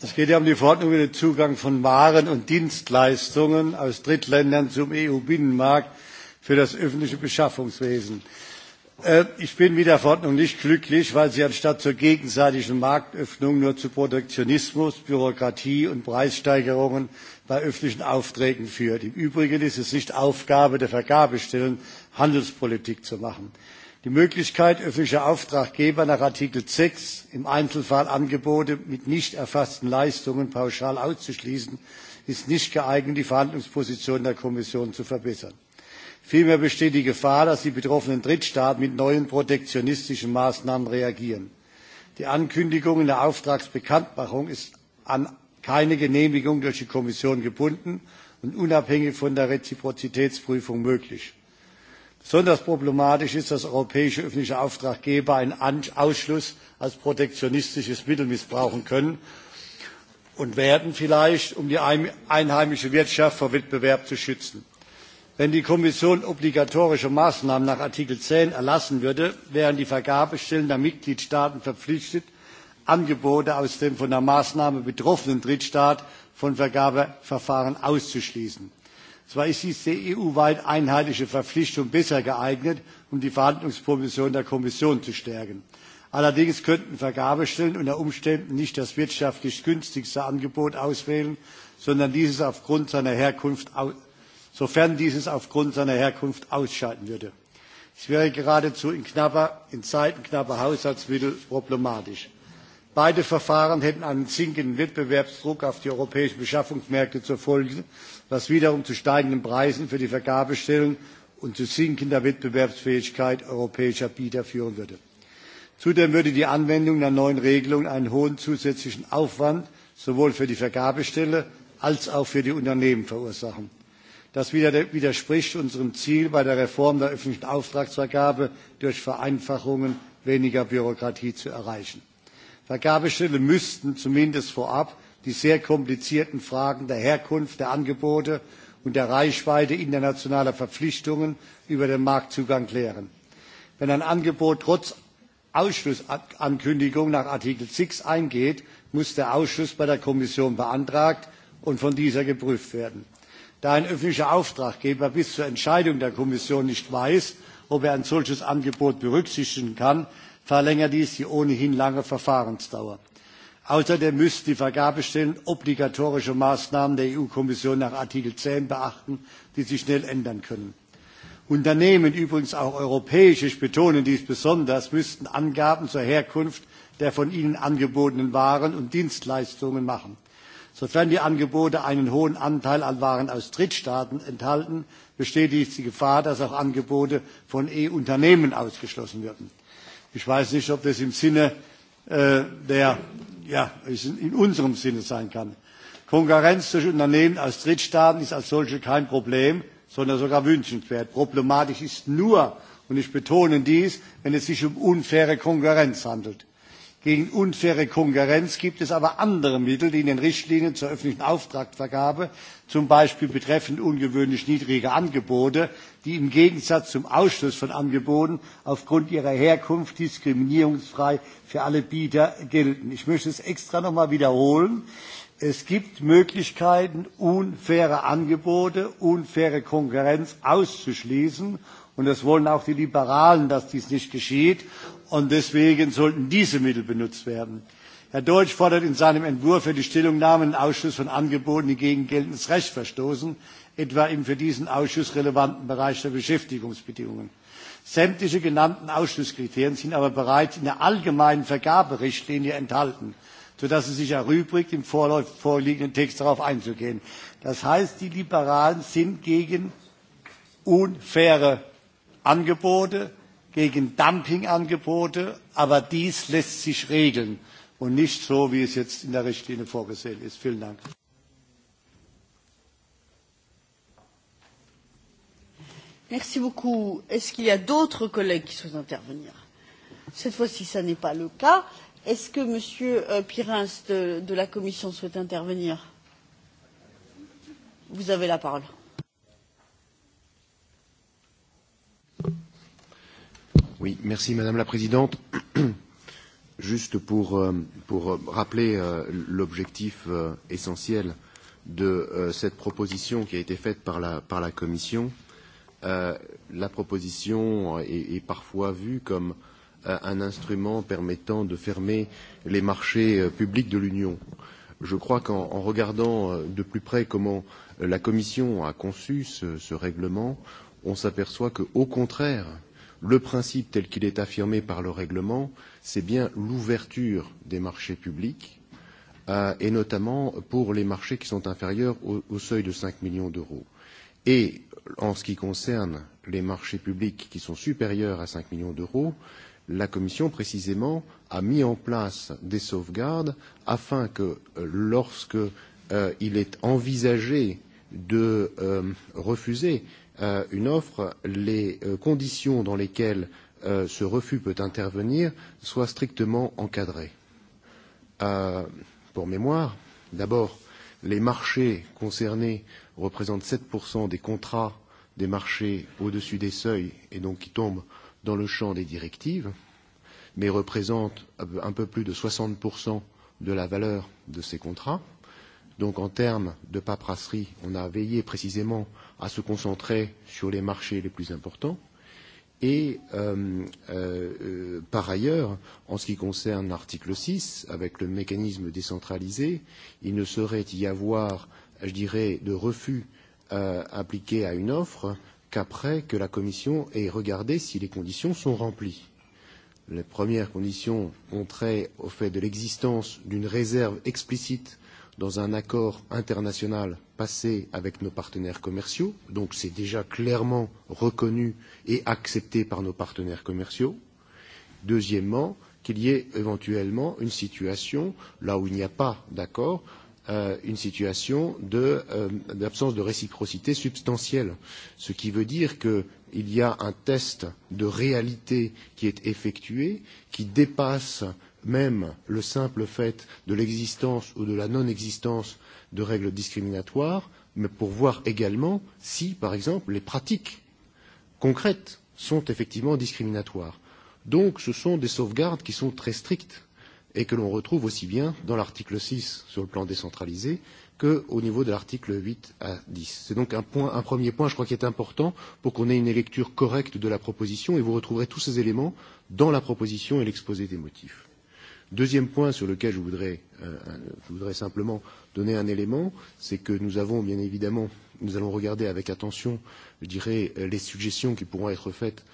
Speaker 16: Es geht ja um die Verordnung über den Zugang von Waren und Dienstleistungen aus Drittländern zum EU-Binnenmarkt für das öffentliche Beschaffungswesen. Ich bin mit der Verordnung nicht glücklich, weil sie anstatt zur gegenseitigen Marktöffnung nur zu Protektionismus, Bürokratie und Preissteigerungen bei öffentlichen Aufträgen führt. Im Übrigen ist es nicht Aufgabe der Vergabestellen, Handelspolitik zu machen die Möglichkeit öffentlicher Auftraggeber nach Artikel sechs im Einzelfall Angebote mit nicht erfassten Leistungen pauschal auszuschließen, ist nicht geeignet, die Verhandlungsposition der Kommission zu verbessern. Vielmehr besteht die Gefahr, dass die betroffenen Drittstaaten mit neuen protektionistischen Maßnahmen reagieren. Die Ankündigung der Auftragsbekanntmachung ist an keine Genehmigung durch die Kommission gebunden und unabhängig von der Reziprozitätsprüfung möglich. Besonders problematisch ist, dass europäische öffentliche Auftraggeber einen Ausschluss als protektionistisches Mittel missbrauchen können und werden vielleicht, um die einheimische Wirtschaft vor Wettbewerb zu schützen. Wenn die Kommission obligatorische Maßnahmen nach Artikel zehn erlassen würde, wären die Vergabestellen der Mitgliedstaaten verpflichtet, Angebote aus dem von der Maßnahme betroffenen Drittstaat von Vergabeverfahren auszuschließen. Zwar ist dies der EU-weit einheitliche Verpflichtung besser geeignet, um die Verhandlungsposition der Kommission zu stärken. Allerdings könnten Vergabestellen unter Umständen nicht das wirtschaftlich günstigste Angebot auswählen, sondern dieses aufgrund seiner Herkunft, sofern dieses aufgrund seiner Herkunft ausscheiden würde. Es wäre geradezu in, knapper, in Zeiten knapper Haushaltsmittel problematisch. Beide Verfahren hätten einen sinkenden Wettbewerbsdruck auf die europäischen Beschaffungsmärkte zur Folge was wiederum zu steigenden Preisen für die Vergabestellen und zu sinkender Wettbewerbsfähigkeit europäischer Bieter führen würde. Zudem würde die Anwendung der neuen Regelung einen hohen zusätzlichen Aufwand sowohl für die Vergabestelle als auch für die Unternehmen verursachen. Das widerspricht unserem Ziel bei der Reform der öffentlichen Auftragsvergabe durch Vereinfachungen weniger Bürokratie zu erreichen. Vergabestellen müssten zumindest vorab die sehr komplizierten Fragen der Herkunft, der Angebote und der Reichweite internationaler Verpflichtungen über den Marktzugang klären. Wenn ein Angebot trotz Ausschlussankündigung nach Artikel 6 eingeht, muss der Ausschuss bei der Kommission beantragt und von dieser geprüft werden. Da ein öffentlicher Auftraggeber bis zur Entscheidung der Kommission nicht weiß, ob er ein solches Angebot berücksichtigen kann, verlängert dies die ohnehin lange Verfahrensdauer. Außerdem müssen die Vergabestellen obligatorische Maßnahmen der EU-Kommission nach Artikel zehn beachten, die sich schnell ändern können. Unternehmen, übrigens auch europäische, ich betone dies besonders, müssten Angaben zur Herkunft der von ihnen angebotenen Waren und Dienstleistungen machen. Sofern die Angebote einen hohen Anteil an Waren aus Drittstaaten enthalten, besteht die Gefahr, dass auch Angebote von EU-Unternehmen ausgeschlossen werden. Ich weiß nicht, ob das im Sinne der ja, in unserem Sinne sein kann. Konkurrenz zwischen Unternehmen aus Drittstaaten ist als solche kein Problem, sondern sogar wünschenswert. Problematisch ist nur, und ich betone dies, wenn es sich um unfaire Konkurrenz handelt. Gegen unfaire Konkurrenz gibt es aber andere Mittel, die in den Richtlinien zur öffentlichen Auftragsvergabe, zum Beispiel betreffend ungewöhnlich niedrige Angebote, die im Gegensatz zum Ausschluss von Angeboten aufgrund ihrer Herkunft diskriminierungsfrei für alle Bieter gelten. Ich möchte es extra noch einmal wiederholen. Es gibt Möglichkeiten, unfaire Angebote, unfaire Konkurrenz auszuschließen. Und das wollen auch die Liberalen, dass dies nicht geschieht. Und deswegen sollten diese Mittel benutzt werden. Herr Deutsch fordert in seinem Entwurf für die Stellungnahme einen Ausschuss von Angeboten, die gegen geltendes Recht verstoßen, etwa im für diesen Ausschuss relevanten Bereich der Beschäftigungsbedingungen. Sämtliche genannten Ausschlusskriterien sind aber bereits in der allgemeinen Vergaberichtlinie enthalten, sodass es sich erübrigt, im vorliegenden Text darauf einzugehen. Das heißt, die Liberalen sind gegen unfaire Angebote, gegen Dumpingangebote, aber dies lässt sich regeln und nicht so, wie es jetzt in der Richtlinie vorgesehen ist. Vielen Dank.
Speaker 13: Merci beaucoup. Est-ce qu'il y a d'autres collègues qui souhaitent intervenir Cette fois-ci, ce n'est pas le cas. Est-ce que M. Pirins de, de la Commission souhaite intervenir Vous avez la parole.
Speaker 17: Oui, merci Madame la Présidente. Juste pour, pour rappeler l'objectif essentiel de cette proposition qui a été faite par la, par la Commission, la proposition est, est parfois vue comme un instrument permettant de fermer les marchés publics de l'Union. Je crois qu'en regardant de plus près comment la Commission a conçu ce, ce règlement, on s'aperçoit qu'au contraire, euh, Le principe tel qu'il est affirmé par le règlement, c'est bien l'ouverture des marchés publics, euh, et notamment pour les marchés qui sont inférieurs au, au seuil de 5 millions d'euros. Et en ce qui concerne les marchés publics qui sont supérieurs à 5 millions d'euros, la Commission précisément a mis en place des sauvegardes afin que lorsque euh, il est envisagé de euh, refuser une offre, les conditions dans lesquelles ce refus peut intervenir soient strictement encadrées. pour mémoire, d'abord, les marchés concernés représentent 7% des contrats des marchés au-dessus des seuils et donc qui tombent dans le champ des directives, mais représentent un peu plus de 60% de la valeur de ces contrats. Donc en termes de paperasserie, on a veillé précisément à se concentrer sur les marchés les plus importants. Et euh, euh, par ailleurs, en ce qui concerne l'article 6, avec le mécanisme décentralisé, il ne saurait y avoir, je dirais, de refus euh, appliqué à une offre qu'après que la Commission ait regardé si les conditions sont remplies. Les premières conditions ont trait au fait de l'existence d'une réserve explicite dans un accord international passé avec nos partenaires commerciaux, donc c'est déjà clairement reconnu et accepté par nos partenaires commerciaux. Deuxièmement, qu'il y ait éventuellement une situation, là où il n'y a pas d'accord, une situation d'absence de, réciprocité substantielle, ce qui veut dire qu'il y a un test de réalité qui est effectué, qui dépasse même le simple fait de l'existence ou de la non-existence de règles discriminatoires, mais pour voir également si, par exemple, les pratiques concrètes sont effectivement discriminatoires. Donc ce sont des sauvegardes qui sont très strictes et que l'on retrouve aussi bien dans l'article 6 sur le plan décentralisé qu'au niveau de l'article 8 à 10. C'est donc un, point, un premier point, je crois, qui est important pour qu'on ait une lecture correcte de la proposition et vous retrouverez tous ces éléments dans la proposition et l'exposé des motifs. Deuxième point sur lequel je voudrais, euh, je voudrais simplement donner un élément, c'est que nous avons bien évidemment, nous allons regarder avec attention, je dirais, les suggestions qui pourront être faites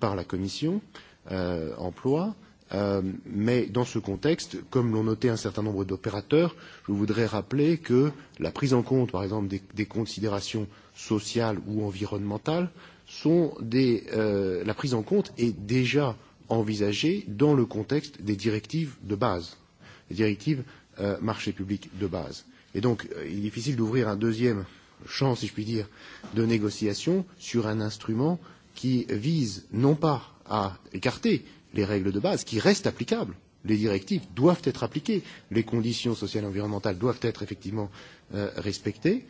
Speaker 17: par la Commission euh, emploi. Euh, mais dans ce contexte, comme l'ont noté un certain nombre d'opérateurs, je voudrais rappeler que la prise en compte, par exemple, des, des considérations sociales ou environnementales sont des, euh, la prise en compte est déjà euh, envisagée dans le contexte des directives de base, des directives euh, marché public de base. Et donc, il est difficile d'ouvrir un deuxième champ, si je puis dire, de négociation sur un instrument qui vise non pas à écarter les règles de base, qui restent applicables. Les directives doivent être appliquées, les conditions sociales et environnementales doivent être effectivement euh, respectées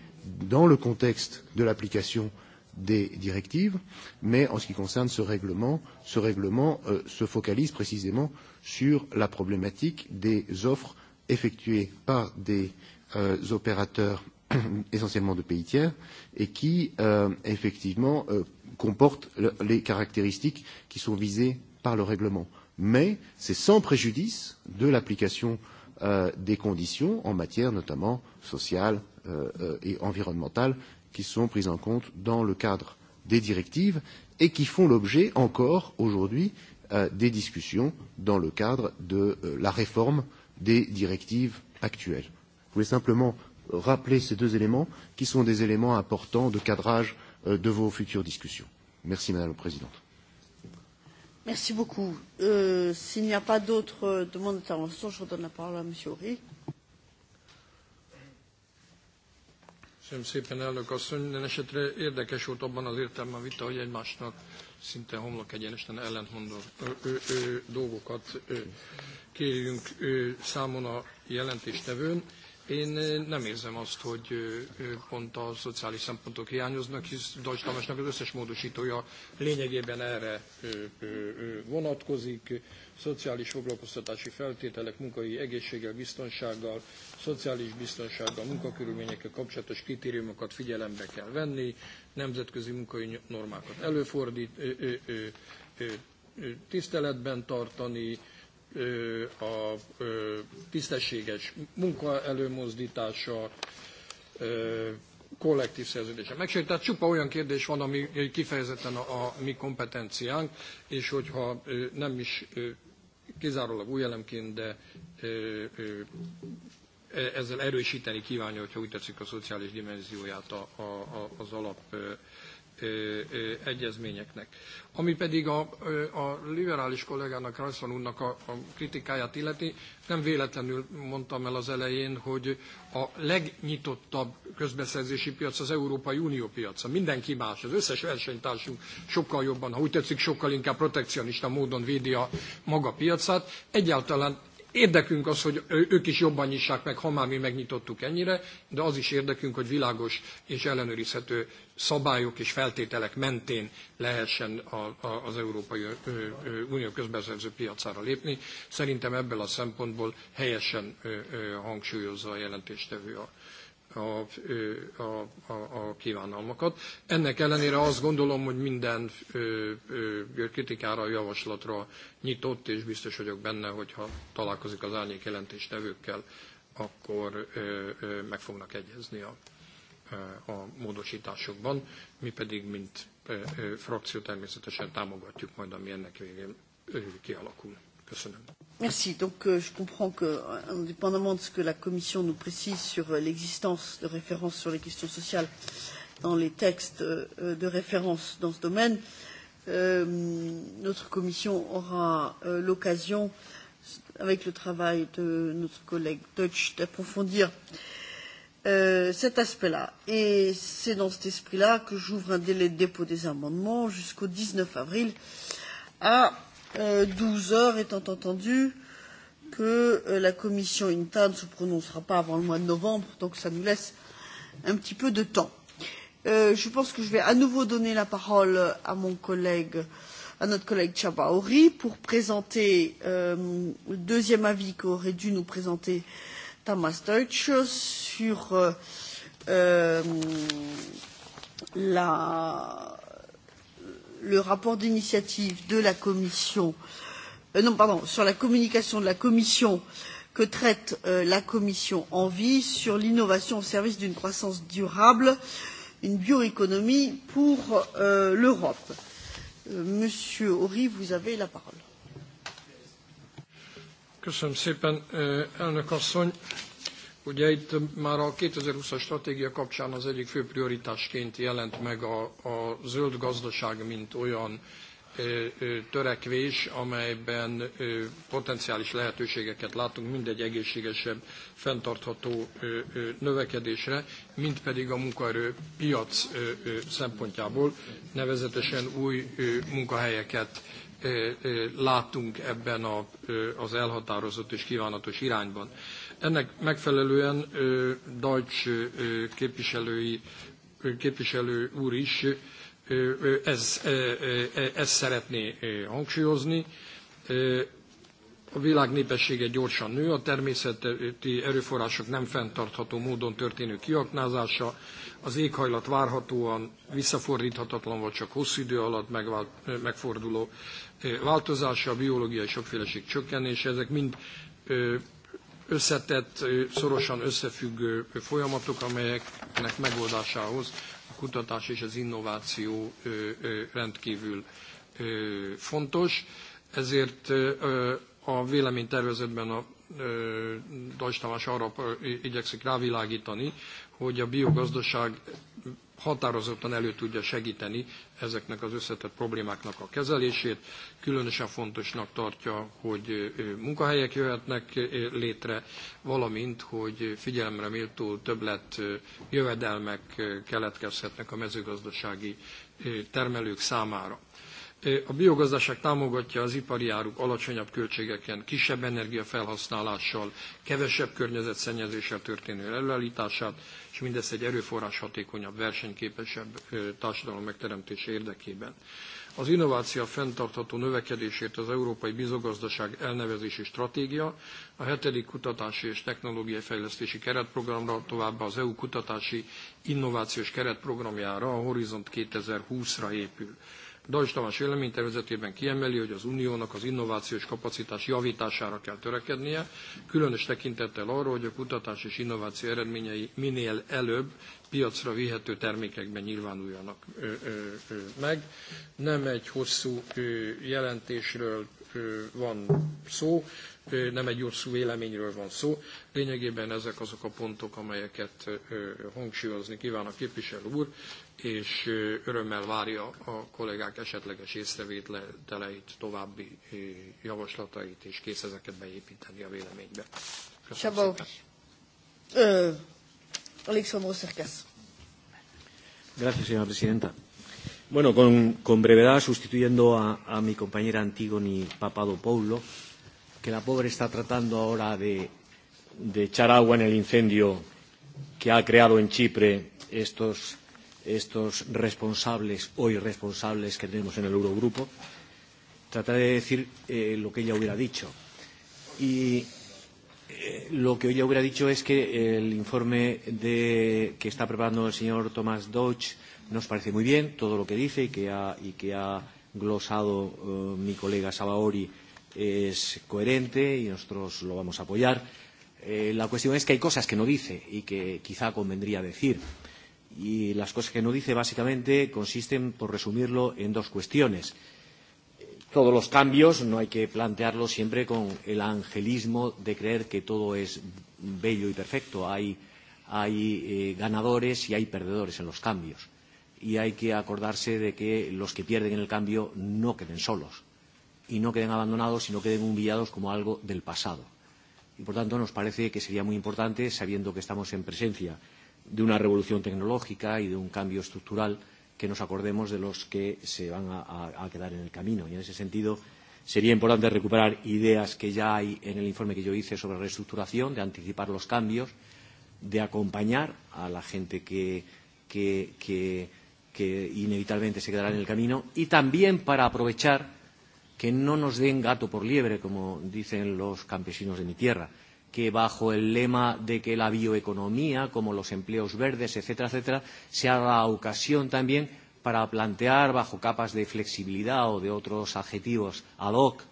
Speaker 17: dans le contexte de l'application euh, des directives, mais en ce qui concerne ce règlement, ce règlement euh, se focalise précisément sur la problématique des offres effectuées par des euh, opérateurs essentiellement de pays tiers et qui euh, effectivement euh, comportent le, les caractéristiques qui sont visées par le règlement. Mais c'est sans préjudice de l'application euh, des conditions en matière notamment sociale, euh, et environnementale qui sont prises en compte dans le cadre des directives et qui font l'objet encore aujourd'hui des discussions dans le cadre de la réforme des directives actuelles. Je voulais simplement rappeler ces deux éléments qui sont des éléments importants de cadrage de vos futures discussions. Merci Madame la Présidente.
Speaker 13: Merci beaucoup. Euh, S'il n'y a pas d'autres demandes d'intervention, je redonne la parole à Monsieur Horry.
Speaker 15: Köszönöm szépen, elnök asszony. Minden esetre érdekes volt abban az értelemben vita, hogy egymásnak szinte homlok egyenesen ellentmondó dolgokat kérjünk számon a jelentéstevőn. Én nem érzem azt, hogy pont a szociális szempontok hiányoznak, hisz Dajs Tamásnak az összes módosítója lényegében erre vonatkozik szociális foglalkoztatási feltételek, munkai egészséggel, biztonsággal, szociális biztonsággal, munkakörülményekkel kapcsolatos kritériumokat figyelembe kell venni, nemzetközi munkai normákat előfordít, ö, ö, ö, ö, tiszteletben tartani, ö, a ö, tisztességes munka előmozdítása, ö, kollektív szerződése megsérül. Tehát csupa olyan kérdés van, ami kifejezetten a, a mi kompetenciánk, és hogyha nem is kizárólag új elemként, de ezzel erősíteni kívánja, hogyha úgy tetszik a szociális dimenzióját a, a, a, az alap egyezményeknek. Ami pedig a, a liberális kollégának, Rajszon úrnak a, a kritikáját illeti, nem véletlenül mondtam el az elején, hogy a legnyitottabb közbeszerzési piac az Európai Unió piaca. Mindenki más, az összes versenytársunk sokkal jobban, ha úgy tetszik, sokkal inkább protekcionista módon védi a maga piacát. Egyáltalán Érdekünk az, hogy ők is jobban nyissák meg, ha már mi megnyitottuk ennyire, de az is érdekünk, hogy világos és ellenőrizhető szabályok és feltételek mentén lehessen a, a, az Európai Unió közbeszerző piacára lépni. Szerintem ebből a szempontból helyesen hangsúlyozza a jelentéstevő a, a, a, a, a kívánalmakat. Ennek ellenére azt gondolom, hogy minden ö, ö, kritikára, javaslatra nyitott, és biztos vagyok benne, hogyha találkozik az árnyék jelentéstevőkkel, akkor ö, ö, meg fognak egyezni a, a módosításokban. Mi pedig, mint frakció természetesen támogatjuk majd, ami ennek végén kialakul.
Speaker 13: Merci. Donc, euh, je comprends que, indépendamment de ce que la Commission nous précise sur l'existence de références sur les questions sociales dans les textes euh, de référence dans ce domaine, euh, notre Commission aura euh, l'occasion, avec le travail de notre collègue Deutsch, d'approfondir euh, cet aspect-là. Et c'est dans cet esprit-là que j'ouvre un délai de dépôt des amendements jusqu'au 19 avril à douze heures, étant entendu que la commission INTA ne se prononcera pas avant le mois de novembre, donc ça nous laisse un petit peu de temps. je pense que je vais à nouveau donner la parole à mon collègue, à notre collègue Chabaori pour présenter le deuxième avis qu'aurait dû nous présenter Thomas Deutsch sur la le rapport d'initiative de la Commission euh, non pardon sur la communication de la Commission que traite euh, la Commission Envie sur l'innovation au service d'une croissance durable, une bioéconomie pour euh, l'Europe. Euh, Monsieur Horry, vous avez la parole.
Speaker 15: Köszönöm szépen, elnök asszony! Ugye itt már a 2020-as stratégia kapcsán az egyik fő prioritásként jelent meg a, a zöld gazdaság, mint olyan törekvés, amelyben potenciális lehetőségeket látunk mindegy egészségesebb, fenntartható növekedésre, mint pedig a munkaerő piac szempontjából, nevezetesen új munkahelyeket látunk ebben az elhatározott és kívánatos irányban. Ennek megfelelően Deutsch képviselői, képviselő úr is ez, szeretné hangsúlyozni. A világ népessége gyorsan nő, a természeti erőforrások nem fenntartható módon történő kiaknázása, az éghajlat várhatóan visszafordíthatatlan vagy csak hosszú idő alatt megforduló változása, a biológiai sokféleség csökkenése, ezek mind összetett, szorosan összefüggő folyamatok, amelyeknek megoldásához a kutatás és az innováció rendkívül fontos. Ezért a véleménytervezetben a Dajs arra igyekszik rávilágítani, hogy a biogazdaság határozottan elő tudja segíteni ezeknek az összetett problémáknak a kezelését. Különösen fontosnak tartja, hogy munkahelyek jöhetnek létre, valamint, hogy figyelemre méltó többlet jövedelmek keletkezhetnek a mezőgazdasági termelők számára. A biogazdaság támogatja az ipari áruk alacsonyabb költségeken, kisebb energiafelhasználással, kevesebb környezetszennyezéssel történő előállítását, és mindezt egy erőforrás hatékonyabb, versenyképesebb társadalom megteremtése érdekében. Az innováció fenntartható növekedésért az Európai Bizogazdaság elnevezési stratégia, a hetedik kutatási és technológiai fejlesztési keretprogramra, továbbá az EU kutatási innovációs keretprogramjára, a Horizont 2020-ra épül. Dajs Tamás véleménytervezetében kiemeli, hogy az Uniónak az innovációs kapacitás javítására kell törekednie, különös tekintettel arra, hogy a kutatás és innováció eredményei minél előbb piacra vihető termékekben nyilvánuljanak meg. Nem egy hosszú jelentésről van szó, nem egy hosszú véleményről van szó. Lényegében ezek azok a pontok, amelyeket hangsúlyozni kíván a képviselő úr, és örömmel várja a kollégák esetleges észrevételeit, további javaslatait, és kész ezeket beépíteni a véleménybe. Köszönöm
Speaker 13: szépen.
Speaker 18: Gracias, señora presidenta. Bueno, con, con brevedad, sustituyendo a, a mi compañera Antigoni Papado Paulo, que la pobre está tratando ahora de, de echar agua en el incendio que ha creado en Chipre estos estos responsables o irresponsables que tenemos en el Eurogrupo, trataré de decir eh, lo que ella hubiera dicho. Y eh, lo que ella hubiera dicho es que el informe de, que está preparando el señor Thomas Deutsch nos parece muy bien, todo lo que dice y que ha, y que ha glosado eh, mi colega Sabaori es coherente y nosotros lo vamos a apoyar. Eh, la cuestión es que hay cosas que no dice y que quizá convendría decir. Eh, y las cosas que no dice básicamente consisten, por resumirlo, en dos cuestiones. Todos los cambios no hay que plantearlos siempre con el angelismo de creer que todo es bello y perfecto. Hay, hay eh, ganadores y hay perdedores en los cambios. Y hay que acordarse de que los que pierden en el cambio no queden solos y no queden abandonados, sino queden humillados como algo del pasado. Y por tanto nos parece que sería muy importante, sabiendo que estamos en presencia de una revolución tecnológica y de un cambio estructural que nos acordemos de los que se van a, a, a quedar en el camino. Y en ese sentido sería importante recuperar ideas que ya hay en el informe que yo hice sobre reestructuración, de anticipar los cambios, de acompañar a la gente que, que, que, que inevitablemente se quedará en el camino y también para aprovechar que no nos den gato por liebre, como dicen los campesinos de mi tierra, que bajo el lema de que la bioeconomía, como los empleos verdes, etcétera, etcétera, sea la ocasión también para plantear bajo capas de flexibilidad o de otros adjetivos ad hoc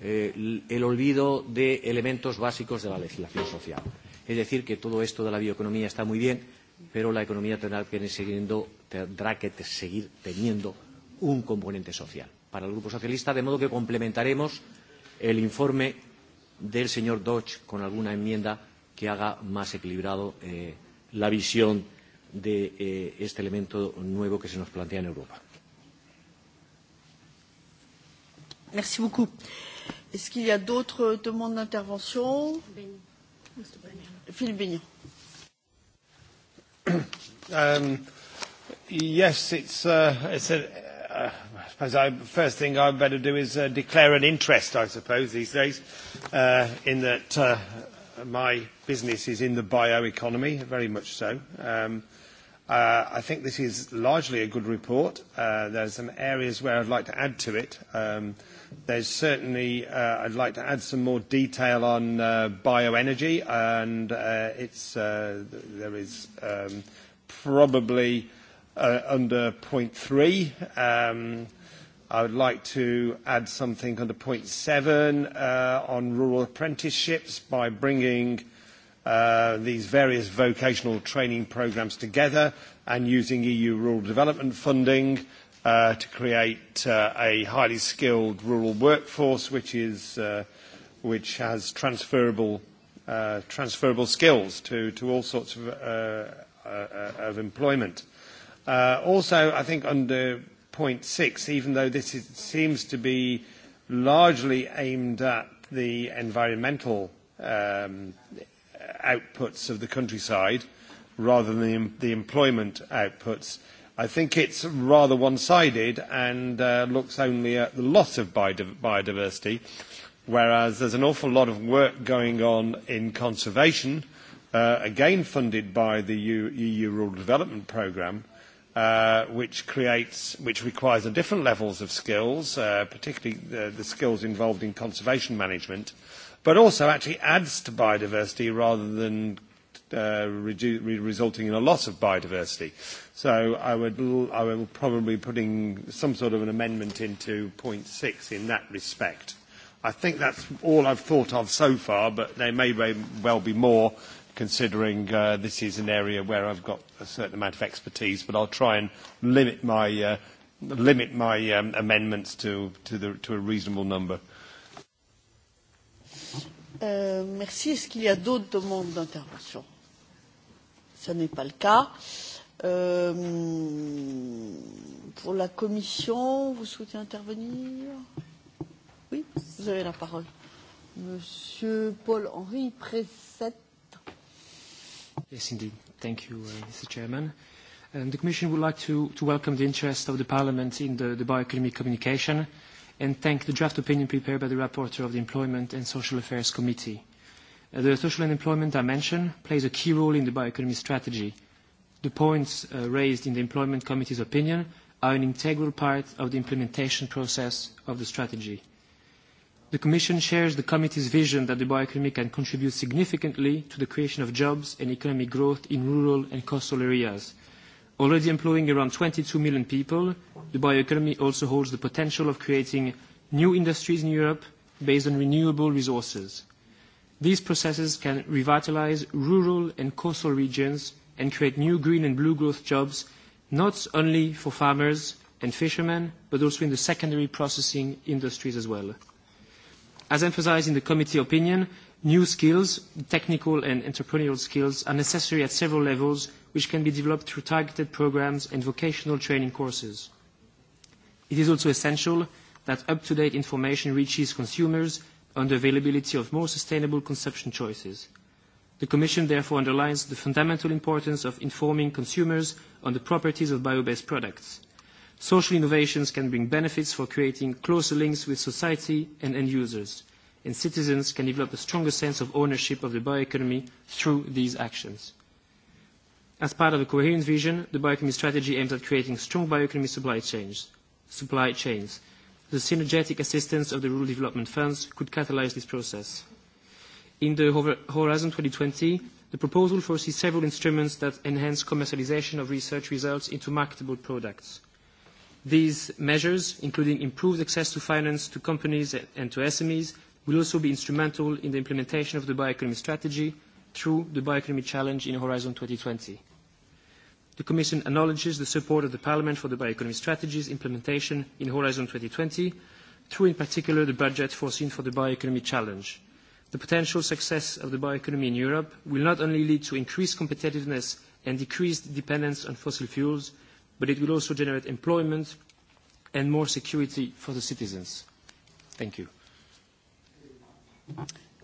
Speaker 18: eh, el olvido de elementos básicos de la legislación social. Es decir, que todo esto de la bioeconomía está muy bien, pero la economía tendrá que, siguiendo, tendrá que seguir teniendo un componente social. Para el Grupo Socialista, de modo que complementaremos el informe del señor Dodge con alguna enmienda que haga más equilibrado eh, la visión de eh, este elemento nuevo que se nos plantea en Europa.
Speaker 13: Merci beaucoup. Est-ce qu'il y a d'autres demandes d'intervention Philippe Bignon.
Speaker 11: Um, yes, it's, uh, it's a, I suppose I, first thing I'd better do is uh, declare an interest, I suppose, these days, uh, in that uh, my business is in the bioeconomy, very much so. Um, uh, I think this is largely a good report. Uh, there's some areas where I'd like to add to it. Um, there's certainly, uh, I'd like to add some more detail on uh, bioenergy, and uh, it's, uh, there is um, probably uh, under point three. Um, I would like to add something under point seven on rural apprenticeships by bringing these various vocational training programmes together and using EU rural development funding to create a highly skilled rural workforce which, is, which has transferable, transferable skills to, to all sorts of, of employment. also, I think under point six, even though this is, seems to be largely aimed at the environmental um, outputs of the countryside rather than the, the employment outputs. I think it's rather one-sided and uh, looks only at the loss of biodiversity, whereas there's an awful lot of work going on in conservation, uh, again funded by the EU, EU Rural Development Programme, which creates, which requires different levels of skills, uh, particularly the, the skills involved in conservation management, but also actually adds to biodiversity rather than uh, redu- re- resulting in a loss of biodiversity. So I would, l- I will probably be putting some sort of an amendment into point six in that respect. I think that's all I've thought of so far, but there may well be more considering uh, this is an area where I've got a certain amount of expertise, but I'll try and limit my, uh, limit my um, amendments to, to, the, to a reasonable number.
Speaker 13: Euh, merci. Est-ce qu'il y a d'autres demandes d'intervention Ce n'est pas le cas. Euh, pour la Commission, vous souhaitez intervenir Oui, vous avez la parole. Monsieur Paul-Henri Pressette
Speaker 19: Yes, indeed. Thank you, Mr. Chairman. Um, the Commission would like to, to welcome the interest of the Parliament in the, the bioeconomy communication and thank the draft opinion prepared by the rapporteur of the Employment and Social Affairs Committee. Uh, the social and employment dimension plays a key role in the bioeconomy strategy. The points uh, raised in the Employment Committee's opinion are an integral part of the implementation process of the strategy. The Commission shares the Committee's vision that the bioeconomy can contribute significantly to the creation of jobs and economic growth in rural and coastal areas. Already employing around 22 million people, the bioeconomy also holds the potential of creating new industries in Europe based on renewable resources. These processes can revitalize rural and coastal regions and create new green and blue growth jobs, not only for farmers and fishermen, but also in the secondary processing industries as well. As emphasised in the committee opinion, new skills, technical and entrepreneurial skills, are necessary at several levels, which can be developed through targeted programmes and vocational training courses. It is also essential that up-to-date information reaches consumers on the availability of more sustainable consumption choices. The Commission therefore underlines the fundamental importance of informing consumers on the properties of bio-based products – Social innovations can bring benefits for creating closer links with society and end users, and citizens can develop a stronger sense of ownership of the bioeconomy through these actions. As part of a coherent vision, the bioeconomy strategy aims at creating strong bioeconomy supply chains. Supply chains. The synergetic assistance of the rural development funds could catalyse this process. In the Horizon 2020, the proposal foresees several instruments that enhance commercialisation of research results into marketable products These measures, including improved access to finance to companies and to SMEs, will also be instrumental in the implementation of the bioeconomy strategy through the bioeconomy challenge in Horizon 2020. The Commission acknowledges the support of the Parliament for the bioeconomy strategy's implementation in Horizon 2020 through in particular the budget foreseen for the bioeconomy challenge. The potential success of the bioeconomy in Europe will not only lead to increased competitiveness and decreased dependence on fossil fuels, but it will also generate employment and more security for the citizens. Thank you.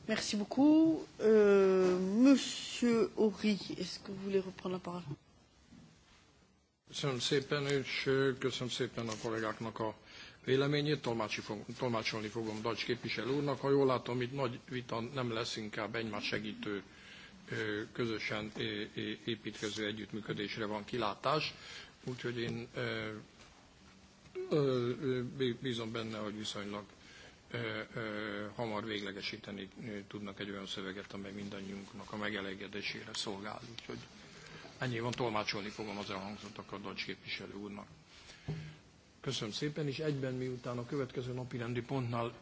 Speaker 13: Merci beaucoup. Euh, Monsieur Horry, est-ce que vous voulez reprendre la parole
Speaker 15: Köszönöm szépen, és köszönöm szépen a kollégáknak a véleményét. tolmácsolni fogom Dacs képviselő úrnak. Ha jól látom, itt nagy vita nem lesz, inkább egymás segítő, közösen építkező együttműködésre van kilátás úgyhogy én bízom benne, hogy viszonylag hamar véglegesíteni tudnak egy olyan szöveget, amely mindannyiunknak a megelégedésére szolgál. Úgyhogy ennyi van, tolmácsolni fogom az elhangzottakat Dacs képviselő úrnak. Köszönöm szépen, és egyben miután a következő napi rendi pontnál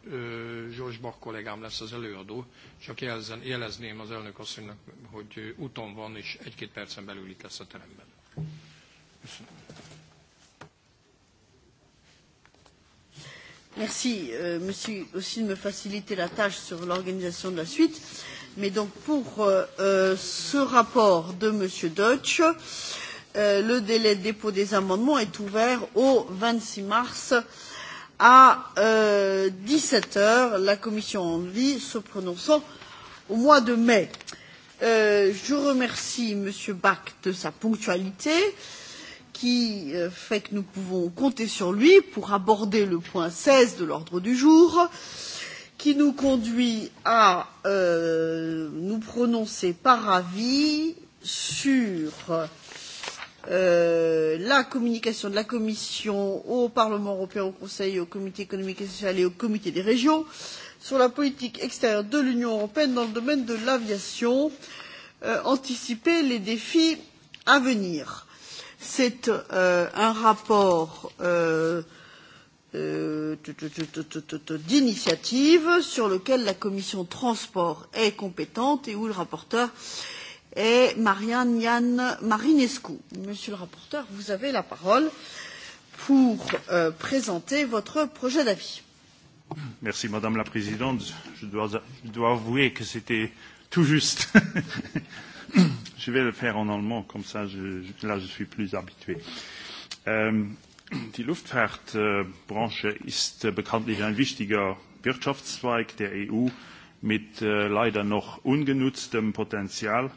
Speaker 15: Zsors Bak kollégám lesz az előadó, csak jelzen, jelezném az elnök asszonynak, hogy úton van, és egy-két percen belül itt lesz a teremben.
Speaker 13: Merci, euh, monsieur, aussi de me faciliter la tâche sur l'organisation de la suite. Mais donc, pour euh, ce rapport de monsieur Deutsch, euh, le délai de dépôt des amendements est ouvert au 26 mars à euh, 17 heures, la commission en vie se prononçant au mois de mai. Euh, je remercie monsieur Bach de sa ponctualité. Euh, qui fait que nous pouvons compter sur lui pour aborder le point seize de l'ordre du jour qui nous conduit à nous prononcer par avis sur la communication de la Commission au Parlement européen, au Conseil, au Comité économique et social et au Comité des régions sur la politique extérieure de l'Union européenne dans le domaine de l'aviation, anticiper les défis à venir C'est euh, un rapport euh, euh, d'initiative sur lequel la commission transport est compétente et où le rapporteur est Marianne Yann Marinescu. Monsieur le rapporteur, vous avez la parole pour euh, présenter votre projet d'avis.
Speaker 20: Merci Madame la Présidente. Je dois, je dois avouer que c'était tout juste je vais le faire en allemand, comme ça, je, là, je suis plus habitué. die Luftfahrtbranche ist bekanntlich ein wichtiger Wirtschaftszweig der EU mit äh, leider noch ungenutztem Potenzial,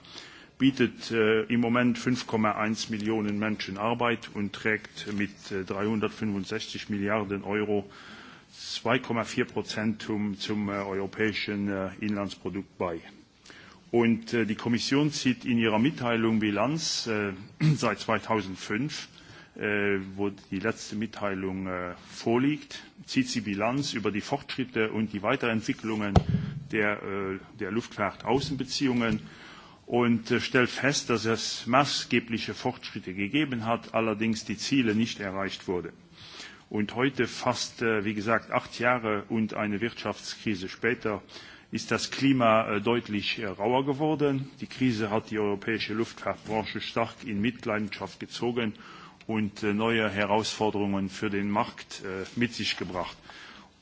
Speaker 20: bietet äh, im Moment 5,1 Millionen Menschen Arbeit und trägt mit äh, 365 Milliarden Euro 2,4 Prozent zum, zum äh, europäischen äh, Inlandsprodukt bei. Und die Kommission zieht in ihrer Mitteilung Bilanz seit 2005, wo die letzte Mitteilung vorliegt, zieht sie Bilanz über die Fortschritte und die Weiterentwicklungen der, der Luftfahrt-Außenbeziehungen und stellt fest, dass es maßgebliche Fortschritte gegeben hat, allerdings die Ziele nicht erreicht wurden. Und heute, fast wie gesagt acht Jahre und eine Wirtschaftskrise später, ist das Klima deutlich rauer geworden. Die Krise hat die europäische Luftfahrtbranche stark in Mitleidenschaft gezogen und neue Herausforderungen für den Markt mit sich gebracht.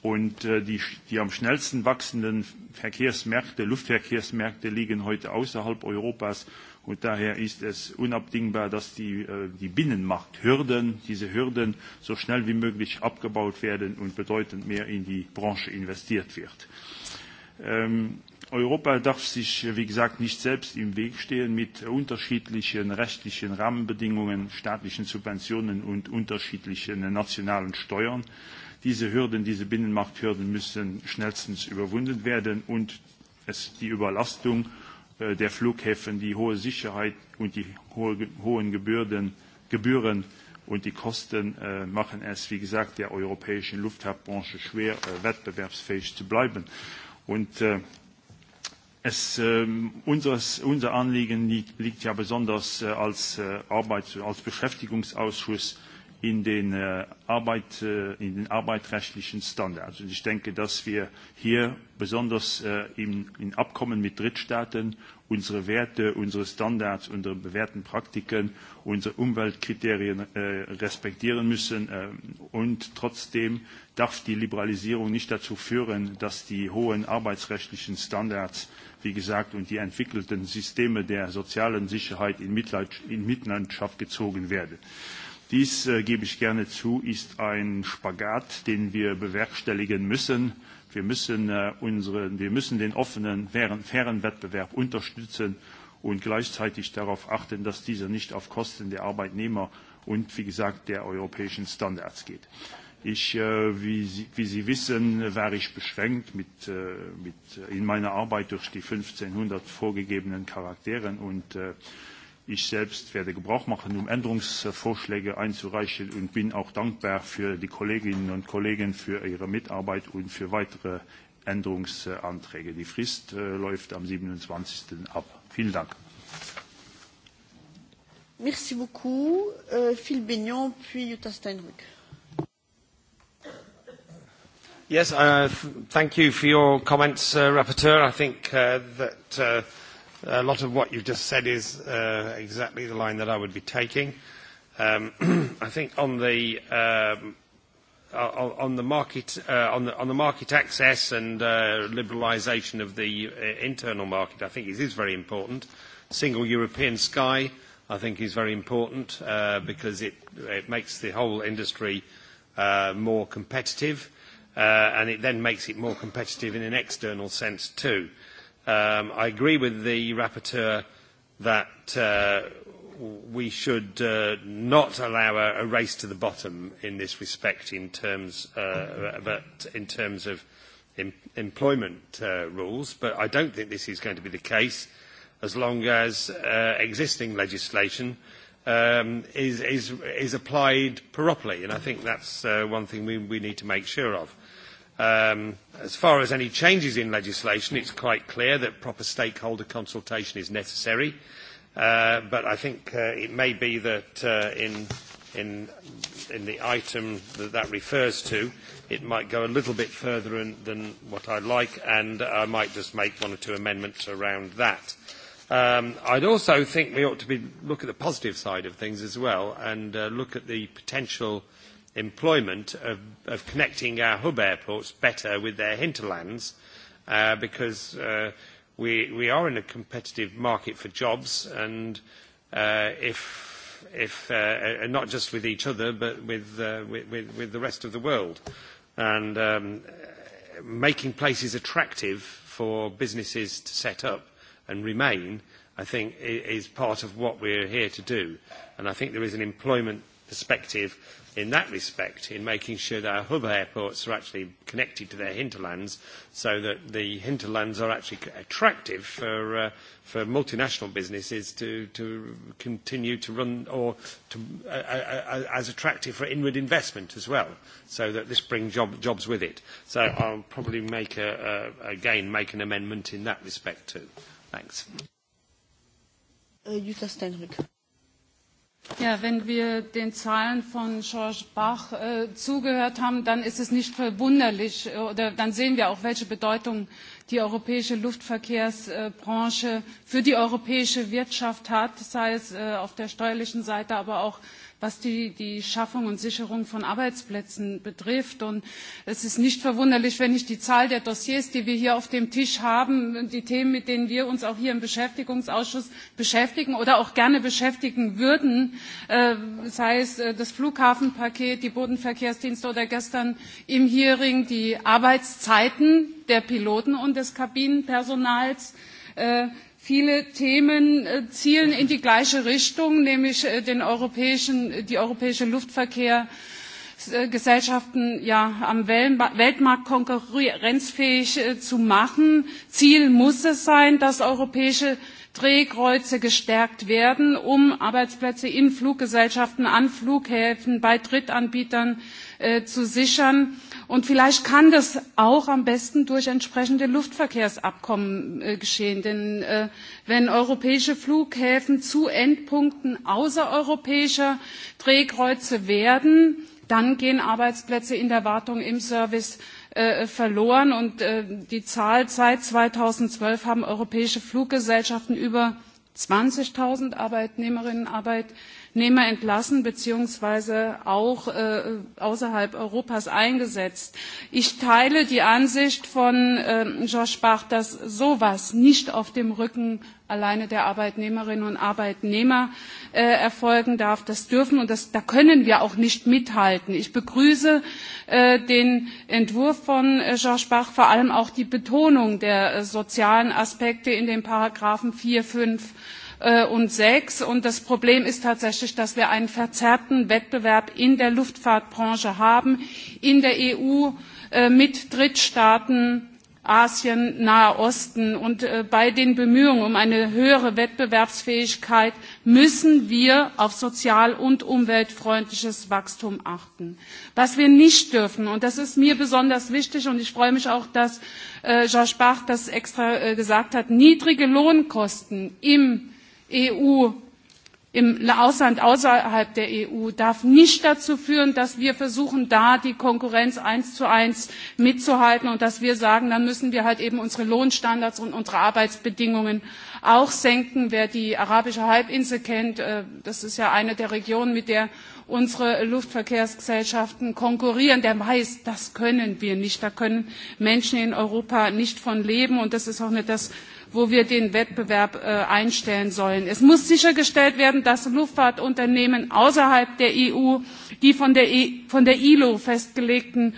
Speaker 20: Und die, die am schnellsten wachsenden Verkehrsmärkte, Luftverkehrsmärkte liegen heute außerhalb Europas. Und daher ist es unabdingbar, dass die, die Binnenmarkthürden, diese Hürden so schnell wie möglich abgebaut werden und bedeutend mehr in die Branche investiert wird. Europa darf sich, wie gesagt, nicht selbst im Weg stehen mit unterschiedlichen rechtlichen Rahmenbedingungen, staatlichen Subventionen und unterschiedlichen nationalen Steuern. Diese Hürden, diese Binnenmarkthürden müssen schnellstens überwunden werden und es, die Überlastung der Flughäfen, die hohe Sicherheit und die hohen Gebühren, Gebühren und die Kosten machen es, wie gesagt, der europäischen Luftfahrtbranche schwer, wettbewerbsfähig zu bleiben. Und äh, es, äh, unseres, unser Anliegen liegt, liegt ja besonders äh, als, äh, als Beschäftigungsausschuss in den, Arbeit, in den arbeitsrechtlichen Standards. Und ich denke, dass wir hier besonders in, in Abkommen mit Drittstaaten unsere Werte, unsere Standards, unsere bewährten Praktiken, unsere Umweltkriterien äh, respektieren müssen. Äh, und trotzdem darf die Liberalisierung nicht dazu führen, dass die hohen arbeitsrechtlichen Standards, wie gesagt, und die entwickelten Systeme der sozialen Sicherheit in, Mitleid, in Mitleidenschaft gezogen werden. Äh, Dies, gebe ich gerne zu, ist ein Spagat, den wir bewerkstelligen müssen. Wir müssen, unseren, wir müssen den offenen, fairen Wettbewerb unterstützen und gleichzeitig darauf achten, dass dieser nicht auf Kosten der Arbeitnehmer und, wie gesagt, der europäischen Standards geht. Ich, wie, Sie, wie Sie wissen, war ich beschränkt mit, mit in meiner Arbeit durch die 1500 vorgegebenen Charakteren und Ich selbst werde Gebrauch machen, um Änderungsvorschläge einzureichen und bin auch dankbar für die Kolleginnen und Kollegen für ihre Mitarbeit und für weitere Änderungsanträge. Die Frist läuft am 27. ab. Vielen Dank.
Speaker 13: Merci beaucoup. Phil Bignon, puis Jutta Steinrück.
Speaker 11: Yes, uh, thank you for your comments, uh, Rapporteur. I think uh, that uh, A lot of what you've just said is exactly the line that I would be taking. I think on the on the market on the market access and liberalization liberalisation of the internal market, I think it is very important. Single European Sky, I think, is very important because it makes the whole industry more competitive, and it then makes it more competitive in an external sense too Um, I agree with the rapporteur that uh, we should uh, not allow a, a race to the bottom in this respect in terms, uh, but in terms of em- employment uh, rules. But I don't think this is going to be the case as long as uh, existing legislation um, is, is, is applied properly. And I think that's uh, one thing we, we need to make sure of. Um, as far as any changes in legislation, it's quite clear that proper stakeholder consultation is necessary. Uh, but I think uh, it may be that uh, in, in, in the item that that refers to, it might go a little bit further in, than what I like, and I might just make one or two amendments around that. Um, I'd also think we ought to be, look at the positive side of things as well and uh, look at the potential uh, employment of, of connecting our hub airports better with their hinterlands uh, because uh, we, we are in a competitive market for jobs and uh, if, if uh, and not just with each other but with, uh, with, with, with the rest of the world and um, making places attractive for businesses to set up and remain I think is part of what we're here to do and I think there is an employment perspective in that respect in making sure that our hub airports are actually connected to their hinterlands so that the hinterlands are actually attractive for, uh, for multinational businesses to, to continue to run or to, uh, uh, as attractive for inward investment as well so that this brings job, jobs with it. So I'll probably make a, a, again make an amendment in that respect too. Thanks.
Speaker 10: Uh, Jutta Steinrück. Ja, wenn wir den Zahlen von Georges Bach zugehört haben, dann ist es nicht verwunderlich oder dann sehen wir auch, welche Bedeutung die europäische Luftverkehrsbranche für die europäische Wirtschaft hat, sei es auf der steuerlichen Seite, aber auch was die, Schaffung und Sicherung von Arbeitsplätzen betrifft. Und es ist nicht verwunderlich, wenn ich die Zahl der Dossiers, die wir hier auf dem Tisch haben, die Themen, mit denen wir uns auch hier im Beschäftigungsausschuss beschäftigen oder auch gerne beschäftigen würden, sei es das Flughafenpaket, die Bodenverkehrsdienste oder gestern im Hearing die Arbeitszeiten, der Piloten und des Kabinenpersonals. Viele Themen zielen in die gleiche Richtung, nämlich den europäischen, die europäische Luftverkehr Gesellschaften ja, am Weltmarkt konkurrenzfähig zu machen. Ziel muss es sein, dass europäische Drehkreuze gestärkt werden, um Arbeitsplätze in Fluggesellschaften, an Flughäfen, bei Drittanbietern zu sichern Und vielleicht kann das auch am besten durch entsprechende Luftverkehrsabkommen geschehen. Denn wenn europäische Flughäfen zu Endpunkten außereuropäischer Drehkreuze werden, dann gehen Arbeitsplätze in der Wartung im Service verloren. Und die Zahl seit 2012 haben europäische Fluggesellschaften über 20.000 Arbeitnehmerinnen und Arbeitnehmer Nehmer entlassen bzw. auch außerhalb Europas eingesetzt. Ich teile die Ansicht von Georges Bach, dass sowas nicht auf dem Rücken alleine der Arbeitnehmerinnen und Arbeitnehmer erfolgen darf. Das dürfen und da können wir auch nicht mithalten. Ich begrüße den Entwurf von Georges Bach, vor allem auch die Betonung der sozialen Aspekte in den Paragraphen vier, fünf und sechs. Und das Problem ist tatsächlich, dass wir einen verzerrten Wettbewerb in der Luftfahrtbranche haben, in der EU mit Drittstaaten, Asien, Nahe Osten. Und bei den Bemühungen um eine höhere Wettbewerbsfähigkeit müssen wir auf sozial- und umweltfreundliches Wachstum achten. Was wir nicht dürfen, und das ist mir besonders wichtig, und ich freue mich auch, dass Georges Bach das extra gesagt hat, niedrige Lohnkosten im EU im Ausland außerhalb der EU darf nicht dazu führen, dass wir versuchen, da die Konkurrenz eins zu eins mitzuhalten und dass wir sagen, dann müssen wir halt eben unsere Lohnstandards und unsere Arbeitsbedingungen auch senken. Wer die arabische Halbinsel kennt, das ist ja eine der Regionen, mit der unsere Luftverkehrsgesellschaften konkurrieren, der weiß, das können wir nicht. Da können Menschen in Europa nicht von leben und das ist auch nicht das wo wir den Wettbewerb einstellen sollen. Es muss sichergestellt werden, dass Luftfahrtunternehmen außerhalb der EU die von der, ILO festgelegten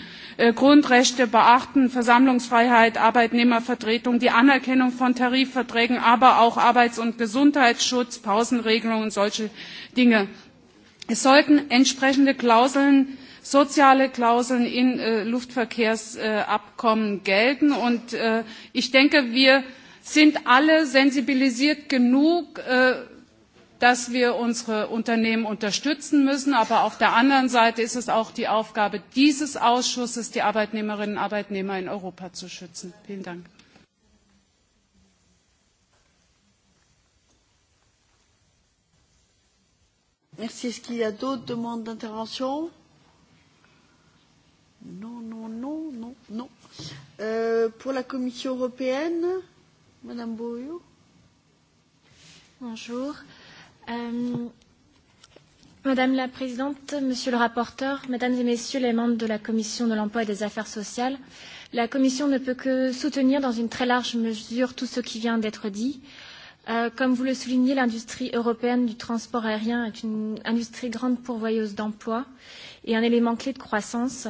Speaker 10: Grundrechte beachten, Versammlungsfreiheit, Arbeitnehmervertretung, die Anerkennung von Tarifverträgen, aber auch Arbeits- und Gesundheitsschutz, Pausenregelungen und solche Dinge. Es sollten entsprechende Klauseln soziale Klauseln in Luftverkehrsabkommen gelten. Und ich denke, wir Sind alle sensibilisiert genug, dass wir unsere Unternehmen unterstützen müssen? Aber auf der anderen Seite ist es auch die Aufgabe dieses Ausschusses, die Arbeitnehmerinnen und Arbeitnehmer in Europa zu schützen. Vielen Dank.
Speaker 13: Merci. Est-ce qu'il y a d'autres demandes d'intervention Non, non, non, non, non. Euh, pour la Commission
Speaker 21: européenne, Madame Bouillou. Bonjour. Euh, Madame la Présidente, Monsieur le rapporteur, Mesdames et Messieurs les membres de la Commission de l'emploi et des affaires sociales, la Commission ne peut que soutenir dans une très large mesure tout ce qui vient d'être dit. Euh, comme vous le soulignez, l'industrie européenne du transport aérien est une industrie grande pourvoyeuse d'emplois et un élément clé de croissance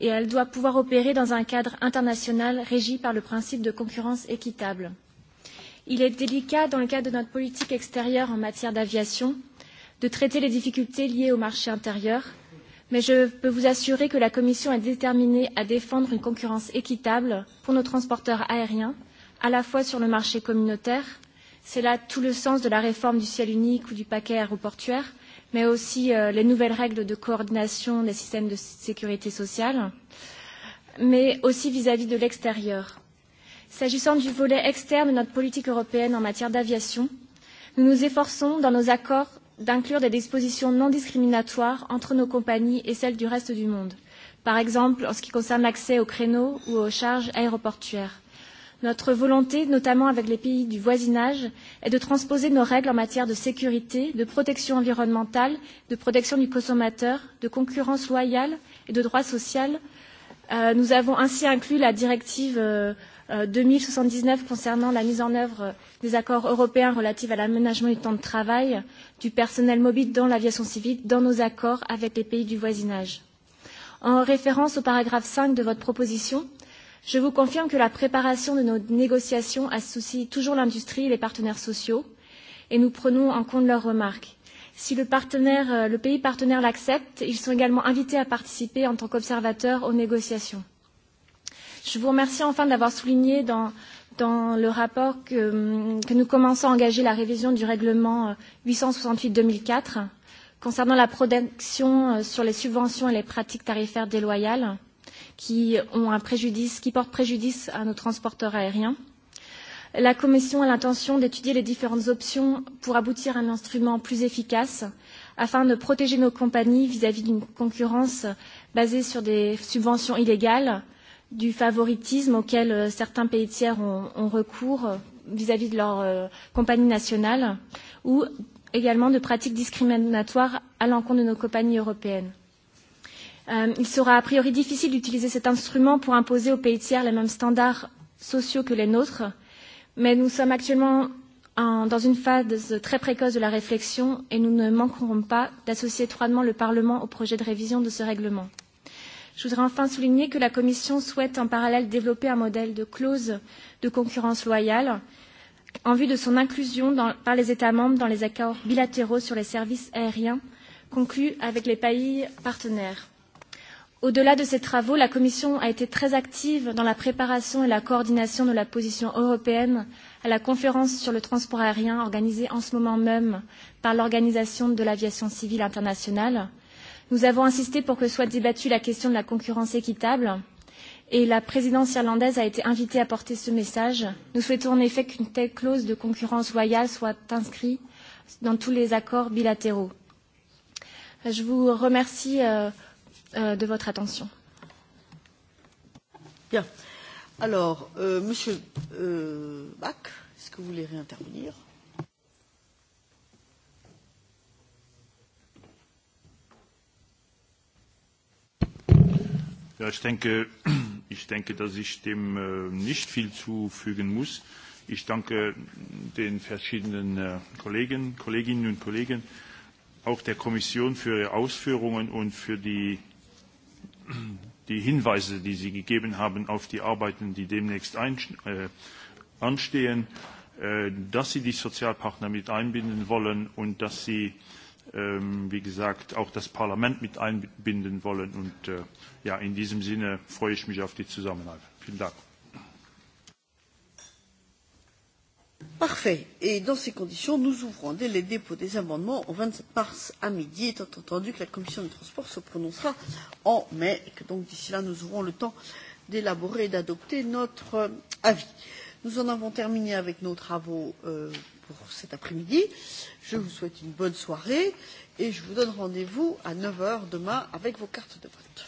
Speaker 21: et elle doit pouvoir opérer dans un cadre international régi par le principe de concurrence équitable. Il est délicat, dans le cadre de notre politique extérieure en matière d'aviation, de traiter les difficultés liées au marché intérieur, mais je peux vous assurer que la Commission est déterminée à défendre une concurrence équitable pour nos transporteurs aériens, à la fois sur le marché communautaire, c'est là tout le sens de la réforme du ciel unique ou du paquet aéroportuaire, mais aussi euh, les nouvelles règles de coordination des systèmes de sécurité sociale, mais aussi vis-à-vis -vis de l'extérieur. S'agissant du volet externe de notre politique européenne en matière d'aviation, nous nous efforçons dans nos accords d'inclure des dispositions non discriminatoires entre nos compagnies et celles du reste du monde, par exemple en ce qui concerne l'accès aux créneaux ou aux charges aéroportuaires. Notre volonté, notamment avec les pays du voisinage, est de transposer nos règles en matière de sécurité, de protection environnementale, de protection du consommateur, de concurrence loyale et de droit social. nous avons ainsi inclus la directive deux mille soixante dix neuf concernant la mise en œuvre des accords européens relatifs à l'aménagement du temps de travail du personnel mobile dans l'aviation civile dans nos accords avec les pays du voisinage. En référence au paragraphe cinq de votre proposition, Je vous confirme que la préparation de nos négociations associe toujours l'industrie et les partenaires sociaux, et nous prenons en compte leurs remarques. Si le, partenaire, le pays partenaire l'accepte, ils sont également invités à participer en tant qu'observateurs aux négociations. Je vous remercie enfin d'avoir souligné dans, dans le rapport que, que nous commençons à engager la révision du règlement 868-2004 concernant la protection sur les subventions et les pratiques tarifaires déloyales qui, ont un préjudice, qui portent préjudice à nos transporteurs aériens. La Commission a l'intention d'étudier les différentes options pour aboutir à un instrument plus efficace afin de protéger nos compagnies vis-à-vis d'une concurrence basée sur des subventions illégales, du favoritisme auquel certains pays tiers ont, ont recours vis-à-vis de leurs euh, compagnies nationales, ou également de pratiques discriminatoires à l'encontre de nos compagnies européennes. Euh, il sera a priori difficile d'utiliser cet instrument pour imposer aux pays tiers les mêmes standards sociaux que les nôtres, mais nous sommes actuellement en, dans une phase très précoce de la réflexion et nous ne manquerons pas d'associer étroitement le Parlement au projet de révision de ce règlement. Je voudrais enfin souligner que la Commission souhaite en parallèle développer un modèle de clause de concurrence loyale en vue de son inclusion dans, par les États membres dans les accords bilatéraux sur les services aériens conclus avec les pays partenaires. Au-delà de ces travaux, la Commission a été très active dans la préparation et la coordination de la position européenne à la conférence sur le transport aérien organisée en ce moment même par l'Organisation de l'aviation civile internationale. Nous avons insisté pour que soit débattue la question de la concurrence équitable et la présidence irlandaise a été invitée à porter ce message. Nous souhaitons en effet qu'une telle clause de concurrence loyale soit inscrite dans tous les accords bilatéraux. Je vous remercie euh, euh, de votre attention.
Speaker 13: Bien. Alors, euh, Monsieur euh, Bach, est-ce que vous voulez réintervenir
Speaker 20: Ja, ich denke, ich denke, dass ich dem nicht viel zufügen muss. Ich danke den verschiedenen Kollegen, Kolleginnen und Kollegen, auch der Kommission für ihre Ausführungen und für die die Hinweise, die Sie gegeben haben auf die Arbeiten, die demnächst anstehen, dass Sie die Sozialpartner mit einbinden wollen und dass Sie, wie gesagt, auch das Parlament mit einbinden wollen. Und ja, in diesem Sinne freue ich mich auf die Zusammenarbeit. Vielen Dank.
Speaker 13: Parfait. Et dans ces conditions, nous ouvrons dès les dépôts des amendements au 27 mars à midi, étant entendu que la commission des transports se prononcera en mai et que donc d'ici là, nous aurons le temps d'élaborer et d'adopter notre avis. Nous en avons terminé avec nos travaux euh, pour cet après-midi. Je vous souhaite une bonne soirée et je vous donne rendez-vous à 9h demain avec vos cartes de vote.